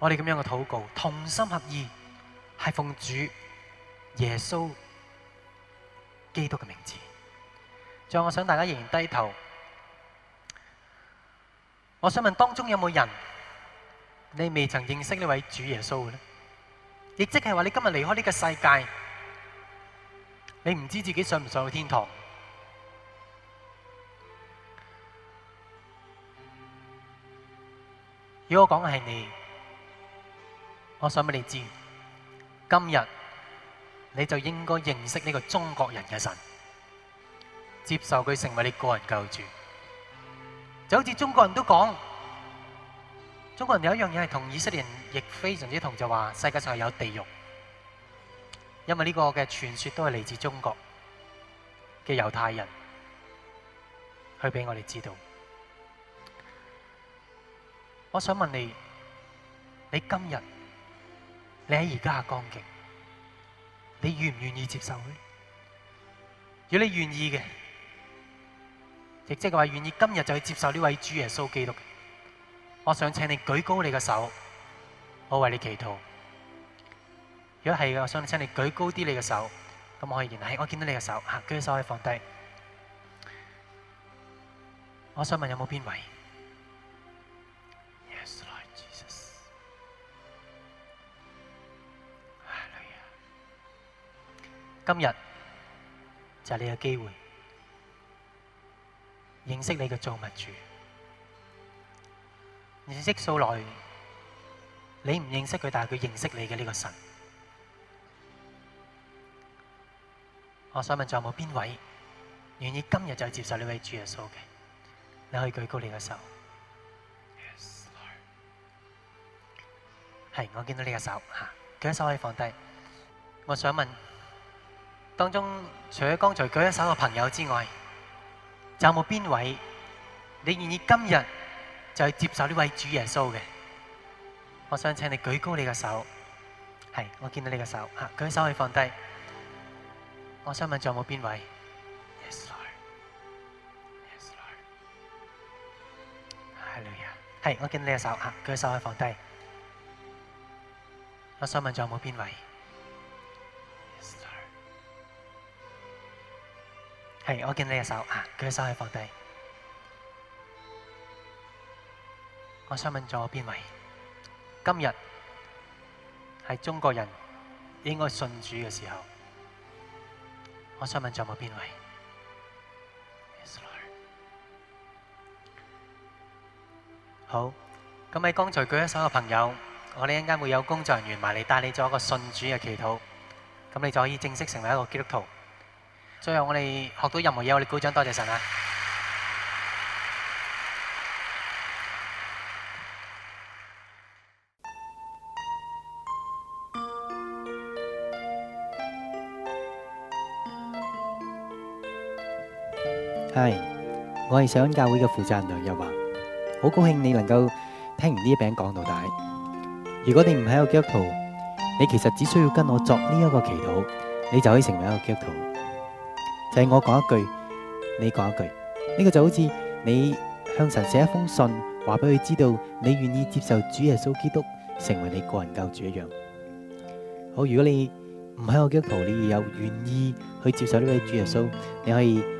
我哋咁樣嘅禱告，同心合意，係奉主耶穌基督嘅名字。仲，我想大家仍然低頭。我想問當中有冇人？你未曾認識呢位主耶穌嘅咧，亦即係話你今日離開呢個世界，你唔知自己上唔上到天堂。如果我講嘅係你，我想俾你知，今日你就應該認識呢個中國人嘅神，接受佢成為你個人救主，就好似中國人都講。中國人有一樣嘢係同以色列人亦非常之同，就話世界上係有地獄，因為呢個嘅傳說都係嚟自中國嘅猶太人，去俾我哋知道。我想問你，你今日你喺而家嘅光景，你願唔願意接受呢？如果你願意嘅，亦即係話願意今日就去接受呢位主耶穌基督。我想請你舉高你個手，我為你祈禱。如果係嘅，我想請你舉高啲你嘅手，咁我可以聯繫。我見到你嘅手，吓，舉你嘅手可以放低。我想問有冇邊位？今日就係你嘅機會，認識你嘅造物主。認識素來，你唔認識佢，但係佢認識你嘅呢個神。我想問，仲有冇邊位願意今日就接受呢位主耶穌嘅？你可以舉高你嘅手。係，我見到你嘅手吓，舉咗手可以放低。我想問，當中除咗剛才舉咗手嘅朋友之外，仲有冇邊位你願意今日？就去接受呢位主耶穌嘅，我想請你舉高你個手。係我見到你個手吓，舉個手可以放低。我想問仲有冇邊位？Yes, Lord。Hallelujah。係我見到你個手吓，舉個手可以放低。我想問仲有冇邊位？Yes, Lord。係我見到你個手吓，舉個手可以放低。我想問仲有邊位，今日係中國人應該信主嘅時候？我想問仲有邊位？好，咁喺剛才舉咗手嘅朋友，我哋一陣間會有工作人員埋嚟帶你做一個信主嘅祈禱，咁你就可以正式成為一個基督徒。最後我哋學到任何嘢，我哋鼓掌，多謝神啊！我係上恩教會嘅負責人梁又華，好高興你能夠聽完呢一餅講到大。如果你唔係一個基督徒，你其實只需要跟我作呢一個祈禱，你就可以成為一個基督徒。就係我講一句，你講一句，呢個就好似你向神寫一封信，話俾佢知道你願意接受主耶穌基督成為你個人教主一樣。好，如果你唔係一個基督徒，你又願意去接受呢位主耶穌，你可以，